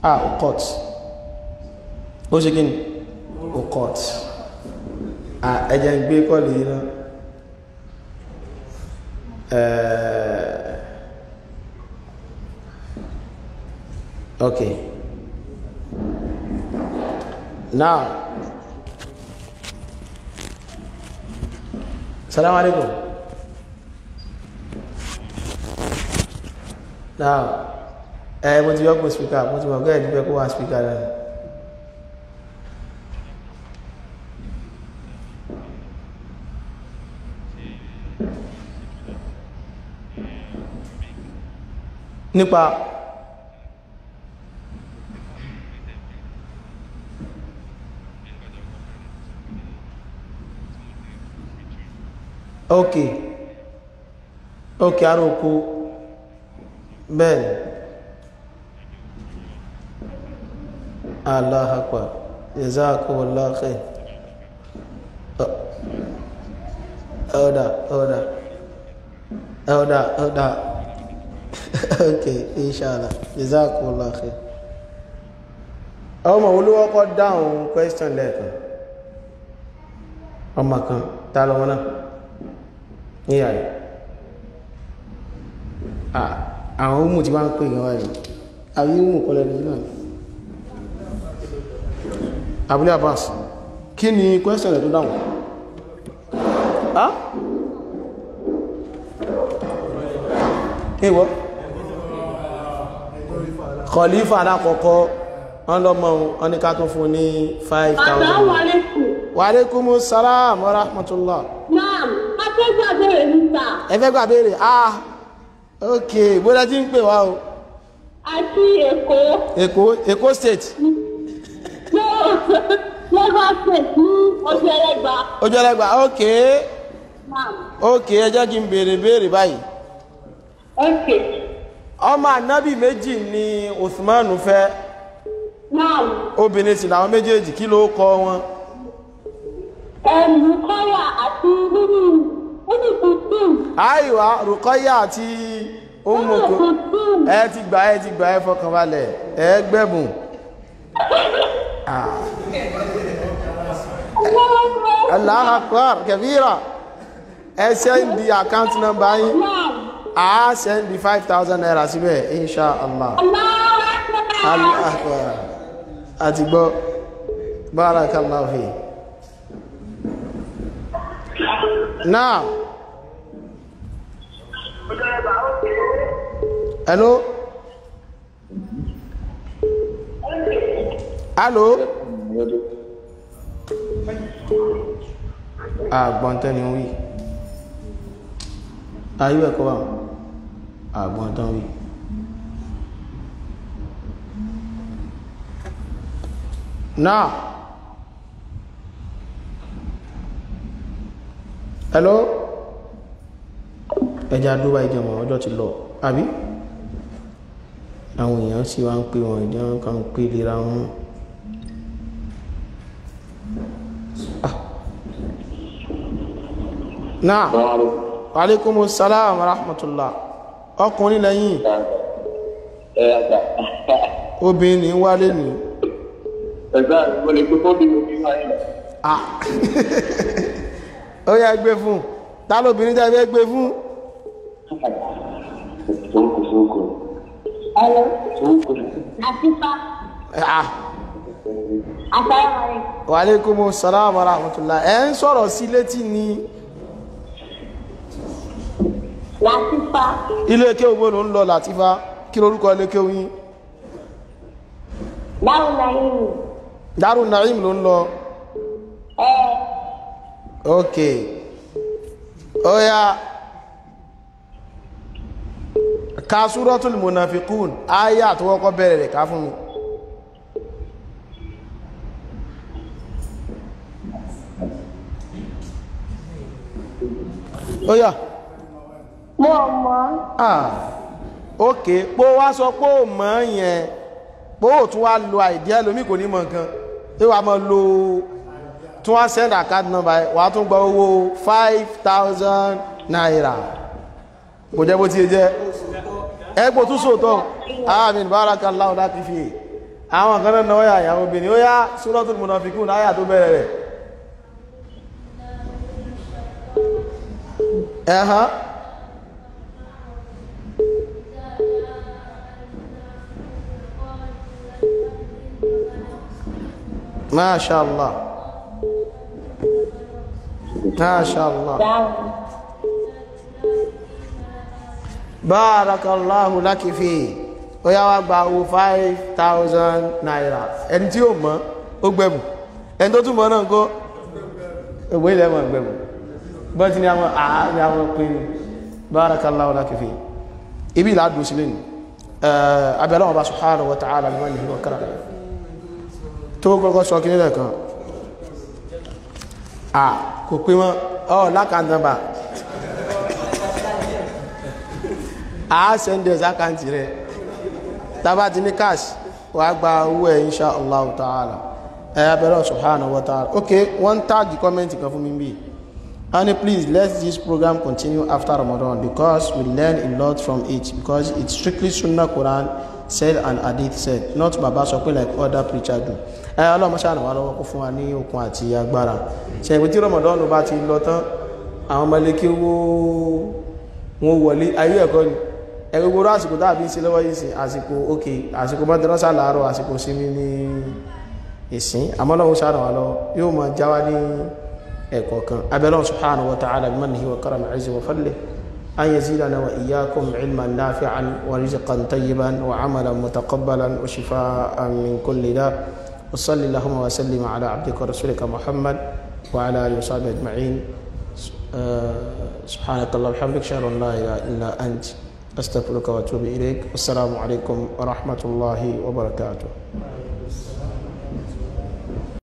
ah okot ó ṣe kí ni okot ah ẹ̀jẹ̀ ń gbé kọ́lì eh, ok now salamu alaikum now ẹ eh, mo ti yọ kó spika mo ti mọ gẹ́gẹ́ níbẹ̀ kó wá spika náà nípa òkè òkè ara oko bẹ́ẹ̀ Allahu akbar jazakumullahu khair ọ̀dà ọ̀dà ọ̀dà ọ̀dà okay inshallah jazakumullahu khair ọmọ olówó kọ́ dáhùn question lẹ́ẹ̀kan ọmọ kan ta lọ́wọ́ náà níyàrá àwọn ọmọ tí wọ́n ń pè yàn wáyé àwọn ọmọ kọlẹ̀ ní náà abúlé abbas kí ni kwẹ́sàn rẹ̀ tó dáwọn ìwọ́ kọlífà alákọ̀ọ́kọ́ wọ́n lọ́mọ wọn ní ká tún fún ní 5,000 wa alaikumus salam wa rahmatullah náà ẹ̀fẹ́ gbà béèrè ah ok bóyá tí ń pè o. àti èkó. èkó èkó state. lagos state ní ojú ẹlẹgba. ojú ẹlẹgba ok ok ẹ jẹ́ kí n béèrè béèrè anabi méjì ni usman fẹ́. naam. obìnrin kí ló kọ àìwá rùkọ́yà àti òmùkù ẹ ti gbà ẹ ti gbà ẹ fọkànbalẹ̀ ẹ gbẹ̀bùn ah. Allahu Akbar kẹfìrà ẹ sẹ́ndì àkáǹtì nọ́mbà yín a sẹ́ndì 5,000 naira síbẹ̀ insha Allah Allahu Akbar àti gbọ́ barakallahu fi náà hello hello àgbọ̀ntán ah, ni wí ayé ẹ̀kọ́ wà àgbọ̀ntán ah, wí náà. hello ẹja dúbà ìjọmọ̀ ọjọ́ ti lọ àbí àwọn èèyàn sì wá ń pè wọn ìjọ kan ń pè lera wọn náà alaikumus salam rahmatullah ọkùnrin lẹ́yìn obìnrin wálé ní ẹgbẹ́ àgbẹ̀mọ́lẹ́gbẹ́ tó bí mo bí wáyé ah. [laughs] ó yá gbé fún un ta lóbìnrin tẹ́ fẹ́ gbé fún. Hello. Asifa. Ah. Asalaamualeykum. Waaleykum salaam wa rahmatulah. Ẹ ń sọ̀rọ̀ sí létí ni. Latifa. Ilé kéwù wo ló ń lọ Latifa? Kí lorúkọ ilé kéwù yín? Darun Naim. Darun Naim ló ń lọ. Ẹ. ok ó yá ka súrọ́tùl munafikun ayé àtúwọ́kọ́ bẹ̀rẹ̀ rẹ̀ ká fún mi ó yá mọ̀ ah ok pó wá sọ pó mọ̀ yẹn pó ò tún wá lo àìdíẹ́ lómi kò ní mọ̀ nǹkan tí wàá mọ̀ lo tún wá send account number wàá tún gba owó five thousand naira kò jẹ́ bó ti jẹ́ ẹ kò tún sòótọ́ àmín barakallahu láti fi àwọn kan náà náà yà àwọn obìnrin ó yá láyà tó bẹ̀rẹ̀ rẹ̀ ẹ̀hán Allah. Masha Allah. الله. laki fi. Ó yá wá gba owó five thousand naira. Ẹni tí ó mọ̀ ó gbẹ̀mù. Ẹni tó tún mọ̀ náà kó. Ògbé ilẹ̀ mọ̀ gbẹ̀mù. Bọ́tí ni àwọn àá ni àwọn pin. Barakallahu laki fi. Ibi ìlà dùn sílẹ̀ ni. Abẹ́lẹ́ wọn bá subhanahu wa ta'ala ni wọ́n ní ìlú ọ̀kára. Tó kọ́kọ́ sọ kí nílẹ̀ kan kò pé wọn ọ lákàntàbà a sẹ́ndẹ̀sì àkáǹtì rẹ̀ tábà ti ní cash wà á gba owó ẹ̀ insha allah ta'ala ẹ̀ abẹ́rẹ́ subhanahu wa ta'ala ok one tag comment kan fún mi bíi honey please let this program continue after Ramadan because we learn a lot from it because it strictly sunnah Quran said and hadith said not baba sọ pé like other preachers do ẹ ọlọ́mọ ṣàánú wa lọ́wọ́ kó fún wa ní okun àti agbára ṣe ìpè tí rọmọdọ́nù bá ti lọ tán àwọn ọmọlẹ́kí wọn wọlé ayé ẹ̀kọ́ ni ẹgbogbo àsìkò tàbí sí lọ́wọ́ yìí sí àsìkò òkè àsìkò mọ́dúnrọ́sà láàárọ̀ àsìkò sími ní ìsìn àmọ́lọ́wọ́ sáàrùn wa lọ yóò máa jáwá ní ẹ̀kọ́ kan abẹ́lọ́wọ́ subhanahu wa ta'ala bí mọ́nìyí wa karami ẹ̀sìn wa fadli an yazidana wa iyyakum ilman nafi'an wa rizqan tayyiban wa amalan mutaqabbalan wa shifaan min kulli da' وصل اللهم وسلم على عبدك ورسولك محمد وعلى آله وصحبه أجمعين سبحانك اللهم وبحمدك أشهد أن لا إله إلا أنت أستغفرك وأتوب إليك والسلام عليكم ورحمة الله وبركاته